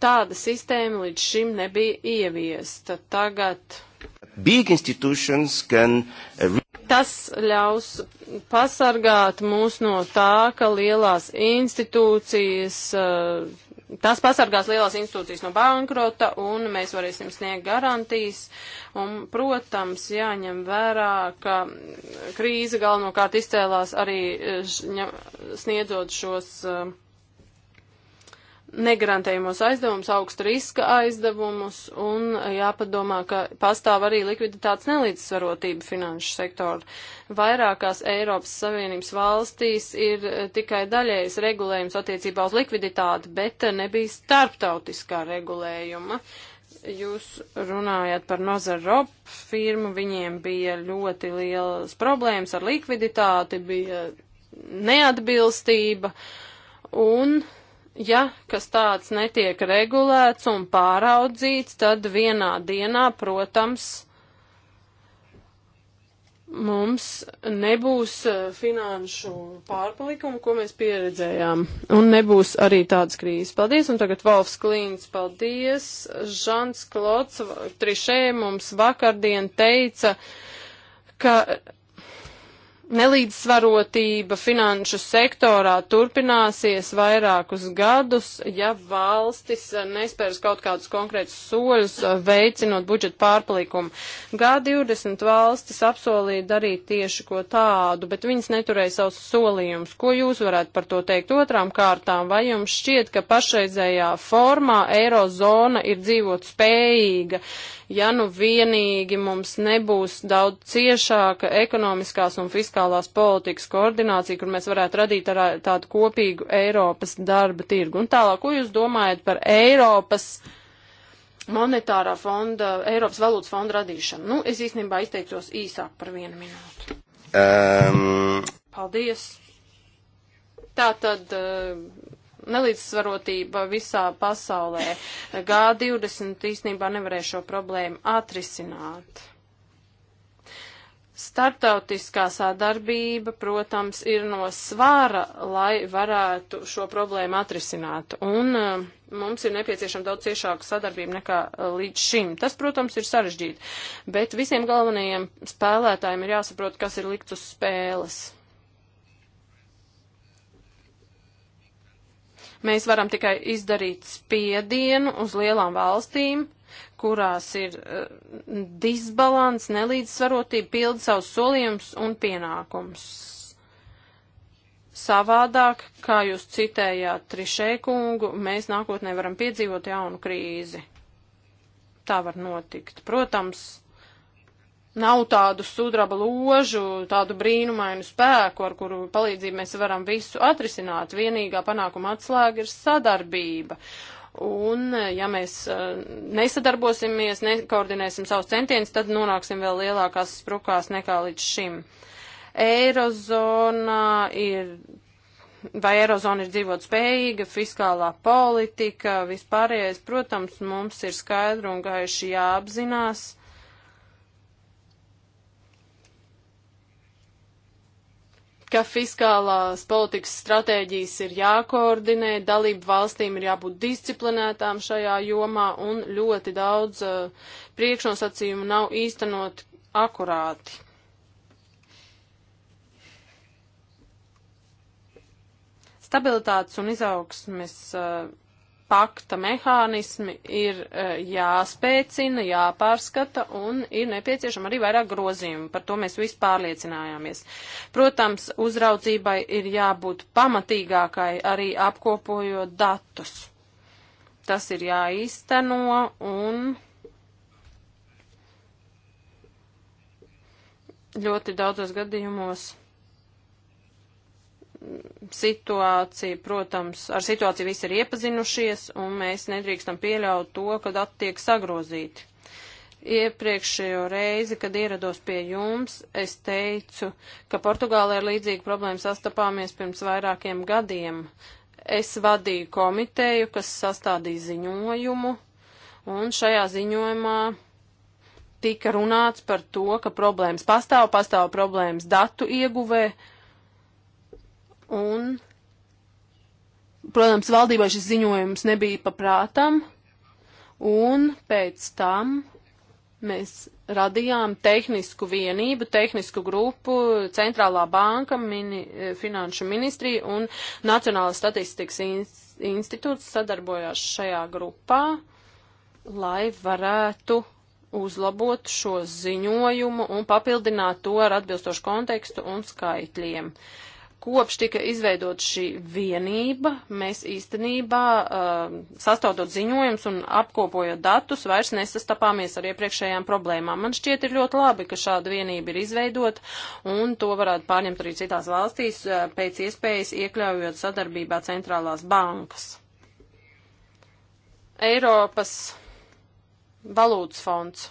Tāda sistēma līdz šim nebija ieviesta. Tagad Can... Uh, tas ļaus pasargāt mūs no tā, ka lielās institūcijas uh, Tas pasargās lielās institūcijas no bankrota, un mēs varēsim sniegt garantijas. Un, protams, jāņem vērā, ka krīze galvenokārt izcēlās arī eh, sniedzot šos uh, negarantējumos aizdevumus, augsta riska aizdevumus un jāpadomā, ka pastāv arī likviditātes nelīdzsvarotība finanšu sektoru. Vairākās Eiropas Savienības valstīs ir eh, tikai daļējs regulējums attiecībā uz likviditāti, bet eh, nebija starptautiskā regulējuma. Jūs runājat par Nozarop firmu, viņiem bija ļoti lielas problēmas ar likviditāti, bija neatbilstība un ja kas tāds netiek regulēts un pāraudzīts, tad vienā dienā, protams, mums nebūs eh, finanšu pārpalikumu, ko mēs pieredzējām, un nebūs arī tādas krīzes. Paldies, un tagad Valfs Klīns, paldies. Žants Klots trišē mums vakardien teica, ka nelīdzsvarotība finanšu sektorā turpināsies vairākus gadus, ja valstis nespērs kaut kādus konkrētus soļus eh, veicinot budžeta pārpalikumu. G20 valstis apsolīja darīt tieši ko tādu, bet viņas neturēja savus solījumus. Ko jūs varētu par to teikt otrām kārtām? Vai jums šķiet, ka pašreizējā formā eirozona ir dzīvot spējīga? ja nu vienīgi mums nebūs daudz ciešāka ekonomiskās un fiskālās politikas koordinācija, kur mēs varētu radīt arā, tādu kopīgu Eiropas darba tirgu. Un tālāk, ko jūs domājat par Eiropas monetārā fonda, Eiropas valūtas fonda radīšanu? Nu, es īstenībā izteiktos īsāk par vienu minūtu. Um... Paldies! Tā tad eh, nelīdzsvarotība visā pasaulē. G20 īstenībā nevarēja šo problēmu atrisināt. Startautiskā sadarbība, protams, ir no svāra, lai varētu šo problēmu atrisināt. Un uh, mums ir nepieciešama daudz ciešāka sadarbība nekā uh, līdz šim. Tas, protams, ir sarežģīti, bet visiem galvenajiem spēlētājiem ir jāsaprot, kas ir likts uz spēles. Mēs varam tikai izdarīt spiedienu uz lielām valstīm, kurās ir uh, disbalans, nelīdzsvarotība, pilda savus solījumus un pienākums. Savādāk, kā jūs citējāt Trišēkungu, mēs nākotnē varam piedzīvot jaunu krīzi. Tā var notikt. Protams, Nav tādu sudraba ložu, tādu brīnumainu spēku, ar kuru palīdzību mēs varam visu atrisināt. Vienīgā panākuma atslēga ir sadarbība. Un, ja mēs eh, nesadarbosimies, nekoordinēsim savus centienus, tad nonāksim vēl lielākās sprukās nekā līdz šim. Eirozonā ir vai Eirozona ir dzīvot spējīga, fiskālā politika, vispārējais, protams, mums ir skaidri un gaiši jāapzinās, ka fiskālās politikas stratēģijas ir jākoordinē, dalību valstīm ir jābūt disciplinētām šajā jomā un ļoti daudz uh, priekšnosacījumu nav īstenot akurāti. Stabilitātes un izaugsmes uh, pakta mehānismi ir e, jāspēcina, jāpārskata un ir nepieciešama arī vairāk grozījumu. Par to mēs visi pārliecinājāmies. Protams, uzraudzībai ir jābūt pamatīgākai arī apkopojot datus. Tas ir jāīsteno un. Ļoti daudzos gadījumos situācija, protams, ar situāciju visi ir iepazinušies, un mēs nedrīkstam pieļaut to, ka dati tiek sagrozīti. Iepriekšējo reizi, kad ierados pie jums, es teicu, ka Portugālē ar līdzīgu problēmu sastapāmies pirms vairākiem gadiem. Es vadīju komiteju, kas sastādīja ziņojumu, un šajā ziņojumā tika runāts par to, ka problēmas pastāv, pastāv problēmas datu ieguvē, uh, Un, protams, valdībai šis ziņojums nebija paprātam, un pēc tam mēs radījām tehnisku vienību, tehnisku grupu, Centrālā banka, mini, eh, Finanšu ministrija un Nacionālās statistikas institūts sadarbojās šajā grupā, lai varētu uzlabot šo ziņojumu un papildināt to ar atbilstošu kontekstu un skaitļiem. Uh, Kopš tika izveidot šī vienība, mēs īstenībā uh, sastādot ziņojums un apkopojot datus, vairs nesastapāmies ar iepriekšējām problēmām. Man šķiet ir ļoti labi, ka šāda vienība ir izveidot, un to varētu pārņemt arī citās valstīs, uh, pēc iespējas iekļaujot sadarbībā centrālās bankas. Eiropas valūtas fonds.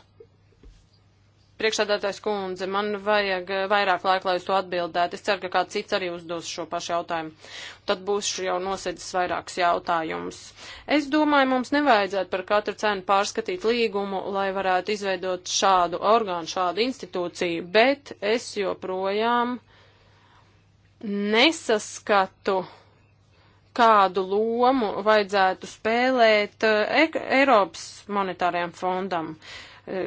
Priekšsādātājs kundze, man vajag eh, vairāk laika, lai uz to atbildētu. Es ceru, ka kāds cits arī uzdos šo pašu jautājumu. Tad būs jau nosedzis vairākus jautājumus. Es domāju, mums nevajadzētu par katru cenu pārskatīt līgumu, lai varētu izveidot šādu orgānu, šādu institūciju, bet es joprojām nesaskatu kādu lomu vajadzētu spēlēt e Eiropas monetārajam fondam. E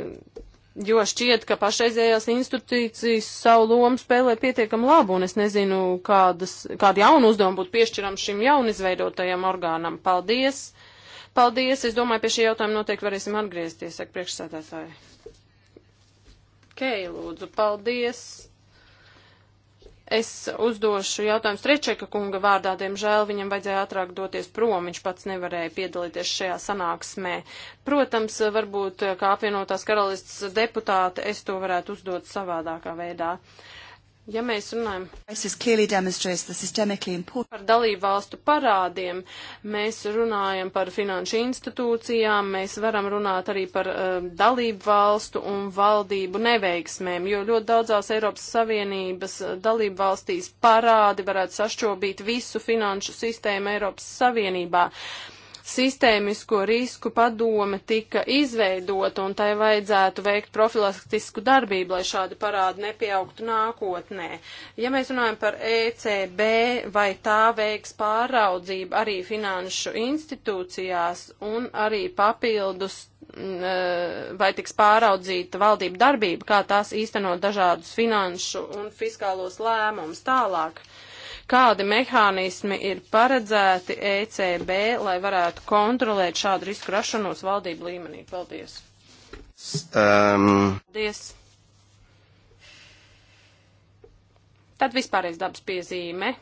jo šķiet, ka pašreizējās institūcijas savu lomu spēlē pietiekam labu, un es nezinu, kādas, kādu jaunu uzdevumu būtu piešķiram šim jaunizveidotajam orgānam. Paldies! Paldies! Es domāju, pie šī jautājuma noteikti varēsim atgriezties, saka priekšsēdētāji. Kei, lūdzu, paldies! Es uzdošu jautājumu Strečeka kunga vārdā, diemžēl viņam vajadzēja ātrāk doties prom, viņš pats nevarēja piedalīties šajā sanāksmē. Protams, varbūt kā apvienotās karalists deputāte es to varētu uzdot savādākā veidā. Uh, Ja mēs runājam par dalību valstu parādiem, mēs runājam par finanšu institūcijām, mēs varam runāt arī par uh, dalību valstu un valdību neveiksmēm, jo ļoti daudzās Eiropas Savienības eh, dalību valstīs parādi varētu sašķobīt visu finanšu sistēmu Eiropas Savienībā. Uh, sistēmisko risku padome tika izveidota un tai vajadzētu veikt profilaktisku darbību, lai šādi parādi nepieaugtu nākotnē. Ja mēs runājam par ECB, vai tā veiks pāraudzību arī finanšu institūcijās un arī papildus mm, e, vai tiks pāraudzīta valdība darbība, kā tās īstenot dažādus finanšu un fiskālos lēmumus tālāk. Uh, Kādi mehānismi ir paredzēti ECB, lai varētu kontrolēt šādu risku rašanos valdību līmenī? Paldies! Um. Paldies! Tad vispārējais dabas piezīme.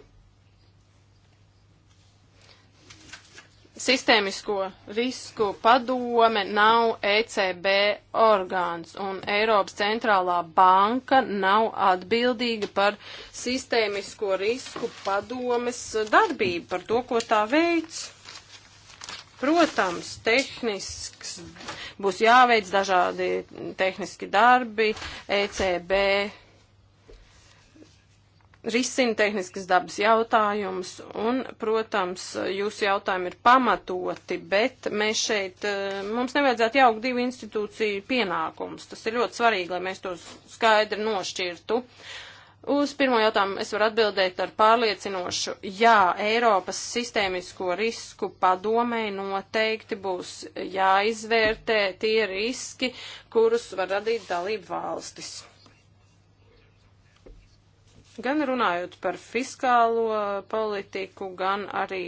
sistēmisko risku padome nav ECB orgāns, un Eiropas centrālā banka nav atbildīga par sistēmisko risku padomes darbību, par to, ko tā veids. Protams, tehnisks būs jāveic dažādi tehniski darbi, ECB risina tehniskas dabas jautājumus, un, protams, jūsu jautājumi ir pamatoti, bet mēs šeit, eh, mums nevajadzētu jaukt divu institūciju pienākumus. Tas ir ļoti svarīgi, lai mēs tos skaidri nošķirtu. Uz pirmo jautājumu es varu atbildēt ar pārliecinošu jā, Eiropas sistēmisko risku padomē noteikti būs jāizvērtē tie riski, kurus var radīt dalību valstis. Gan runājot par fiskālo politiku, gan arī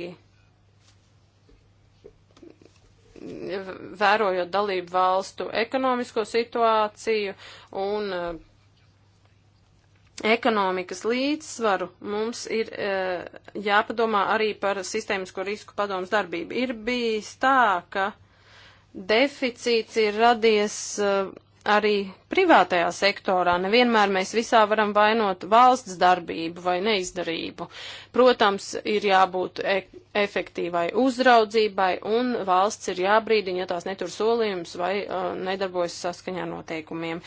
vērojot dalību valstu ekonomisko situāciju un eh, ekonomikas līdzsvaru, mums ir e, jāpadomā arī par sistēmisko risku padomus darbību. Ir bijis tā, ka deficīts ir radies e, arī privātajā sektorā nevienmēr mēs visā varam vainot valsts darbību vai neizdarību. Protams, ir jābūt e efektīvai uzraudzībai un valsts ir jābrīdiņa, ja tās netur solījums vai uh, nedarbojas saskaņā noteikumiem.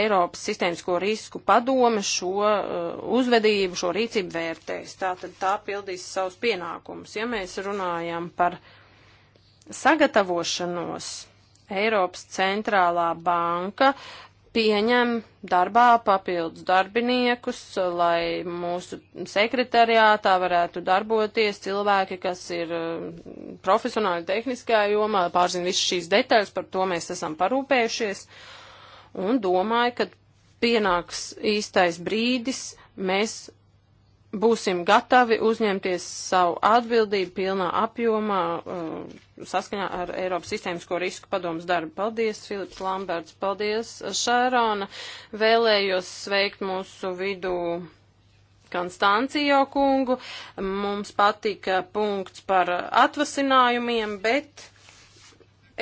Eiropas sistēmisko risku padome šo uh, uzvedību, šo rīcību vērtēs. Tātad tā pildīs savus pienākumus. Ja mēs runājam par sagatavošanos, Eiropas centrālā banka pieņem darbā papildus darbiniekus, lai mūsu sekretariātā varētu darboties cilvēki, kas ir mm, profesionāli tehniskajā jomā, pārzina visas šīs detaļas, par to mēs esam parūpējušies. Un domāju, ka pienāks īstais brīdis, mēs būsim gatavi uzņemties savu atbildību pilnā apjomā uh, saskaņā ar Eiropas sistēmisko risku padomus darbu. Paldies, Filips Lamberts, paldies, Šērona. Vēlējos sveikt mūsu vidū Konstancijo kungu. Mums patika punkts par atvasinājumiem, bet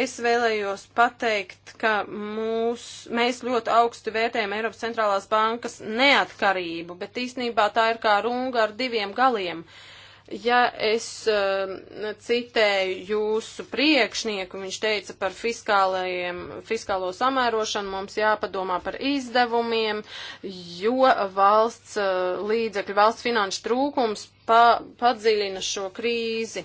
Es vēlējos pateikt, ka mūs, mēs ļoti augstu vērtējam Eiropas centrālās bankas neatkarību, bet īstenībā tā ir kā runga ar diviem galiem. Uh, Ja es um, citēju jūsu priekšnieku, viņš teica par fiskālo samērošanu, mums jāpadomā par izdevumiem, jo valsts uh, līdzekļu, valsts finanšu trūkums pa, padziļina šo krīzi.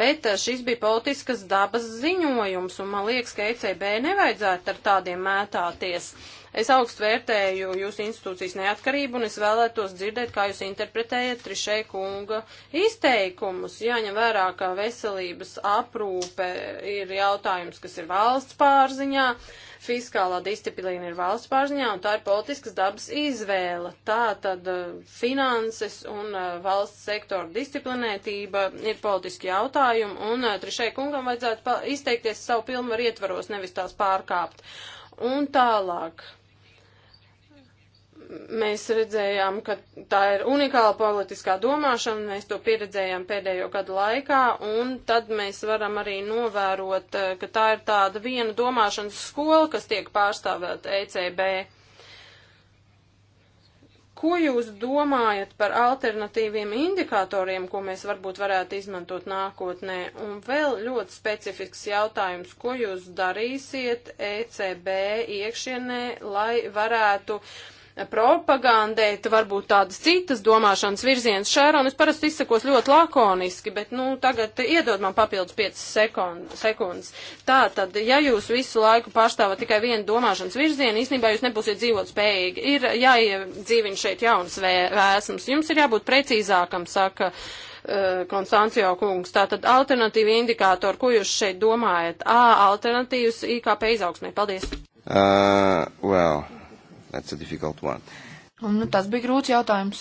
Bet uh, šis bija politiskas dabas ziņojums, un man liekas, ka ECB nevajadzētu ar tādiem mētāties. Uh, Es augstu vērtēju jūsu institūcijas neatkarību un es vēlētos dzirdēt, kā jūs interpretējat Trišē kunga izteikumus. Jāņem vērā, ka veselības aprūpe ir jautājums, kas ir valsts pārziņā fiskālā disciplīna ir valsts pārziņā un tā ir politiskas dabas izvēle. Tā tad eh, finanses un eh, valsts sektora disciplinētība ir politiski jautājumi un eh, trešai kungam vajadzētu izteikties savu pilnvaru ietvaros, nevis tās pārkāpt. Un tālāk mēs redzējām, ka tā ir unikāla politiskā domāšana, mēs to pieredzējām pēdējo gadu laikā, un tad mēs varam arī novērot, eh, ka tā ir tāda viena domāšanas skola, kas tiek pārstāvēta ECB. Ko jūs domājat par alternatīviem indikatoriem, ko mēs varbūt varētu izmantot nākotnē? Un vēl ļoti specifisks jautājums, ko jūs darīsiet ECB iekšienē, lai varētu uh, propagandēt varbūt tādas citas domāšanas virzienas. Šērona, es parasti izsakos ļoti lakoniski, bet, nu, tagad iedod man papildus 5 sekundes. Tā tad, ja jūs visu laiku pārstāvat tikai vienu domāšanas virzienu, īstenībā jūs nebūsiet dzīvot spējīgi. Ir jāiedzīvina šeit jaunas vēsmas. Jums ir jābūt precīzākam, saka. Uh, Konstancijo kungs, tātad alternatīvi indikātori, ko jūs šeit domājat? Ā, alternatīvas IKP izaugsmē. Paldies. Uh, well. That's a difficult one. Un, nu, tas bija grūts jautājums.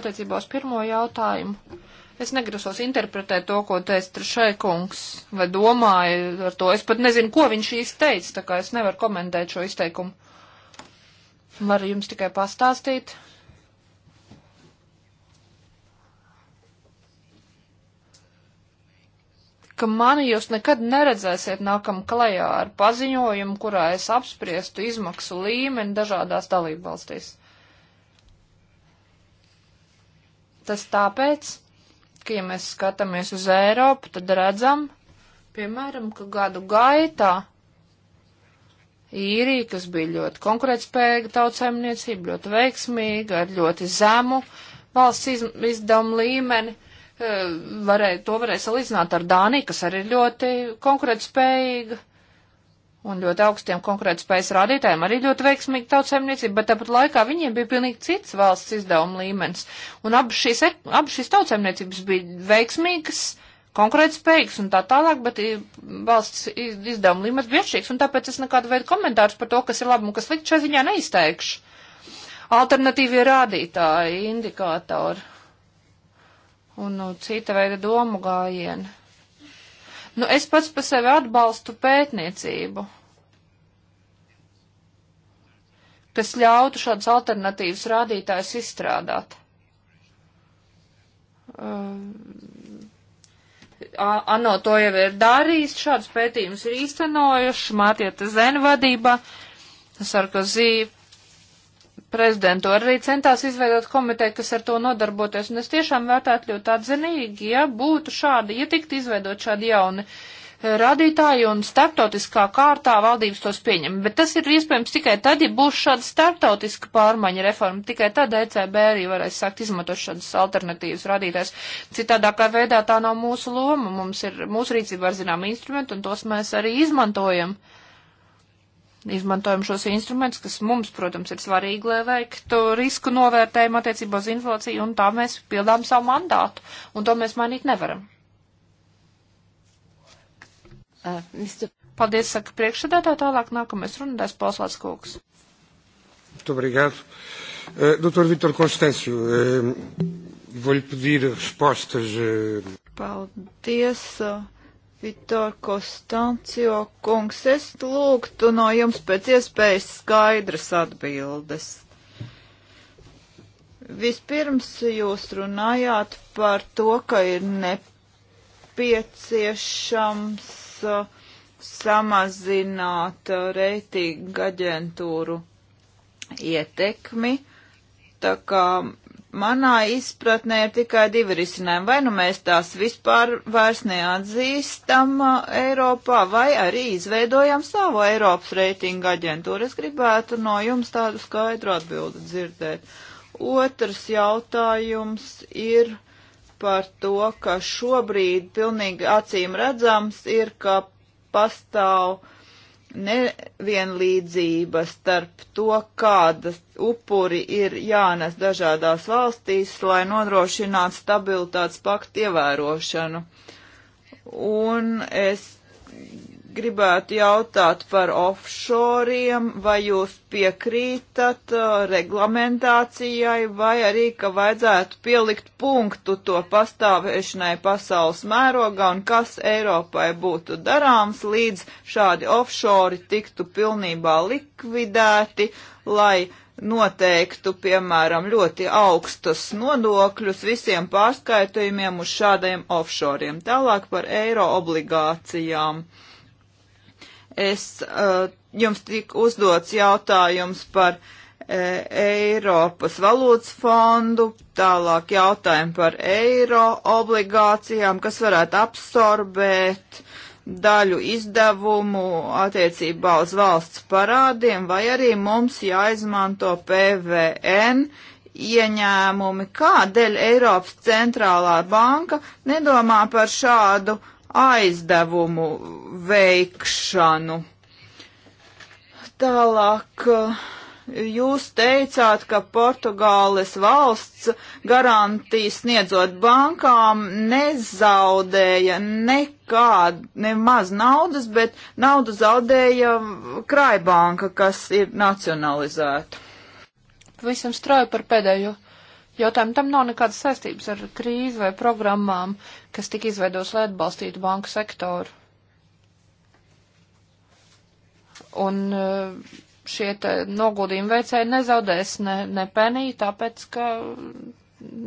Attiecībā uz pirmo jautājumu. Es negrasos interpretēt to, ko teica trešai kungs, vai domāju ar to. Es pat nezinu, ko viņš īsti teica, tā kā es nevaru komentēt šo izteikumu. Varu jums tikai pastāstīt ka mani jūs nekad neredzēsiet nākam klajā ar paziņojumu, kurā es apspriestu izmaksu līmeni dažādās dalību valstīs. Tas tāpēc, ka, ja mēs skatāmies uz Eiropu, tad redzam, piemēram, ka gadu gaitā īrija, kas bija ļoti konkurētspējīga tautsēmniecība, ļoti veiksmīga, ar ļoti zemu valsts izdevumu līmeni, Eh, varēja, to varēja salīdzināt ar Dāniju, kas arī ir ļoti konkurētspējīga un ļoti augstiem konkurētspējas rādītājiem arī ļoti veiksmīgi tautsēmniecība, bet tāpat laikā viņiem bija pilnīgi cits valsts izdevuma līmenis. Un abas šīs, ab šīs tautsēmniecības bija veiksmīgas, konkurētspējīgas un tā tālāk, bet eh, valsts izdevuma līmenis bija atšķirīgs, un tāpēc es nekādu veidu komentārus par to, kas ir labi un kas slikti šajā ziņā neizteikšu. Alternatīvie rādītāji, indikātori un nu, cita veida domu gājieni. Nu, es pats pa sevi atbalstu pētniecību, kas ļautu šādas alternatīvas rādītājs izstrādāt. Uh, ANO to jau ir darījis, šāds pētījums ir īstenojuši, Mātieta Zena vadībā, Sarkozī prezidentu arī centās izveidot komiteju, kas ar to nodarboties, un es tiešām vērtētu ļoti atzinīgi, ja būtu šādi, ja tiktu izveidot šādi jauni eh, radītāji un starptautiskā kārtā valdības tos pieņem. Bet tas ir iespējams tikai tad, ja būs šāda starptautiska pārmaiņa reforma. Tikai tad ECB arī varēs sākt izmantot šādas alternatīvas radītājs. Citādākā veidā tā nav mūsu loma. Mums ir, mūsu rīcība ar zinām instrumentu, un tos mēs arī izmantojam. Uh, izmantojam šos instrumentus, kas mums, protams, ir svarīgi, lai veiktu risku novērtējumu attiecībā uz inflāciju, un tā mēs pildām savu mandātu, un to mēs mainīt nevaram. Uh, mister... Paldies, saka priekšsēdētā, tālāk nākamais runātājs Pauslāts Kūks. Obrigado. Uh, Dr. Vitor Constâncio, uh, vou-lhe pedir respostas. Uh... Paldies. Uh... Vitor Konstancijo kungs, es lūgtu no jums pēc iespējas skaidras atbildes. Vispirms jūs runājāt par to, ka ir nepieciešams uh, samazināt uh, reitinga aģentūru ietekmi, tā kā manā izpratnē ir tikai divi risinājumi. Vai nu mēs tās vispār vairs neatzīstam uh, Eiropā, vai arī izveidojam savu Eiropas reitingu aģentūru. Es gribētu no jums tādu skaidru atbildi dzirdēt. Otrs jautājums ir par to, ka šobrīd pilnīgi acīm redzams ir, ka pastāv nevienlīdzība starp to, kādas upuri ir jānes dažādās valstīs, lai nodrošinātu stabilitātes paktu ievērošanu. Un es gribētu jautāt par offshoriem, vai jūs piekrītat uh, reglamentācijai, vai arī, ka vajadzētu pielikt punktu to pastāvēšanai pasaules mērogā, un kas Eiropai būtu darāms, līdz šādi offshori tiktu pilnībā likvidēti, lai noteiktu, piemēram, ļoti augstus nodokļus visiem pārskaitījumiem uz šādiem offshoriem. Tālāk par eiro obligācijām. Uh, es, uh, jums tika uzdots jautājums par uh, Eiropas valūtas fondu, tālāk jautājumi par eiro obligācijām, kas varētu absorbēt daļu izdevumu attiecībā uz valsts parādiem, vai arī mums jāizmanto PVN ieņēmumi, kādēļ Eiropas centrālā banka nedomā par šādu uh, aizdevumu veikšanu. Tālāk eh, jūs teicāt, ka Portugāles valsts garantijas sniedzot bankām nezaudēja nekādu, nemaz naudas, bet naudu zaudēja Kraibanka, kas ir nacionalizēta. Visam strauji par pēdējo jautājumu. Tam nav nekādas saistības ar krīzi vai programmām. Uh, kas tika izveidos, lai atbalstītu banku sektoru. Un eh, šie noguldījumi veicēji nezaudēs ne, ne penī, tāpēc, ka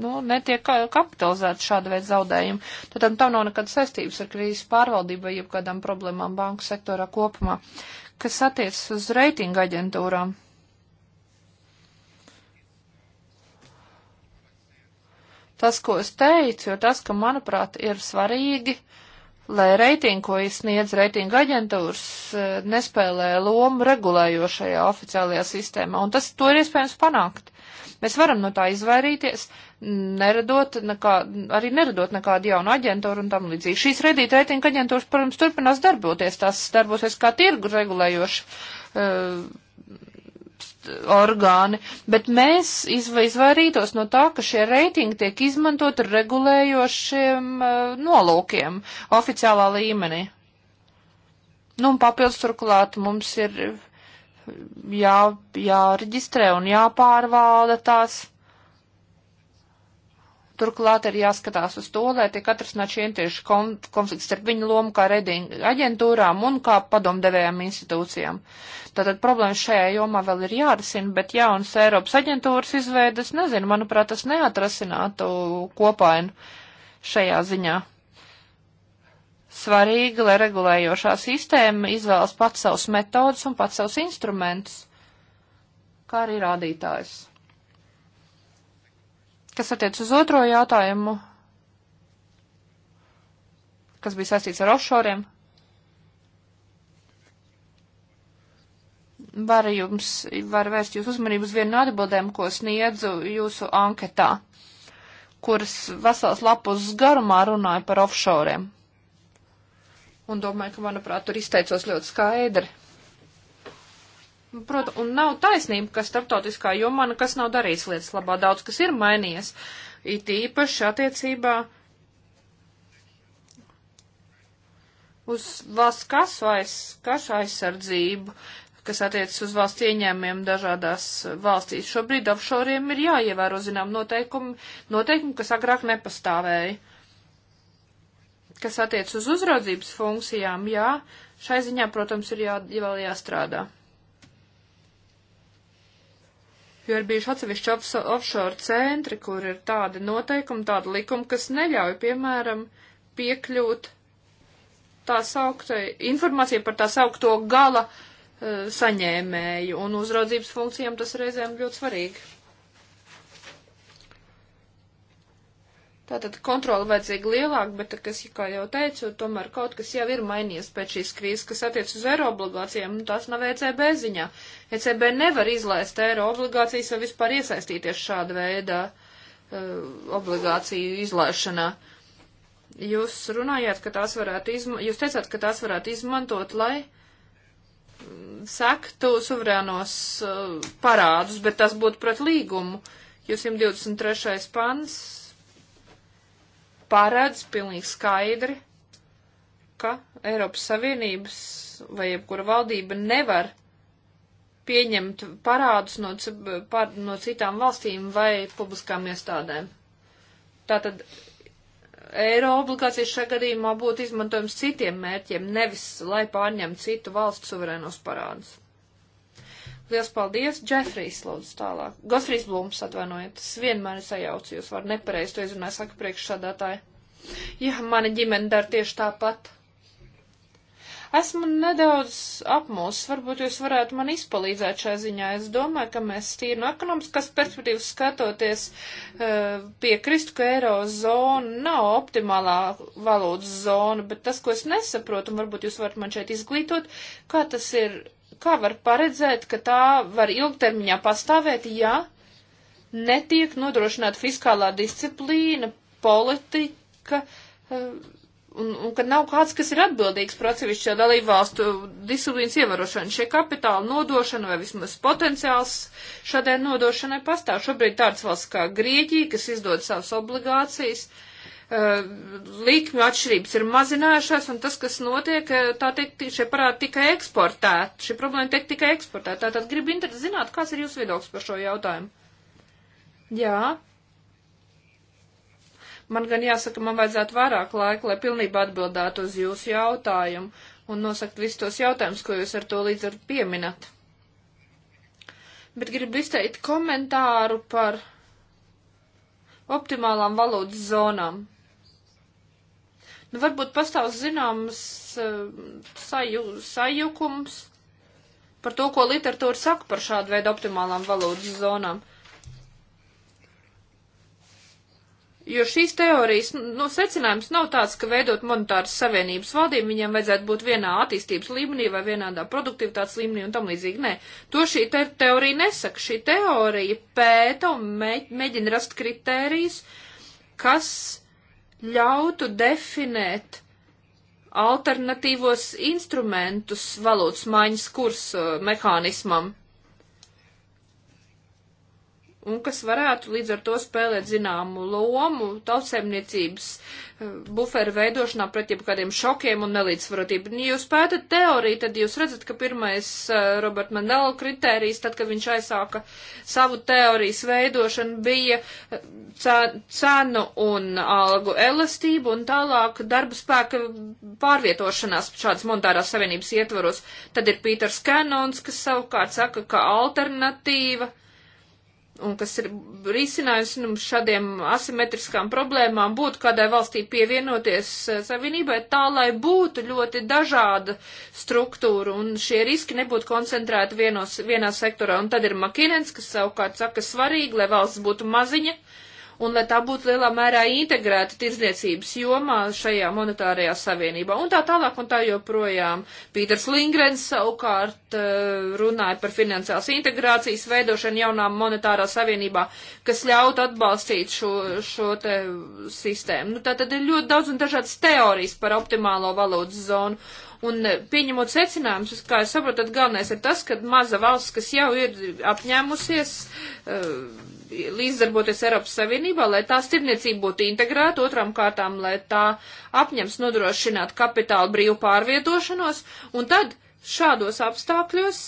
nu, netiek kapitalizēti šāda veida zaudējumi. Tad tam nav nekādas saistības ar krīzes pārvaldību vai jebkādām problēmām banku sektorā kopumā, kas attiecas uz reitinga aģentūrām. tas, ko es teicu, jo tas, ka, manuprāt, ir svarīgi, lai reitingi, ko izsniedz reitinga aģentūras, e, nespēlē lomu regulējošajā oficiālajā sistēmā, un tas to ir iespējams panākt. Mēs varam no tā izvairīties, neradot nekā, arī neradot nekādu jaunu aģentūru un tam līdzīgi. Šīs redīta reitinga aģentūras, protams, turpinās darboties, tās darbosies kā tirgu regulējoši. Uh, orgāni, bet mēs izvairītos no tā, ka šie reitingi tiek izmantot regulējošiem eh, nolūkiem oficiālā līmenī. Nu, un papildus turklāt mums ir jā, jāreģistrē un jāpārvalda tās. Turklāt ir jāskatās uz to, lai tiek atrisināt šie tieši konflikts starp viņu lomu kā redinga aģentūrām un kā padomdevējām institūcijām. Tātad problēmas šajā jomā vēl ir jārisina, bet jaunas Eiropas aģentūras izveidas, nezinu, manuprāt, tas neatrasinātu kopainu šajā ziņā. Svarīgi, lai regulējošā sistēma izvēlas pats savus metodus un pats savus instrumentus, kā arī rādītājus. Kas attiec uz otro jautājumu, kas bija saistīts ar offshoriem, varu jums, varu vērst jūsu uzmanību uz vienu no atbildēm, ko sniedzu jūsu anketā, kuras vesels lapus garumā runāja par offshoriem. Un domāju, ka, manuprāt, tur izteicos ļoti skaidri. Protams, un nav taisnība, ka starptautiskā jomā nekas nav darīts lietas labā, daudz kas ir mainījies, it īpaši attiecībā uz valsts kasu, aiz, kasu aizsardzību, kas attiecas uz valsts ieņēmumiem dažādās valstīs. Šobrīd offshoriem ir jāievēro, zinām, noteikumi, noteikumi, kas agrāk nepastāvēja. Kas attiec uz uzraudzības funkcijām, jā, šai ziņā, protams, ir jā, vēl jāstrādā. jo ir bijuši atsevišķi offshore centri, kur ir tādi noteikumi, tāda likuma, kas neļauj, piemēram, piekļūt tā sauktai informācija par tā saukto gala uh, saņēmēju, un uzraudzības funkcijām tas reizēm ļoti svarīgi. Tātad kontroli vajadzīga lielāka, bet, kas, kā jau teicu, tomēr kaut kas jau ir mainījies pēc šīs krīzes, kas attiec uz eiro obligācijām, un tās nav ECB ziņā. ECB nevar izlaist eiro obligācijas vai vispār iesaistīties šāda veida uh, obligāciju izlaišanā. Jūs runājāt, ka tās varētu izmantot, jūs teicāt, ka tās varētu izmantot, lai mm, sektu suverēnos uh, parādus, bet tas būtu pret līgumu. 223. pants paredz pilnīgi skaidri, ka Eiropas Savienības vai jebkura valdība nevar pieņemt parādus no, par, no citām valstīm vai publiskām iestādēm. Tātad eiro obligācijas šajā gadījumā būtu izmantojams citiem mērķiem, nevis lai pārņemtu citu valstu suverēnos parādus. Liels paldies, Džefrīs, lūdzu, tālāk. Gosfrīs Blūms, atvainojiet, es vienmēr sajaucu, jūs var nepareizi to izrunāt, saka priekšsādātāji. Jā, mana ģimene dara tieši tāpat. Esmu nedaudz apmūs, varbūt jūs varētu man izpalīdzēt šai ziņā. Es domāju, ka mēs tīri no ekonomiskas perspektīvas skatoties eh, piekristu, ka eirozona nav optimālā valūtas zona, bet tas, ko es nesaprotu, un varbūt jūs varat man šeit izglītot, kā tas ir kā var paredzēt, ka tā var ilgtermiņā pastāvēt, ja netiek nodrošināta fiskālā disciplīna, politika, eh, un, un ka nav kāds, kas ir atbildīgs par atsevišķo dalību valstu disciplīnas ievarošanu. Šie kapitāla nodošana vai vismaz potenciāls šādai nodošanai pastāv. Šobrīd tāds valsts kā Grieķija, kas izdod savas obligācijas, uh, Uh, likmju atšķirības ir mazinājušās, un tas, kas notiek, uh, tā teikt, šie parādi tika eksportēti, šī problēma tiek tikai eksportēta. Tātad gribu interesi zināt, kāds ir jūsu viedoklis par šo jautājumu. Jā. Man gan jāsaka, man vajadzētu vairāk laika, lai pilnībā atbildētu uz jūsu jautājumu un nosakt visus tos jautājumus, ko jūs ar to līdz ar pieminat. Bet gribu izteikt komentāru par optimālām valūtas zonām. Nu, varbūt pastāv zināms eh, saju, sajukums par to, ko literatūra saka par šādu veidu optimālām valodas zonām. Jo šīs teorijas, nu, secinājums nav tāds, ka veidot monetāras savienības valdību viņiem vajadzētu būt vienā attīstības līmenī vai vienādā produktivitātes līmenī un tam līdzīgi. Nē, to šī te teorija nesaka. Šī teorija pēta un mēģina rast kritērijas, kas ļautu definēt alternatīvos instrumentus valūtas maiņas kursu eh, mehānismam un kas varētu līdz ar to spēlēt zināmu lomu tautsēmniecības eh, buferu veidošanā pret jebkādiem šokiem un nelīdzsvarotību. Ja jūs pētat teoriju, tad jūs redzat, ka pirmais eh, Robert Mandela kritērijs, tad, kad viņš aizsāka savu teorijas veidošanu, bija eh, cenu un algu elastību un tālāk darba spēka pārvietošanās šādas monetārās savienības ietvaros. Tad ir Pīters Kenons, kas savukārt saka, ka alternatīva un kas ir risinājums nu, šādiem asimetriskām problēmām, būtu kādai valstī pievienoties eh, savienībai tā, lai būtu ļoti dažāda struktūra un šie riski nebūtu koncentrēti vienos, vienā sektorā. Un tad ir Makinens, kas savukārt saka svarīgi, lai valsts būtu maziņa, uh, un lai tā būtu lielā mērā integrēta tirdzniecības jomā šajā monetārajā savienībā. Un tā tālāk un tā joprojām. Pīters Lingrens savukārt eh, runāja par finansiālas integrācijas veidošanu jaunā monetārā savienībā, kas ļaut atbalstīt šo, šo te sistēmu. Nu, tā tad ir ļoti daudz un dažādas teorijas par optimālo valūtas zonu. Un eh, pieņemot secinājumus, kā jūs saprotat, galvenais ir tas, ka maza valsts, kas jau ir apņēmusies uh, līdzdarboties Eiropas Savienībā, lai tās tirniecība būtu integrēta, otram kārtām, lai tā apņems nodrošināt kapitāla brīvu pārvietošanos, un tad šādos apstākļos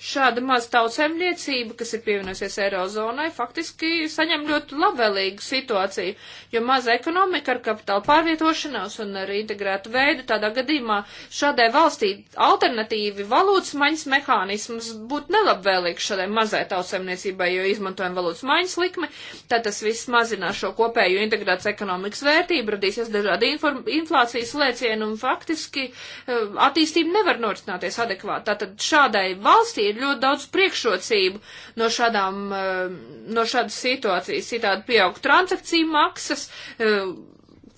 šāda maza tautsemniecība, kas ir pievienojusies Eirozonai, faktiski saņem ļoti labvēlīgu situāciju, jo maza ekonomika ar kapitāla pārvietošanās un ar integrētu veidu tādā gadījumā šādai valstī alternatīvi valūtas maiņas mehānisms būtu nelabvēlīgs šādai mazai tautsemniecībai, jo izmantojam valūtas maiņas likmi, tad tas viss mazinās šo kopējo integrētas ekonomikas vērtību, radīsies dažādi inflācijas lēcieni un faktiski eh, attīstība nevar norisināties adekvāti. Tātad šādai valstī ir ļoti daudz priekšrocību no šādām, eh, no šādas situācijas. Citādi pieaug transakciju maksas eh,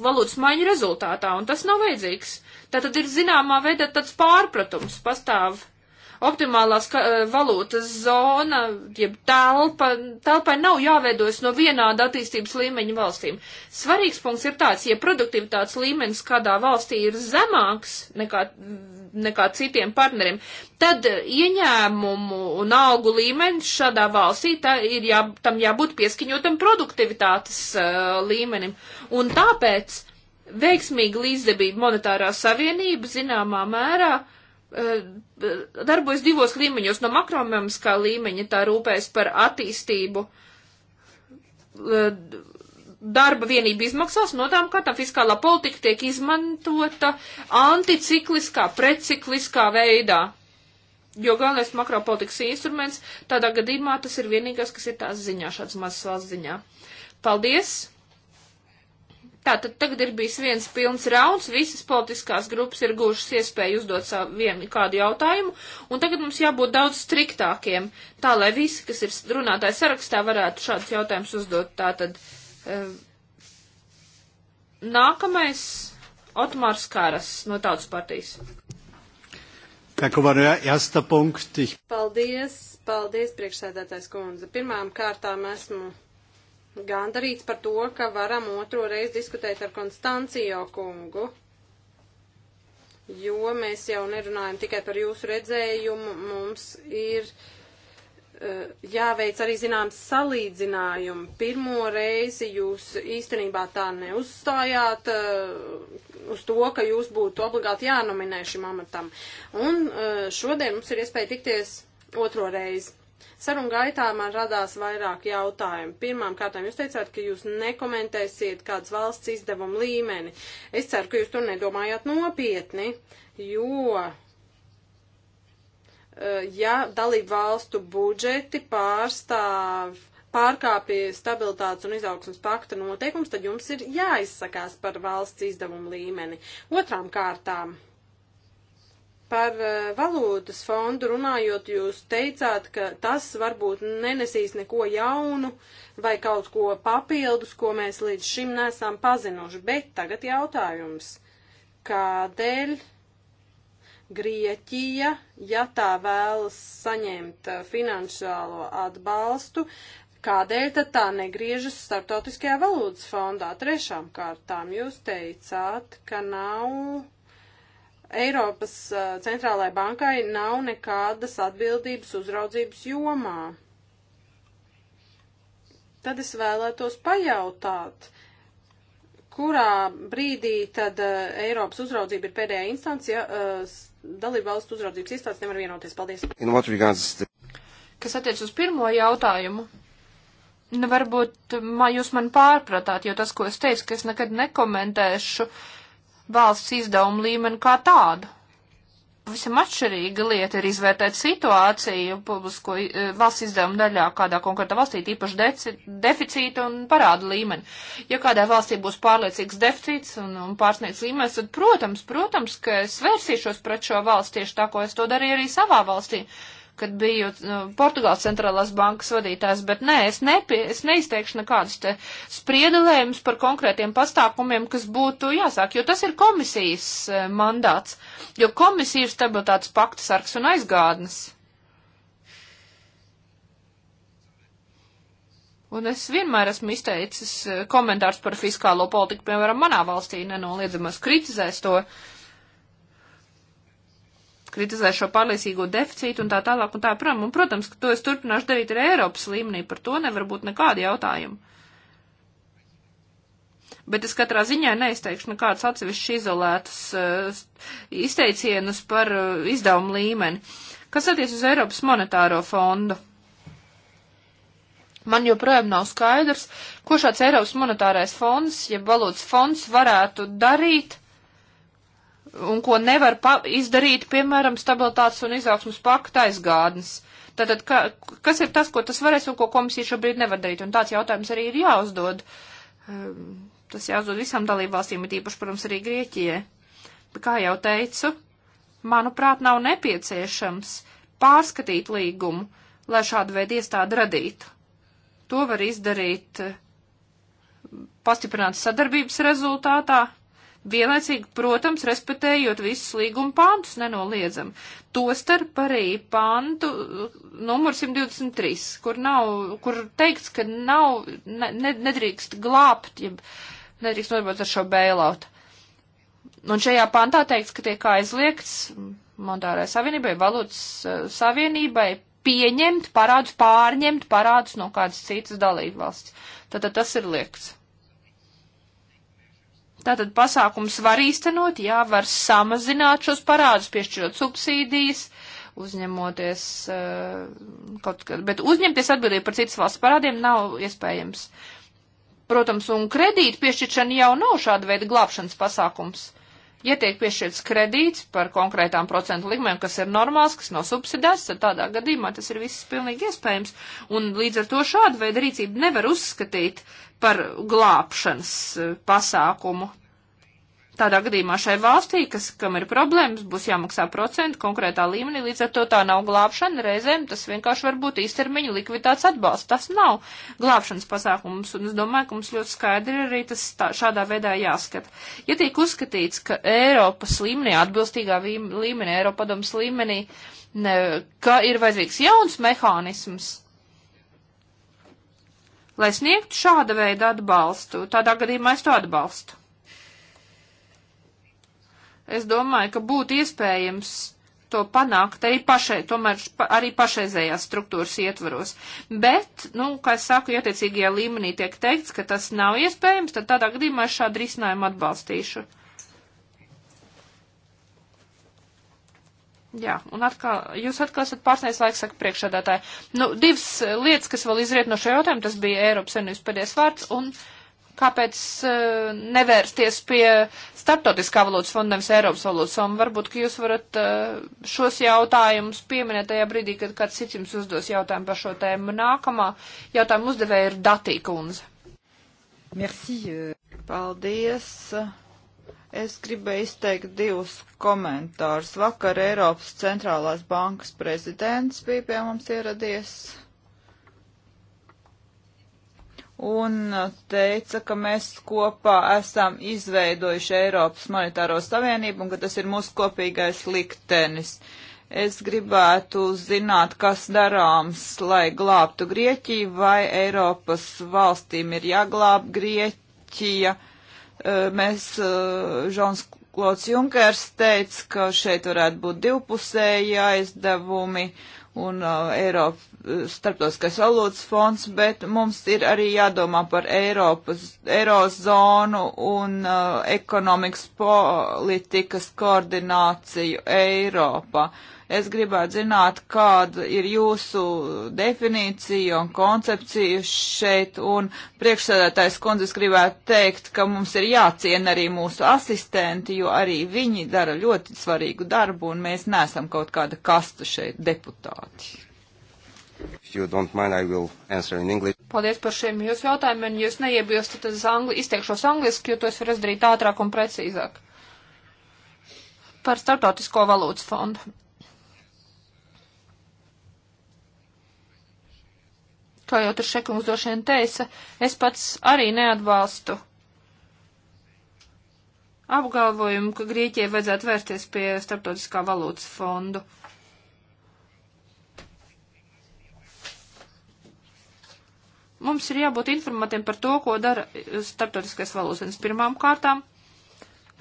valūtas maiņu rezultātā, un tas nav vajadzīgs. Tātad ir zināmā veidā tāds pārpratums pastāv optimālās ka, eh, valūtas zona, jeb telpa, telpai nav jāveidojas no vienāda attīstības līmeņa valstīm. Svarīgs punkts ir tāds, ja produktivitātes līmenis kādā valstī ir zemāks nekā nekā citiem partneriem, tad eh, ieņēmumu un augu līmenis šādā valstī ir jā, tam jābūt pieskaņotam produktivitātes uh, līmenim. Un tāpēc veiksmīga līdzdebība monetārā savienība zināmā mērā uh, darbojas divos līmeņos. No makroekonomiskā līmeņa tā rūpēs par attīstību uh, darba vienība izmaksās no tām, kā tā fiskālā politika tiek izmantota anticikliskā, precikliskā veidā. Jo galvenais makropolitikas instruments tādā gadījumā tas ir vienīgais, kas ir tās ziņā, šāds mazs valsts ziņā. Paldies! Tātad tagad ir bijis viens pilns rauns, visas politiskās grupas ir guvušas iespēju uzdot savu vienu kādu jautājumu, un tagad mums jābūt daudz striktākiem, tā lai visi, kas ir runātāji sarakstā, varētu šādus jautājumus uzdot. Tātad Ehm, nākamais Otmārs Kāras no Tautas partijas. Paldies, paldies, priekšsēdētājs kundze. Pirmām kārtām esmu gandarīts par to, ka varam otro reizi diskutēt ar Konstancijo kungu, jo mēs jau nerunājam tikai par jūsu redzējumu, mums ir uh, Eh, jāveic arī zināms salīdzinājumi. Pirmo reizi jūs īstenībā tā neuzstājāt eh, uz to, ka jūs būtu obligāti jānominē šim amatam. Un eh, šodien mums ir iespēja tikties otro reizi. Sarunu gaitā man radās vairāk jautājumu. Pirmām kārtām jūs teicāt, ka jūs nekomentēsiet kāds valsts izdevuma līmeni. Es ceru, ka jūs to nedomājāt nopietni, jo Eh, ja dalību valstu budžeti pārstāv pārkāpja stabilitātes un izaugsmas pakta noteikums, tad jums ir jāizsakās par valsts izdevumu līmeni. Otrām kārtām, par eh, valūtas fondu runājot, jūs teicāt, ka tas varbūt nenesīs neko jaunu vai kaut ko papildus, ko mēs līdz šim nesam pazinuši, bet tagad jautājums, kādēļ Grieķija, ja tā vēlas saņemt uh, finansiālo atbalstu, kādēļ tad tā negriežas starptautiskajā valūtas fondā? Trešām kārtām jūs teicāt, ka nav Eiropas uh, centrālajai bankai nav nekādas atbildības uzraudzības jomā. Tad es vēlētos pajautāt, kurā brīdī tad uh, Eiropas uzraudzība ir pēdējā instance, ja dalībvalstu uzraudzības iestādes nevar vienoties. Paldies. The... Kas attiec uz pirmo jautājumu? Nu, varbūt ma, jūs man pārpratāt, jo tas, ko es teicu, ka es nekad nekomentēšu valsts izdevumu līmeni kā tādu. Visam atšķirīga lieta ir izvērtēt situāciju publisko e, valsts izdevumu daļā kādā konkrētā valstī, īpaši deci, deficīta un parādu līmeni. Ja kādā valstī būs pārliecīgs deficīts un, un pārsniegs līmenis, tad, protams, protams, ka es vērsīšos pret šo valsti tieši tā, ko es to darīju arī savā valstī. Uh, kad biju nu, Portugāles centrālās bankas vadītājs, bet nē, es, nepie, es neizteikšu nekādus te spriedelējumus par konkrētiem pastākumiem, kas būtu jāsāk, jo tas ir komisijas e, mandāts, jo komisija ir stabilitātes pakta sargs un aizgādnes. Un es vienmēr esmu izteicis e, komentārs par fiskālo politiku, piemēram, manā valstī nenoliedzamās kritizēs to, uh, kritizē šo pārliecīgo deficītu un tā tālāk un tā prom. Un, protams, ka to es turpināšu darīt arī Eiropas līmenī, par to nevar būt nekādi jautājumi. Bet es katrā ziņā neizteikšu nekādus atsevišķi izolētus uh, izteicienus par uh, izdevumu līmeni. Kas attiec uz Eiropas monetāro fondu? Man joprojām nav skaidrs, ko šāds Eiropas monetārais fonds, ja valūtas fonds varētu darīt un ko nevar izdarīt, piemēram, stabilitātes un izaugsmas pakta aizgādnes. Tātad, ka, kas ir tas, ko tas varēs un ko komisija šobrīd nevar darīt? Un tāds jautājums arī ir jāuzdod. Ehm, tas jāuzdod visām dalībvalstīm, it īpaši, protams, arī Grieķijai. Bet, kā jau teicu, manuprāt, nav nepieciešams pārskatīt līgumu, lai šādu veidu iestādi radītu. To var izdarīt eh, pastiprinātas sadarbības rezultātā, Vienlaicīgi, protams, respektējot visus līguma pantus nenoliedzam. Tostarp arī pantu uh, numur 123, kur nav, kur teikts, ka nav, ne, nedrīkst glābt, ja nedrīkst nodarboties ar šo bēlautu. Un šajā pantā teikts, ka tiek aizliegts monetārai savienībai, valūtas uh, savienībai pieņemt parādus, pārņemt parādus no kādas citas dalībvalsts. Tātad tas ir liekts. Tātad pasākums var īstenot, jā, var samazināt šos parādus, piešķirot subsīdijas, uzņemoties uh, kaut kad, bet uzņemties atbildību par citas valsts parādiem nav iespējams. Protams, un kredīti piešķiršana jau nav šāda veida glābšanas pasākums. Uh, Ja tiek piešķirts kredīts par konkrētām procentu likmēm, kas ir normāls, kas nav subsidēts, tad tādā gadījumā tas ir viss pilnīgi iespējams. Un līdz ar to šādu veidu rīcību nevar uzskatīt par glābšanas eh, pasākumu. Tādā gadījumā šai valstī, kas, kam ir problēmas, būs jāmaksā procentu konkrētā līmenī, līdz ar to tā nav glābšana, reizēm tas vienkārši var būt īstermiņa likviditātes atbalsts. Tas nav glābšanas pasākums, un es domāju, ka mums ļoti skaidri arī tas tā, šādā veidā jāskata. Ja tiek uzskatīts, ka Eiropas līmenī, atbilstīgā līmenī, Eiropadomas līmenī, ne, ka ir vajadzīgs jauns mehānisms, lai sniegtu šāda veida atbalstu, tādā gadījumā es to atbalstu es domāju, ka būtu iespējams to panākt arī, pašai, tomēr, arī pašreizējās struktūras ietvaros. Bet, nu, kā es saku, ietiecīgajā līmenī tiek teikts, ka tas nav iespējams, tad tādā gadījumā es šādu risinājumu atbalstīšu. Jā, un atkal, jūs atkal esat pārsniedzis laiku, saka priekšādātāji. Nu, divas lietas, kas vēl izriet no šī jautājuma, tas bija Eiropas Savienības pēdējais vārds un uh, kāpēc uh, nevērsties pie starptautiskā valodas fonda, nevis Eiropas valodas fonda? Varbūt, ka jūs varat uh, šos jautājumus pieminēt tajā brīdī, kad kāds cits jums uzdos jautājumu par šo tēmu. Nākamā jautājuma uzdevēja ir Datī kundze. Merci. Eh. Paldies. Es gribēju izteikt divus komentārus. Vakar Eiropas centrālās bankas prezidents bija pie mums ieradies un uh, teica, ka mēs kopā esam izveidojuši Eiropas monetāro savienību un ka tas ir mūsu kopīgais liktenis. Es gribētu zināt, kas darāms, lai glābtu Grieķiju, vai Eiropas valstīm ir jāglāb Grieķija. Uh, mēs, uh, Žons Klods Junkers teica, ka šeit varētu būt divpusēji aizdevumi un Eiropa starptautiskais valūtas fonds, bet mums ir arī jādomā par Eiropas, Eirozonu un uh, ekonomikas politikas koordināciju Eiropā. Es gribētu zināt, kāda ir jūsu definīcija un koncepcija šeit, un priekšsēdētājs kundzes gribētu teikt, ka mums ir jāciena arī mūsu asistenti, jo arī viņi dara ļoti svarīgu darbu, un mēs nesam kaut kāda kasta šeit deputāti if you don't mind, I will answer in English. Paldies par šiem jūsu jautājumiem. Jūs neiebilstat, tad es angli, izteikšos angliski, jo to es varu izdarīt ātrāk un precīzāk. Par startautisko valūtas fondu. Kā jau tur šekums droši vien teica, es pats arī neatbalstu apgalvojumu, ka Grieķijai vajadzētu vērsties pie starptautiskā valūtas fondu. Uh, Mums ir jābūt informatiem par to, ko dara starptautiskais valūtas pirmām kārtām.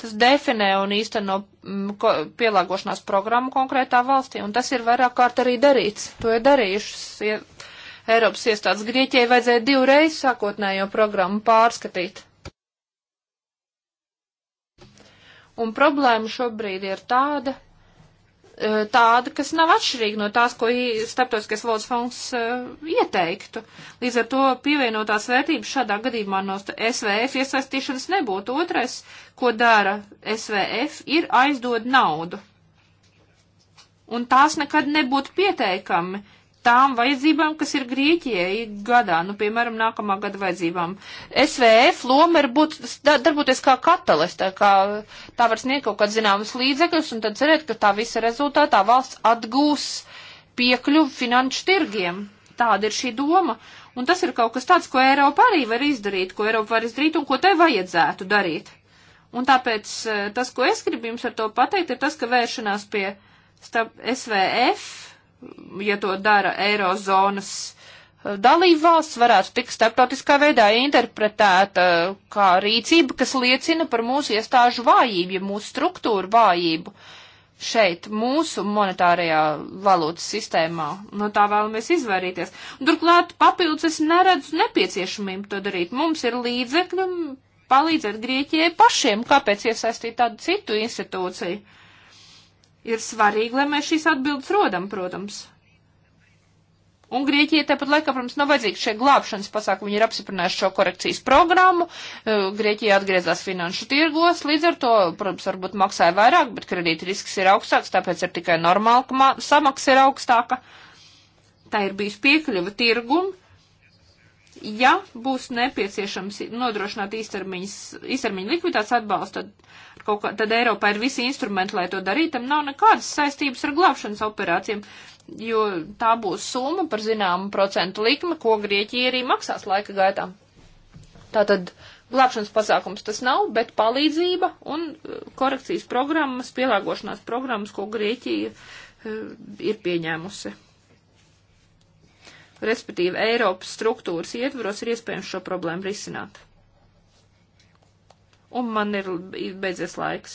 Tas definē un īsteno mm, pielāgošanās programmu konkrētā valstī, un tas ir vairāk kārt arī darīts. To ir darījušas ja Eiropas iestādes. Grieķijai vajadzēja divreiz sākotnējo programmu pārskatīt. Un problēma šobrīd ir tāda, Eh, tāda, kas nav atšķirīga no tās, ko starptautiskais valodas fonds uh, ieteiktu. Līdz ar to pievienotās vērtības šādā gadījumā no SVF iesaistīšanas nebūtu. Otrais, ko dara SVF, ir aizdod naudu. Un tās nekad nebūtu pieteikami, uh, tām vajadzībām, kas ir Grieķijai gadā, nu, piemēram, nākamā gada vajadzībām. SVF loma ir būt, darboties kā katalis, tā kā tā var sniegt kaut kāds zināmas līdzekļus un tad cerēt, ka tā visa rezultātā valsts atgūs piekļuvu finanšu tirgiem. Tāda ir šī doma. Un tas ir kaut kas tāds, ko Eiropa arī var izdarīt, ko Eiropa var izdarīt un ko tai vajadzētu darīt. Un tāpēc eh, tas, ko es gribu jums ar to pateikt, ir tas, ka vēršanās pie starp SVF ja to dara Eirozonas eh, dalība valsts, varētu tikt starptautiskā veidā interpretēta eh, kā rīcība, kas liecina par mūsu iestāžu vājību, ja mūsu struktūru vājību šeit, mūsu monetārajā valūtas sistēmā. No tā vēlamies izvairīties. Turklāt papildus es neredzu nepieciešamību to darīt. Mums ir līdzekļi palīdzēt Grieķijai pašiem, kāpēc iesaistīt tādu citu institūciju. Ir svarīgi, lai mēs šīs atbildes rodam, protams. Un Grieķijai tāpat laikā, protams, nav vajadzīgi šie glābšanas pasākumi. Viņi ir apsiprinājuši šo korekcijas programmu. Grieķija atgriezās finanšu tirgos, līdz ar to, protams, varbūt maksāja vairāk, bet kredīta risks ir augstāks, tāpēc ir tikai normāli, ka samaksa ir augstāka. Tā ir bijis piekļuva tirgumu. Ja būs nepieciešams nodrošināt īstermiņa likviditātes atbalstu, tad kaut kā, tad Eiropā ir visi instrumenti, lai to darītu, tam nav nekādas saistības ar glābšanas operācijām, jo tā būs summa par zināmu procentu likmi, ko Grieķija arī maksās laika gaitā. Tātad glābšanas pasākums tas nav, bet palīdzība un uh, korekcijas programmas, pielāgošanās programmas, ko Grieķija uh, ir pieņēmusi. Respektīvi, Eiropas struktūras ietvaros ir iespējams šo problēmu risināt un man ir beidzies laiks.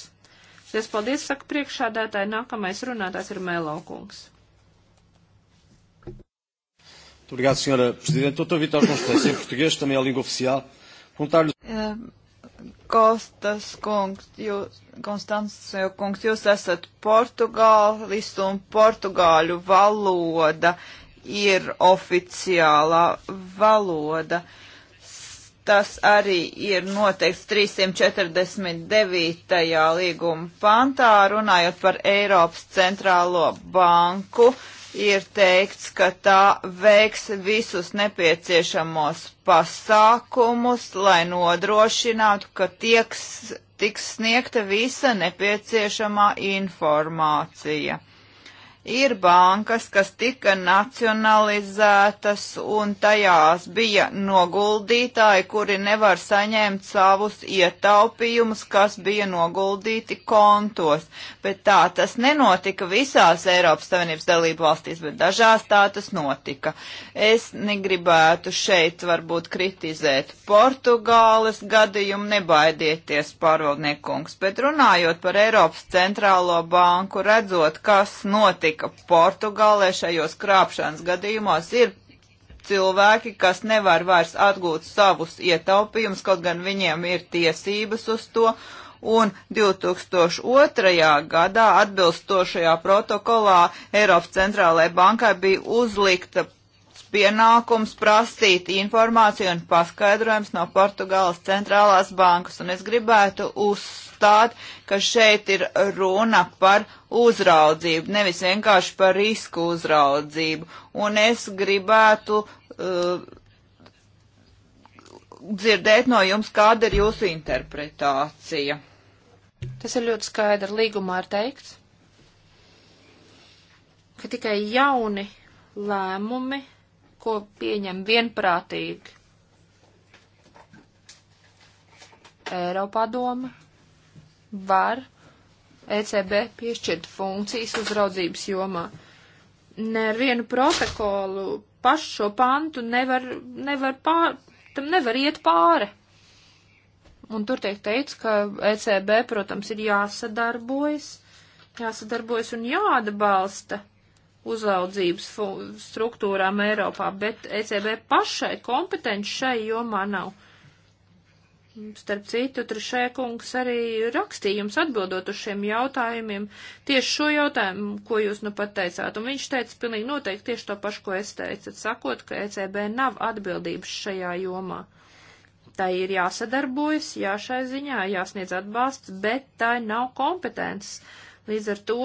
Es paldies, saku priekšādātāji, nākamais runātājs ir Mēlaukungs. Muito obrigado, Sra. Presidente. Dr. Vitor Constância, em português, também é a língua oficial. Perguntar-lhe. Kostas eh, kungs, jūs, Konstants kungs, jūs esat portugālists un portugāļu valoda ir oficiālā valoda. Uh, Tas arī ir noteikts 349. līguma pantā, runājot par Eiropas centrālo banku, ir teikts, ka tā veiks visus nepieciešamos pasākumus, lai nodrošinātu, ka tieks, tiks sniegta visa nepieciešamā informācija ir bankas, kas tika nacionalizētas, un tajās bija noguldītāji, kuri nevar saņemt savus ietaupījumus, kas bija noguldīti kontos. Bet tā tas nenotika visās Eiropas Savienības dalību valstīs, bet dažās tā tas notika. Es negribētu šeit varbūt kritizēt Portugāles gadījumu, nebaidieties pārvaldniekungs, bet runājot par Eiropas centrālo banku, redzot, kas notika, notika Portugālē šajos krāpšanas gadījumos, ir cilvēki, kas nevar vairs atgūt savus ietaupījumus, kaut gan viņiem ir tiesības uz to. Un 2002. gadā atbilstošajā protokolā Eiropas centrālajai bankai bija uzlikta pienākums prasīt informāciju un paskaidrojums no Portugāles centrālās bankas. Un es gribētu uz uzstāt, ka šeit ir runa par uzraudzību, nevis vienkārši par risku uzraudzību. Un es gribētu uh, dzirdēt no jums, kāda ir jūsu interpretācija. Tas ir ļoti skaidri līgumā ir teikts, ka tikai jauni lēmumi, ko pieņem vienprātīgi Eiropadoma var ECB piešķirt funkcijas uzraudzības jomā. Ne ar vienu protokolu pašu šo pantu nevar, nevar pār, tam nevar iet pāri. Un tur tiek teikts, ka ECB, protams, ir jāsadarbojas, jāsadarbojas un jāatbalsta uzraudzības struktūrām Eiropā, bet ECB pašai kompetenci šai jomā nav. Starp citu, Trišē kungs arī rakstīja jums atbildot uz šiem jautājumiem, tieši šo jautājumu, ko jūs nu pat teicāt, un viņš teica pilnīgi noteikti tieši to pašu, ko es teicu, sakot, ka ECB nav atbildības šajā jomā. Tai ir jāsadarbojas, jāšai ziņā, jāsniedz atbalsts, bet tai nav kompetences. Līdz ar to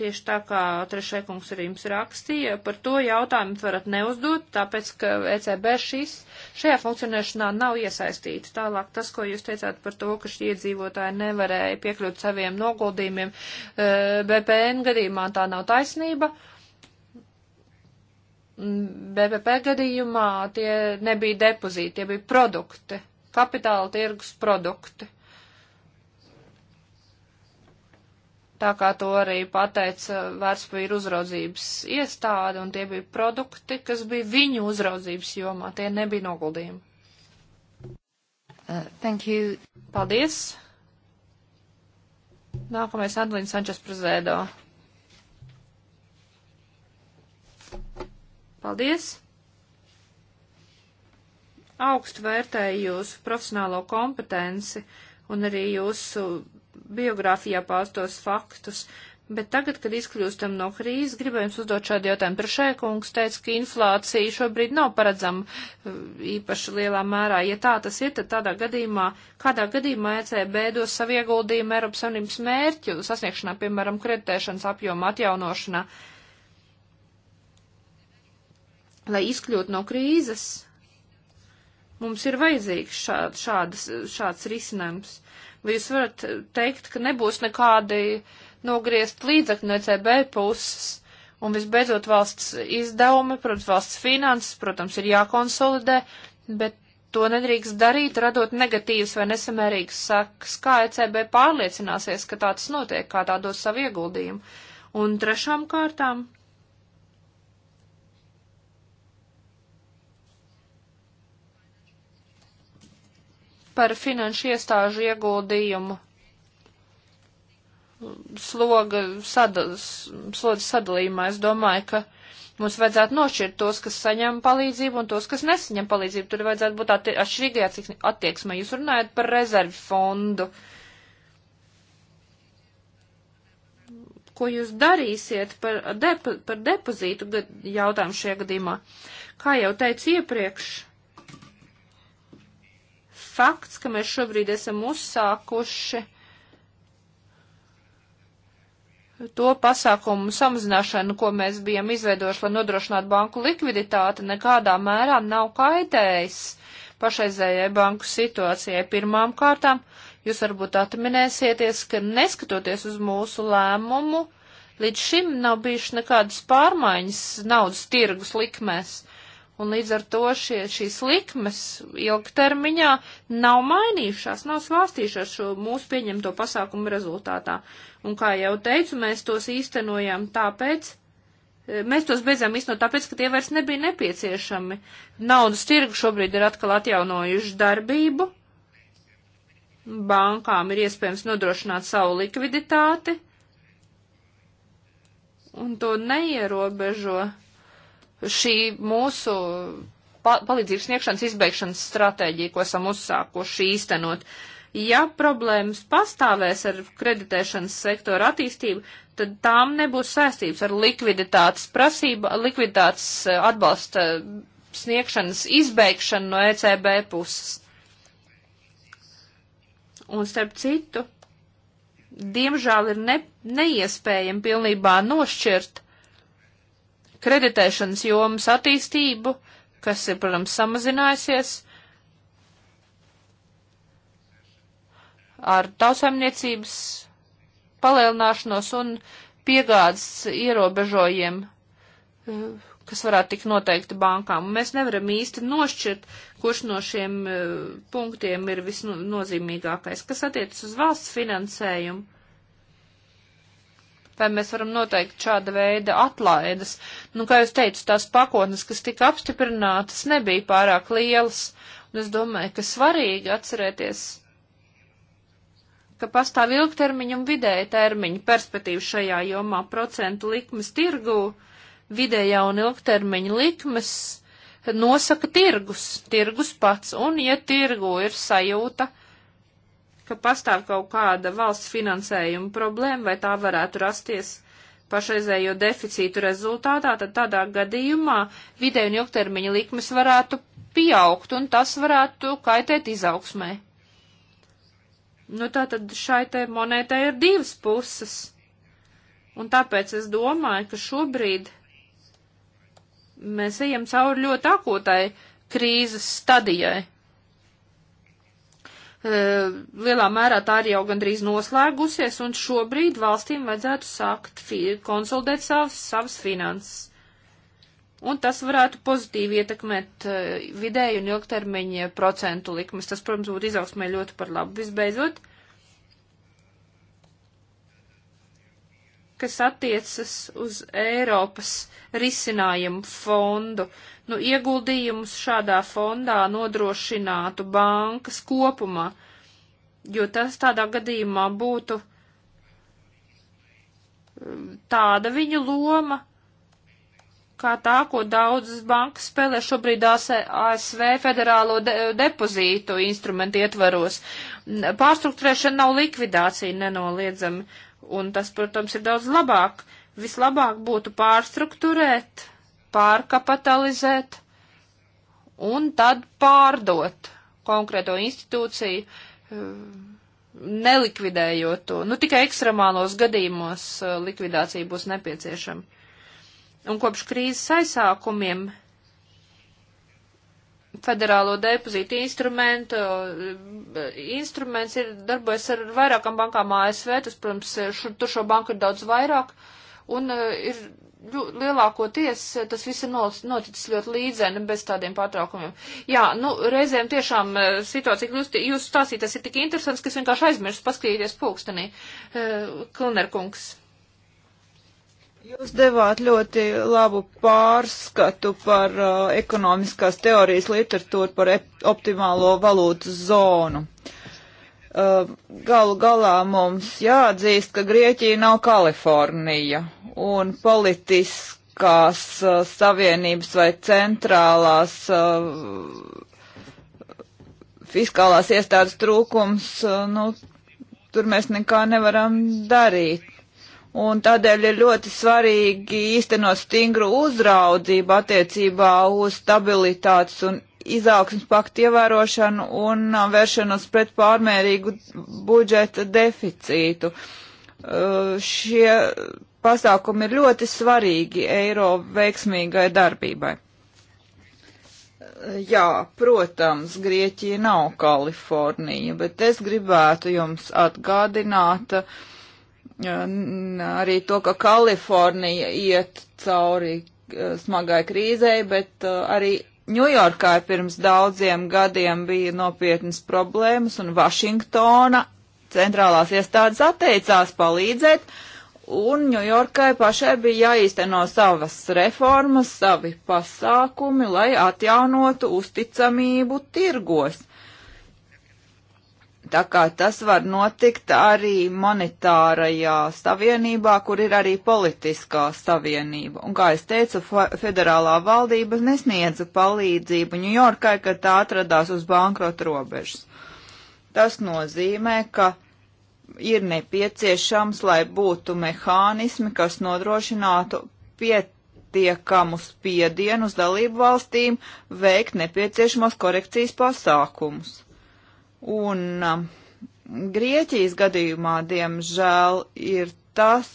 tieši tā kā trešajkungs arī jums rakstīja, par to jautājumu varat neuzdot, tāpēc, ka ECB šis, šajā funkcionēšanā nav iesaistīta. Tālāk tas, ko jūs teicāt par to, ka šie iedzīvotāji nevarēja piekļūt saviem noguldījumiem, e, BPN gadījumā tā nav taisnība. Mm, BPP gadījumā tie nebija depozīti, tie bija produkti, kapitāla tirgus produkti. tā kā to arī pateica vērtspapīra uzraudzības iestāde, un tie bija produkti, kas bija viņu uzraudzības jomā, tie nebija noguldījumi. Uh, thank you. Paldies. Nākamais Adlīns Sančes prezēdo. Paldies! Augstu vērtēju jūsu profesionālo kompetenci un arī jūsu biogrāfijā paustos faktus. Bet tagad, kad izkļūstam no krīzes, gribēju jums uzdot šādu jautājumu. Priekšējā kungs teica, ka inflācija šobrīd nav paredzama uh, īpaši lielā mērā. Ja tā tas ir, tad tādā gadījumā, kādā gadījumā ECB dos savu ieguldījumu Eiropas Savienības mērķu sasniegšanā, piemēram, kreditēšanas apjoma atjaunošanā, lai izkļūtu no krīzes? Mums ir vajadzīgs šād, šādas, šāds risinājums. Vai jūs varat teikt, ka nebūs nekādi nogriezt līdzekļi no ECB puses? Un visbeidzot valsts izdevumi, protams, valsts finanses, protams, ir jākonsolidē, bet to nedrīkst darīt, radot negatīvas vai nesamērīgas sakas. Kā ECB pārliecināsies, ka tā tas notiek, kā tā dos savu ieguldījumu? Un trešām kārtām par finanšu iestāžu ieguldījumu sloga sadas, slodzes sadalījumā. Es domāju, ka mums vajadzētu nošķirt tos, kas saņem palīdzību un tos, kas nesaņem palīdzību. Tur vajadzētu būt atšķirīgai attieksmē. Jūs runājat par rezervu fondu. Ko jūs darīsiet par, depo, par depozītu jautājumu šajā gadījumā? Kā jau teicu iepriekš, fakts, ka mēs šobrīd esam uzsākuši to pasākumu samazināšanu, ko mēs bijām izveidojuši, lai nodrošinātu banku likviditāti, nekādā mērā nav kaitējis pašreizējai banku situācijai. Pirmām kārtām, jūs varbūt atminēsieties, ka neskatoties uz mūsu lēmumu, līdz šim nav bijuši nekādas pārmaiņas naudas tirgus likmēs. Un līdz ar to šie, šīs likmes ilgtermiņā nav mainījušās, nav svārstījušās šo mūsu pieņemto pasākumu rezultātā. Un kā jau teicu, mēs tos īstenojam tāpēc, e, mēs tos beidzām īstenot tāpēc, ka tie vairs nebija nepieciešami. Naudas tirgu šobrīd ir atkal atjaunojuši darbību. Bankām ir iespējams nodrošināt savu likviditāti. Un to neierobežo šī mūsu palīdzības sniegšanas izbeigšanas stratēģija, ko esam uzsākuši īstenot. Ja problēmas pastāvēs ar kreditēšanas sektoru attīstību, tad tām nebūs saistības ar likviditātes prasību, likviditātes eh, atbalsta eh, sniegšanas izbeigšanu no ECB puses. Un starp citu, diemžēl ir ne, neiespējami pilnībā nošķirt kreditēšanas jomas attīstību, kas ir, protams, samazinājusies ar tausaimniecības palielināšanos un piegādes ierobežojiem, kas varētu tikt noteikti bankām. Mēs nevaram īsti nošķirt, kurš no šiem eh, punktiem ir visnozīmīgākais, kas attiecas uz valsts finansējumu vai mēs varam noteikt šāda veida atlaides. Nu, kā jūs teicu, tās pakotnes, kas tika apstiprinātas, nebija pārāk lielas, un es domāju, ka svarīgi atcerēties, ka pastāv ilgtermiņa un vidēja termiņa perspektīva šajā jomā procentu likmes tirgu, vidējā un ilgtermiņa likmes nosaka tirgus, tirgus pats, un ja tirgu ir sajūta, ka pastāv kaut kāda valsts finansējuma problēma vai tā varētu rasties pašreizējo deficītu rezultātā, tad tādā gadījumā vidē un ilgtermiņa likmes varētu pieaugt un tas varētu kaitēt izaugsmē. Nu tā tad šai te monētai ir divas puses. Un tāpēc es domāju, ka šobrīd mēs ejam cauri ļoti akūtai krīzes stadijai. E, lielā mērā tā ir jau gandrīz noslēgusies, un šobrīd valstīm vajadzētu sākt konsolidēt savas, savas finanses. Un tas varētu pozitīvi ietekmēt e, vidēju un ilgtermiņa procentu likmes. Tas, protams, būtu izaugsmē ļoti par labu. Visbeidzot, uh, kas attiecas uz Eiropas risinājumu fondu. Nu, ieguldījumus šādā fondā nodrošinātu bankas kopumā, jo tas tādā gadījumā būtu um, tāda viņu loma, kā tā, ko daudzas bankas spēlē šobrīd ASV federālo de depozītu instrumentu ietvaros. Pārstruktūrēšana nav likvidācija nenoliedzami, Un tas, protams, ir daudz labāk. Vislabāk būtu pārstruktūrēt, pārkapitalizēt un tad pārdot konkrēto institūciju, eh, nelikvidējot to. Nu, tikai ekstremālos gadījumos eh, likvidācija būs nepieciešama. Un kopš krīzes aizsākumiem federālo depozītu instrumentu. Instruments ir darbojas ar vairākām bankām ASV, tas, protams, šur, tur šo banku ir daudz vairāk, un eh, ir lielākoties eh, tas viss ir noticis ļoti līdzeni, bez tādiem pārtraukumiem. Jā, nu, reizēm tiešām eh, situācija kļūst, jūs stāstīt, tas ir tik interesants, ka es vienkārši aizmirsu paskatīties pulkstenī. Kilnerkungs. Uh, Jūs devāt ļoti labu pārskatu par uh, ekonomiskās teorijas literatūru par optimālo valūtas zonu. Uh, galu galā mums jāatzīst, ka Grieķija nav Kalifornija un politiskās uh, savienības vai centrālās uh, fiskālās iestādes trūkums, uh, nu, tur mēs nekā nevaram darīt Un tādēļ ir ļoti svarīgi īstenot stingru uzraudzību attiecībā uz stabilitātes un izaugsmas paktu ievērošanu un uh, vēršanos pret pārmērīgu budžeta deficītu. Uh, šie pasākumi ir ļoti svarīgi eiro veiksmīgai darbībai. Uh, jā, protams, Grieķija nav Kalifornija, bet es gribētu jums atgādināt, uh, arī to, ka Kalifornija iet cauri eh, smagai krīzei, bet eh, arī Ņujorkā pirms daudziem gadiem bija nopietnas problēmas un Vašingtona centrālās iestādes atteicās palīdzēt, un Ņujorkai pašai bija jāīsteno savas reformas, savi pasākumi, lai atjaunotu uzticamību tirgos. Tā kā tas var notikt arī monetārajā savienībā, kur ir arī politiskā savienība. Un, kā es teicu, federālā valdība nesniedza palīdzību Ņujorkai, kad tā atradās uz bankrota robežas. Tas nozīmē, ka ir nepieciešams, lai būtu mehānismi, kas nodrošinātu pietiekamu spiedienu uz dalību valstīm veikt nepieciešamos korekcijas pasākumus Un um, Grieķijas gadījumā, diemžēl, ir tas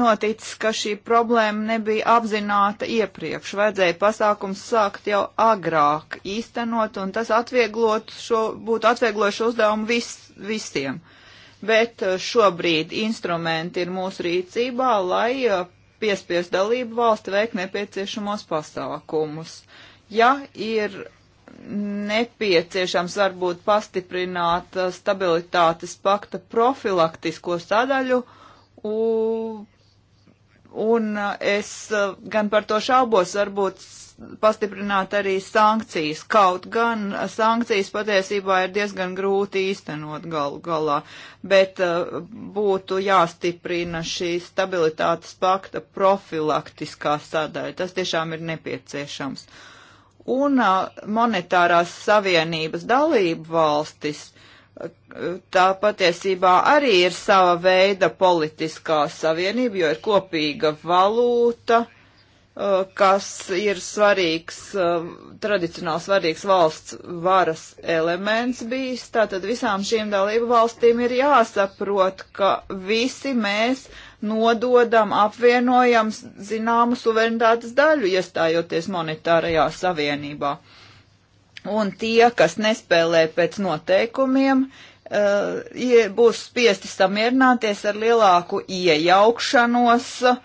noticis, ka šī problēma nebija apzināta iepriekš. Vajadzēja pasākums sākt jau agrāk īstenot, un tas atvieglot šo, būtu atvieglojuši uzdevumu vis, visiem. Bet uh, šobrīd instrumenti ir mūsu rīcībā, lai uh, piespies dalību valsti veikt nepieciešamos pasākumus. Ja ir nepieciešams varbūt pastiprināt uh, stabilitātes pakta profilaktisko sadaļu, un, un uh, es uh, gan par to šaubos, varbūt pastiprināt arī sankcijas. Kaut gan sankcijas patiesībā ir diezgan grūti īstenot galu galā, bet uh, būtu jāstiprina šī stabilitātes pakta profilaktiskā sadaļa. Tas tiešām ir nepieciešams. Uh, un monetārās savienības dalību valstis. Tā patiesībā arī ir sava veida politiskā savienība, jo ir kopīga valūta, kas ir svarīgs, tradicionāli svarīgs valsts varas elements bijis. Tātad visām šīm dalību valstīm ir jāsaprot, ka visi mēs uh, nododam, apvienojam zināmu suverenitātes daļu, iestājoties monetārajā savienībā. Un tie, kas nespēlē pēc noteikumiem, uh, būs spiesti samierināties ar lielāku iejaukšanos uh,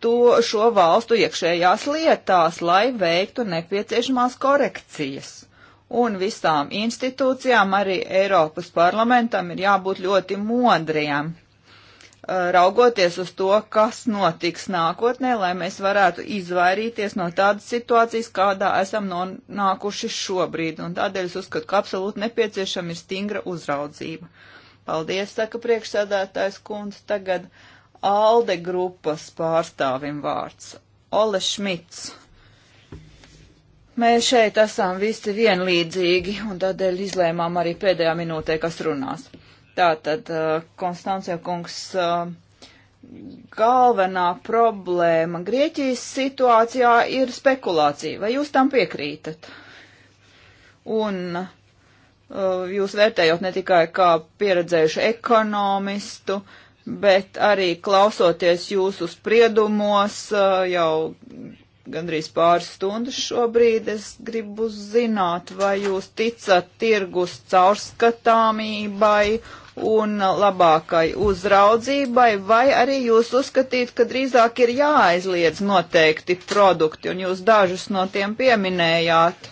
to, šo valstu iekšējās lietās, lai veiktu nepieciešamās korekcijas un visām institūcijām, arī Eiropas parlamentam, ir jābūt ļoti modriem Uh, raugoties uz to, kas notiks nākotnē, lai mēs varētu izvairīties no tādas situācijas, kādā esam nonākuši šobrīd. Un tādēļ es uzskatu, ka absolūti nepieciešama ir stingra uzraudzība. Paldies, saka priekšsēdētājs kundze. Tagad ALDE grupas pārstāvim vārds. Ole Šmits. Mēs šeit esam visi vienlīdzīgi, un tādēļ izlēmām arī pēdējā minūtē, kas runās. Tātad, uh, Konstancija kungs, uh, galvenā problēma Grieķijas situācijā ir spekulācija. Vai jūs tam piekrītat? Un uh, jūs vērtējot ne tikai kā pieredzējuši ekonomistu, bet arī klausoties jūsu spriedumos jau gandrīz pāris stundas šobrīd. Es gribu zināt, vai jūs ticat tirgus caurskatāmībai un labākai uzraudzībai, vai arī jūs uzskatīt, ka drīzāk ir jāaizliedz noteikti produkti, un jūs dažus no tiem pieminējāt,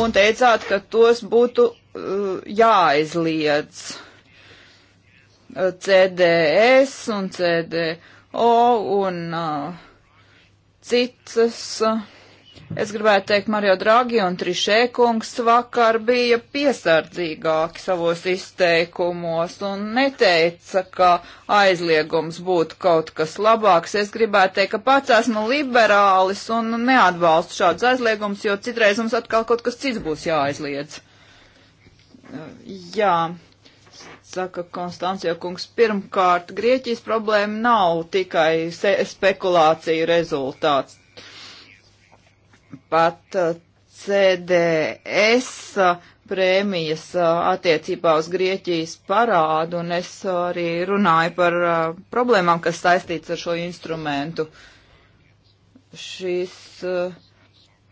un teicāt, ka tos būtu uh, jāaizliedz. Uh, CDS un CDO un uh, citas. Es gribētu teikt, Mario Dragi un Trišē kungs vakar bija piesardzīgāki savos izteikumos un neteica, ka aizliegums būtu kaut kas labāks. Es gribētu teikt, ka pats esmu liberālis un neatbalstu šādus aizliegumus, jo citreiz mums atkal kaut kas cits būs jāaizliedz. Jā saka Konstancija kungs, pirmkārt, Grieķijas problēma nav tikai spekulācija rezultāts. Pat uh, CDS uh, prēmijas uh, attiecībā uz Grieķijas parādu, un es arī runāju par problēmām, kas saistīts ar šo instrumentu. Šis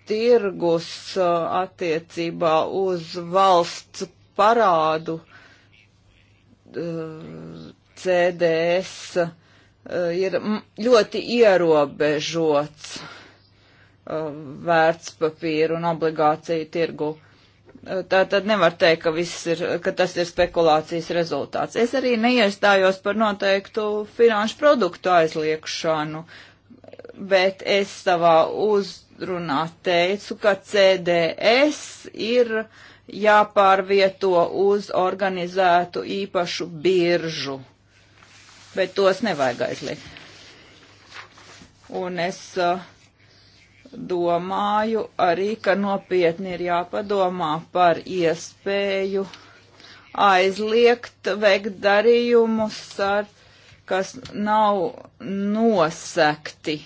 tirgus attiecībā uz valsts parādu uh, CDS eh, ir ļoti ierobežots eh, vērtspapīru un obligāciju tirgu. Eh, tā tad nevar teikt, ka, ir, ka tas ir spekulācijas rezultāts. Es arī neiestājos par noteiktu finanšu produktu aizliekšanu, bet es savā uzrunā teicu, ka CDS ir uh, jāpārvieto uz organizētu īpašu biržu, bet tos nevajag aizliegt. Un es uh, domāju arī, ka nopietni ir jāpadomā par iespēju aizliegt veikt darījumus, ar, kas nav nosekti,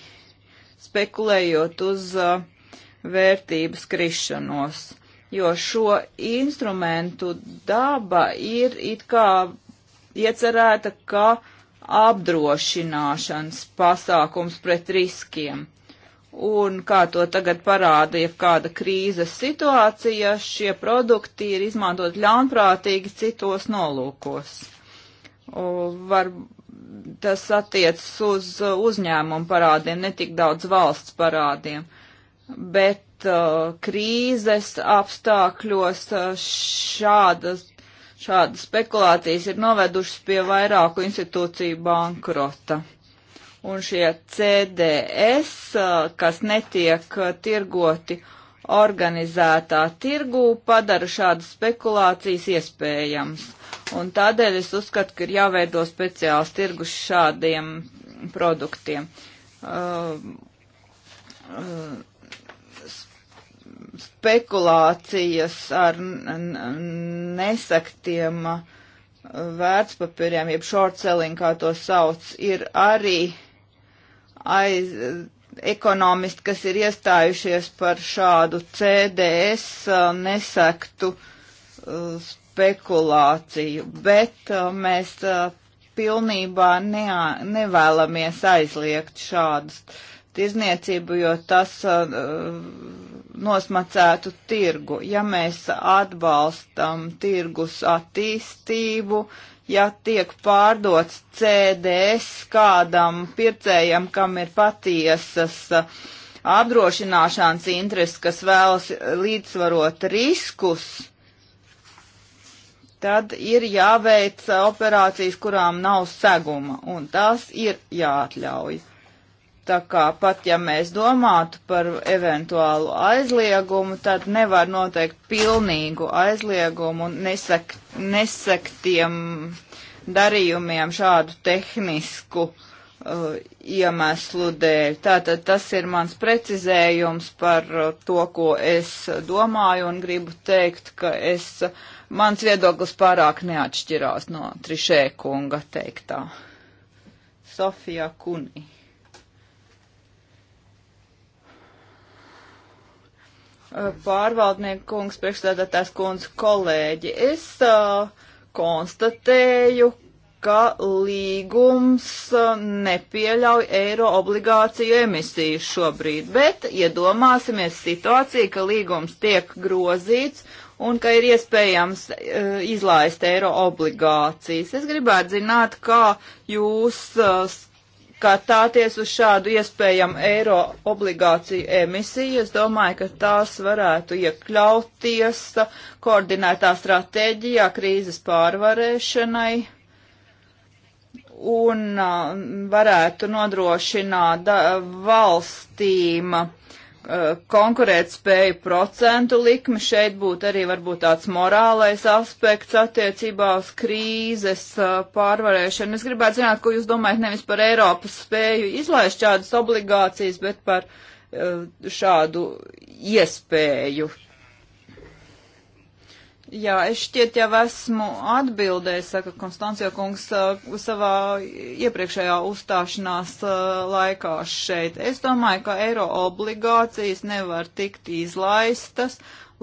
spekulējot uz uh, vērtības krišanos jo šo instrumentu daba ir it kā iecerēta kā apdrošināšanas pasākums pret riskiem. Un kā to tagad parāda, ja kāda krīzes situācija, šie produkti ir izmantot ļaunprātīgi citos nolūkos. Un var, tas attiecas uz uzņēmumu parādiem, ne tik daudz valsts parādiem. Bet Uh, krīzes apstākļos uh, šādas, šādas spekulācijas ir novedušas pie vairāku institūciju bankrota. Un šie CDS, uh, kas netiek tirgoti organizētā tirgū, padara šādas spekulācijas iespējams. Un tādēļ es uzskatu, ka ir jāveido speciāls tirgus šādiem produktiem. Uh, uh, spekulācijas ar nesaktiem uh, vērtspapīriem, jeb short selling, kā to sauc, ir arī aiz, ekonomisti, kas ir iestājušies par šādu CDS uh, nesektu uh, spekulāciju, bet mēs pilnībā ne, nevēlamies aizliegt šādas uh, tirzniecību, jo tas uh, nosmacētu tirgu. Ja mēs atbalstam tirgus attīstību, ja tiek pārdots CDS kādam pircējam, kam ir patiesas uh, apdrošināšanas intereses, kas vēlas līdzsvarot riskus, tad ir jāveic operācijas, kurām nav seguma, un tās ir jāatļauj. Tā kā pat ja mēs domātu par eventuālu aizliegumu, tad nevar noteikt pilnīgu aizliegumu un nesek, nesektiem darījumiem šādu tehnisku uh, iemeslu dēļ. Tātad tas ir mans precizējums par uh, to, ko es domāju un gribu teikt, ka es, uh, mans viedoklis pārāk neatšķirās no Trišē kunga teiktā. Sofija Kunī. Eh, pārvaldnieku kungs, priekšstādātājs kundze, kolēģi. Es uh, konstatēju, ka līgums uh, nepieļauj eiro obligāciju emisiju šobrīd, bet iedomāsimies situāciju, ka līgums tiek grozīts un ka ir iespējams uh, izlaist eiro obligācijas. Es gribētu zināt, kā jūs uh, skatāties uz šādu iespējamu eiro obligāciju emisiju, es domāju, ka tās varētu iekļauties koordinētā stratēģijā krīzes pārvarēšanai un uh, varētu nodrošināt uh, valstīm uh, Eh, konkurētspēju procentu likmi. Šeit būtu arī varbūt tāds morālais aspekts attiecībā uz krīzes eh, pārvarēšanu. Es gribētu zināt, ko jūs domājat nevis par Eiropas spēju izlaist šādas obligācijas, bet par eh, šādu iespēju Jā, es šķiet jau esmu atbildējis, saka Konstancija kungs, uh, savā iepriekšējā uzstāšanās uh, laikā šeit. Es domāju, ka eiro obligācijas nevar tikt izlaistas,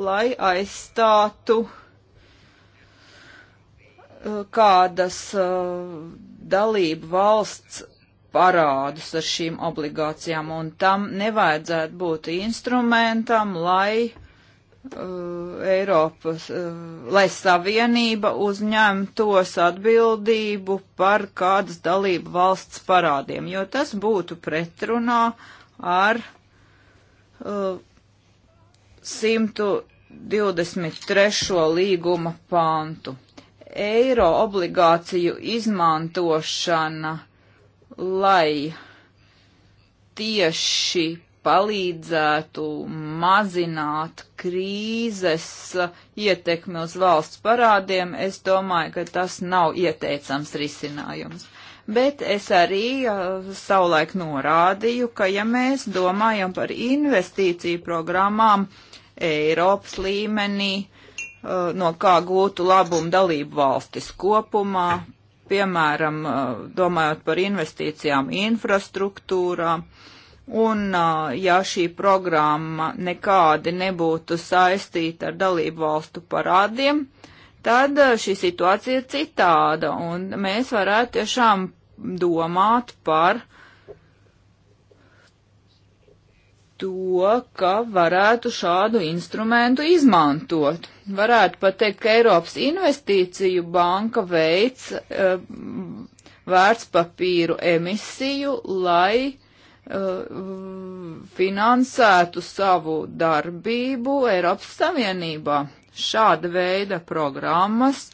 lai aizstātu uh, kādas dalību valsts parādus ar šīm obligācijām, un tam nevajadzētu būt instrumentam, lai Uh, Eiropas, uh, lai Savienība uzņemtos atbildību par kādas dalību valsts parādiem, jo tas būtu pretrunā ar uh, 123. līguma pantu. Eiro obligāciju izmantošana, lai tieši palīdzētu mazināt krīzes ietekmi uz valsts parādiem, es domāju, ka tas nav ieteicams risinājums. Bet es arī uh, savulaik norādīju, ka ja mēs domājam par investīciju programmām Eiropas līmenī, uh, no kā gūtu labumu dalību valstis kopumā, piemēram, domājot par investīcijām infrastruktūrā, Un, ja šī programma nekādi nebūtu saistīta ar dalību valstu parādiem, tad šī situācija ir citāda, un mēs varētu tiešām domāt par to, ka varētu šādu instrumentu izmantot. Varētu pat teikt, ka Eiropas investīciju banka veids e, vērtspapīru emisiju, lai Uh, finansētu savu darbību Eiropas Savienībā. Šāda veida programmas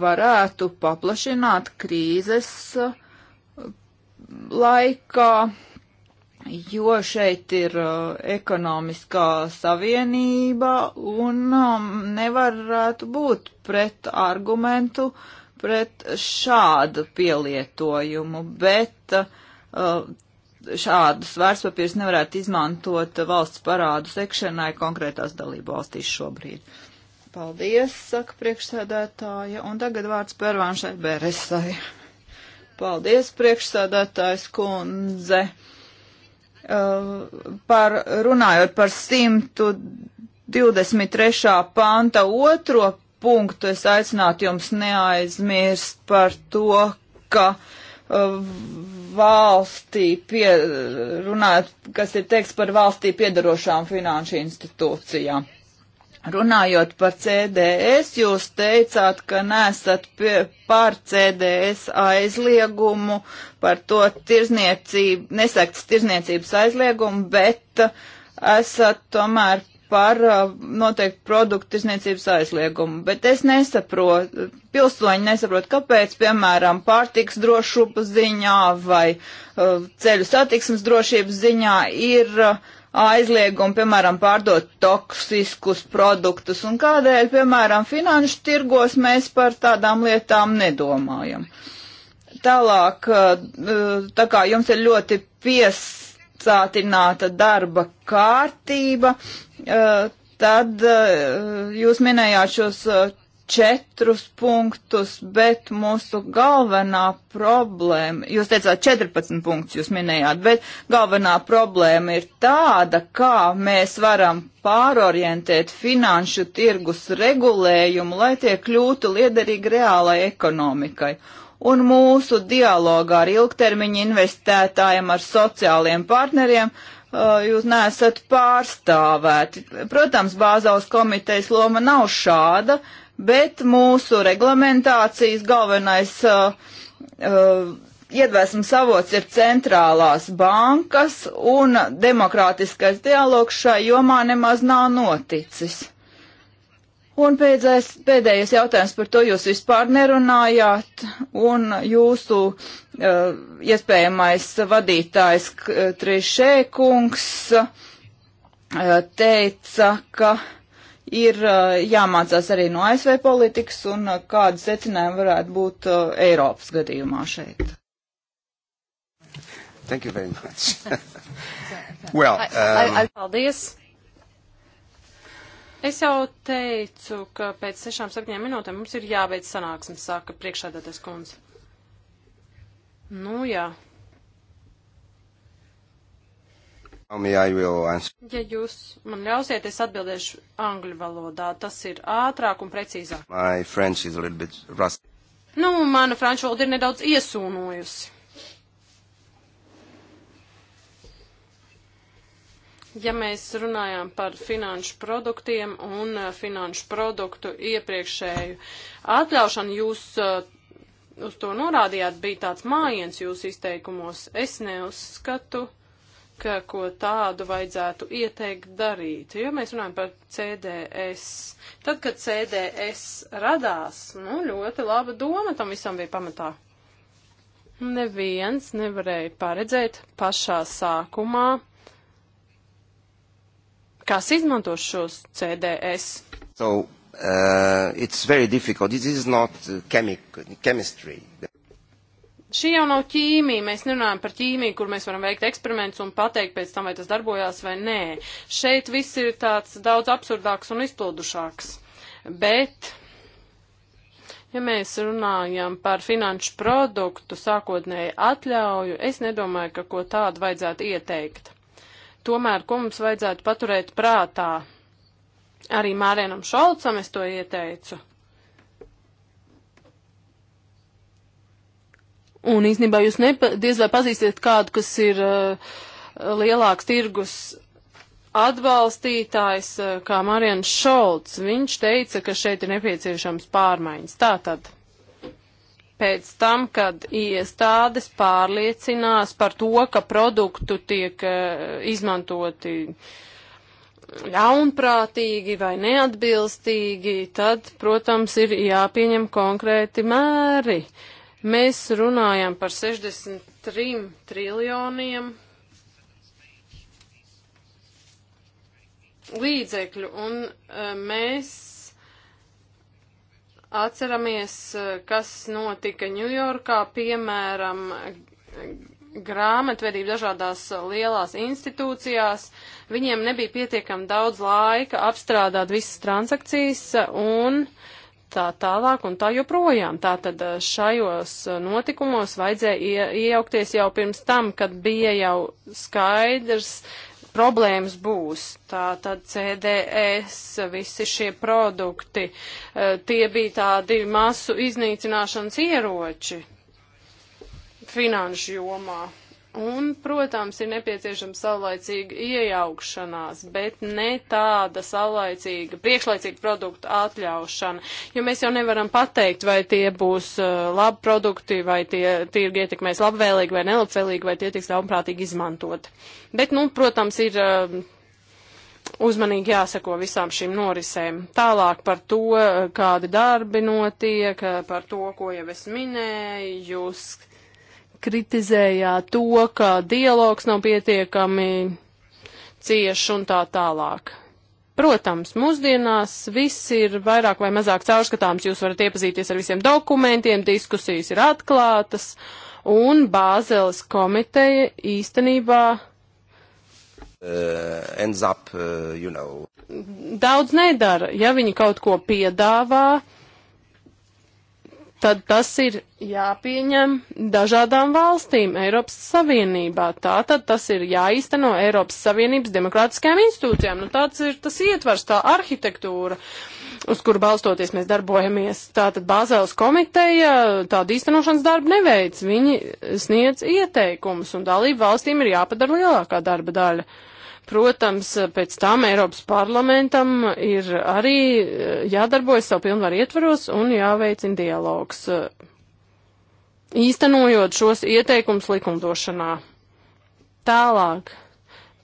varētu paplašināt krīzes uh, laikā, jo šeit ir uh, ekonomiskā savienība un um, nevarētu būt pret argumentu pret šādu pielietojumu, bet uh, šādus vērtspapīrus nevarētu izmantot valsts parādu sekšanai konkrētās dalību valstīs šobrīd. Paldies, saka priekšsēdētāja, un tagad vārds pervāņšai Beresai. Paldies, priekšsēdētājs kundze. Uh, par, runājot par 123. panta otro punktu, es aicinātu jums neaizmirst par to, ka uh, valstī, pie, runājot, kas ir teiks par valstī piedarošām finanšu institūcijām. Runājot par CDS, jūs teicāt, ka nesat pie, par CDS aizliegumu, par to tirzniecību, nesaktas tirzniecības aizliegumu, bet esat tomēr par uh, noteiktu produktu tirsniecības aizliegumu, bet es nesaprotu, pilsoņi nesaprot, kāpēc, piemēram, pārtiks drošības ziņā vai uh, ceļu satiksmes drošības ziņā ir uh, aizliegumu, piemēram, pārdot toksiskus produktus, un kādēļ, piemēram, finanšu tirgos mēs par tādām lietām nedomājam. Tālāk, uh, uh, tā kā jums ir ļoti pies, pacātināta darba kārtība, uh, tad uh, jūs minējāt šos uh, četrus punktus, bet mūsu galvenā problēma, jūs teicāt 14 punktus, jūs minējāt, bet galvenā problēma ir tāda, kā mēs varam pārorientēt finanšu tirgus regulējumu, lai tie kļūtu liederīgi reālai ekonomikai un mūsu dialogā ar ilgtermiņa investētājiem, ar sociāliem partneriem uh, jūs neesat pārstāvēti. Protams, Bāzaus komitejas loma nav šāda, bet mūsu reglamentācijas galvenais uh, uh, iedvesmas avots ir centrālās bankas, un demokrātiskais dialogs šai jomā nemaz nav noticis. Un pēdējais, pēdējais jautājums par to jūs vispār nerunājāt, un jūsu uh, iespējamais vadītājs eh, Trišē kungs uh, teica, ka ir uh, jāmācās arī no ASV politikas, un uh, kādi secinājumi varētu būt uh, Eiropas gadījumā šeit. Thank you very much. *laughs* well, um... I, I, I, um, paldies. Es jau teicu, ka pēc sešām, septiņām minūtēm mums ir jāveic sanāksme, saka priekšādātais kundze. Nu, jā. Ja jūs man ļausiet, es atbildēšu angļu valodā. Tas ir ātrāk un precīzāk. Nu, mana franču valoda ir nedaudz iesūnojusi. Ja mēs runājām par finanšu produktiem un uh, finanšu produktu iepriekšēju atļaušanu, jūs uh, uz to norādījāt, bija tāds mājiens jūsu izteikumos. Es neuzskatu, ka ko tādu vajadzētu ieteikt darīt. Jo mēs runājam par CDS. Tad, kad CDS radās, nu, ļoti laba doma tam visam bija pamatā. Neviens nevarēja paredzēt pašā sākumā, Kas izmantos šos CDS? So, uh, it's very difficult. This is not uh, chemi chemistry. Šī jau nav ķīmija, mēs nerunājam par ķīmiju, kur mēs varam veikt eksperimentus un pateikt pēc tam, vai tas darbojās vai nē. Šeit viss ir tāds daudz absurdāks un izplūdušāks. Bet, ja mēs runājam par finanšu produktu sākotnēju atļauju, es nedomāju, ka ko tādu vajadzētu ieteikt. Tomēr, ko mums vajadzētu paturēt prātā? Arī Mārienam Šolcam es to ieteicu. Un īstenībā jūs nepa, diez vai pazīstiet kādu, kas ir uh, lielāks tirgus atbalstītājs, uh, kā Marians Šolts. Viņš teica, ka šeit ir nepieciešams pārmaiņas. Tātad pēc tam, kad iestādes pārliecinās par to, ka produktu tiek eh, izmantoti ļaunprātīgi vai neatbilstīgi, tad, protams, ir jāpieņem konkrēti mēri. Mēs runājam par 63 triljoniem līdzekļu, un eh, mēs Atceramies, eh, kas notika Ņujorkā, piemēram, grāmatvedība dažādās lielās institūcijās. Viņiem nebija pietiekami daudz laika apstrādāt visas transakcijas un tā tālāk un tā joprojām. Tātad eh, šajos notikumos vajadzēja ie, iejaukties jau pirms tam, kad bija jau skaidrs, problēmas būs. Tā tad CDS, visi šie produkti, e, tie bija tādi masu iznīcināšanas ieroči finanšu jomā. Un, protams, ir nepieciešama saulaicīga iejaukšanās, bet ne tāda saulaicīga, priekšlaicīga produktu atļaušana, jo mēs jau nevaram pateikt, vai tie būs uh, labi produkti, vai tie tirgi ietekmēs labvēlīgi vai nelabvēlīgi, vai tie tiks ļaunprātīgi izmantot. Bet, nu, protams, ir uh, uzmanīgi jāseko visām šīm norisēm. Tālāk par to, uh, kādi darbi notiek, uh, par to, ko jau es minēju, jūs kritizējāt to, ka dialogs nav pietiekami cieši un tā tālāk. Protams, mūsdienās viss ir vairāk vai mazāk caurskatāms, jūs varat iepazīties ar visiem dokumentiem, diskusijas ir atklātas, un Bāzeles komiteja īstenībā uh, ends up, uh, you know. Daudz nedara, ja viņi kaut ko piedāvā, uh, tad tas ir jāpieņem dažādām valstīm Eiropas Savienībā. Tātad tas ir jāīsteno Eiropas Savienības demokrātiskajām institūcijām. Nu, tāds ir tas ietvars, tā arhitektūra, uz kuru balstoties mēs darbojamies. Tātad Bāzēlas komiteja tādu īstenošanas darbu neveic. Viņi sniedz ieteikumus, un dalību valstīm ir jāpadara lielākā darba daļa. Uh, Protams, pēc tam Eiropas parlamentam ir arī eh, jādarbojas savu pilnvaru ietvaros un jāveicina dialogs, eh, īstenojot šos ieteikums likumdošanā. Tālāk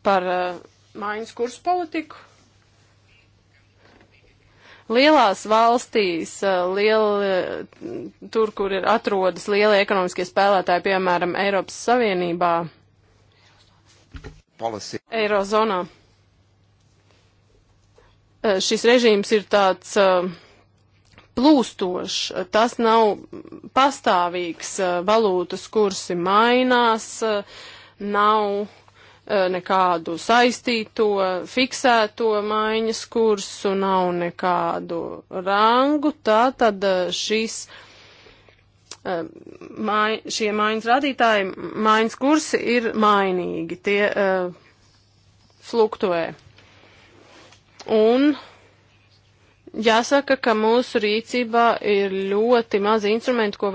par eh, mājas kursu politiku lielās valstīs, liel, tur, kur ir atrodas lielie ekonomiskie spēlētāji, piemēram, Eiropas Savienībā, policy. Eirozonā. Eh, šis režīms ir tāds eh, plūstošs, tas nav pastāvīgs, eh, valūtas kursi mainās, nav nekādu saistīto, fiksēto maiņas kursu, nav nekādu rangu, tā tad šis uh, Eh, mai, šie mājas radītāji, mājas kursi ir mainīgi, tie uh, fluktuē. Un jāsaka, ka mūsu rīcībā ir ļoti mazi instrumenti, ko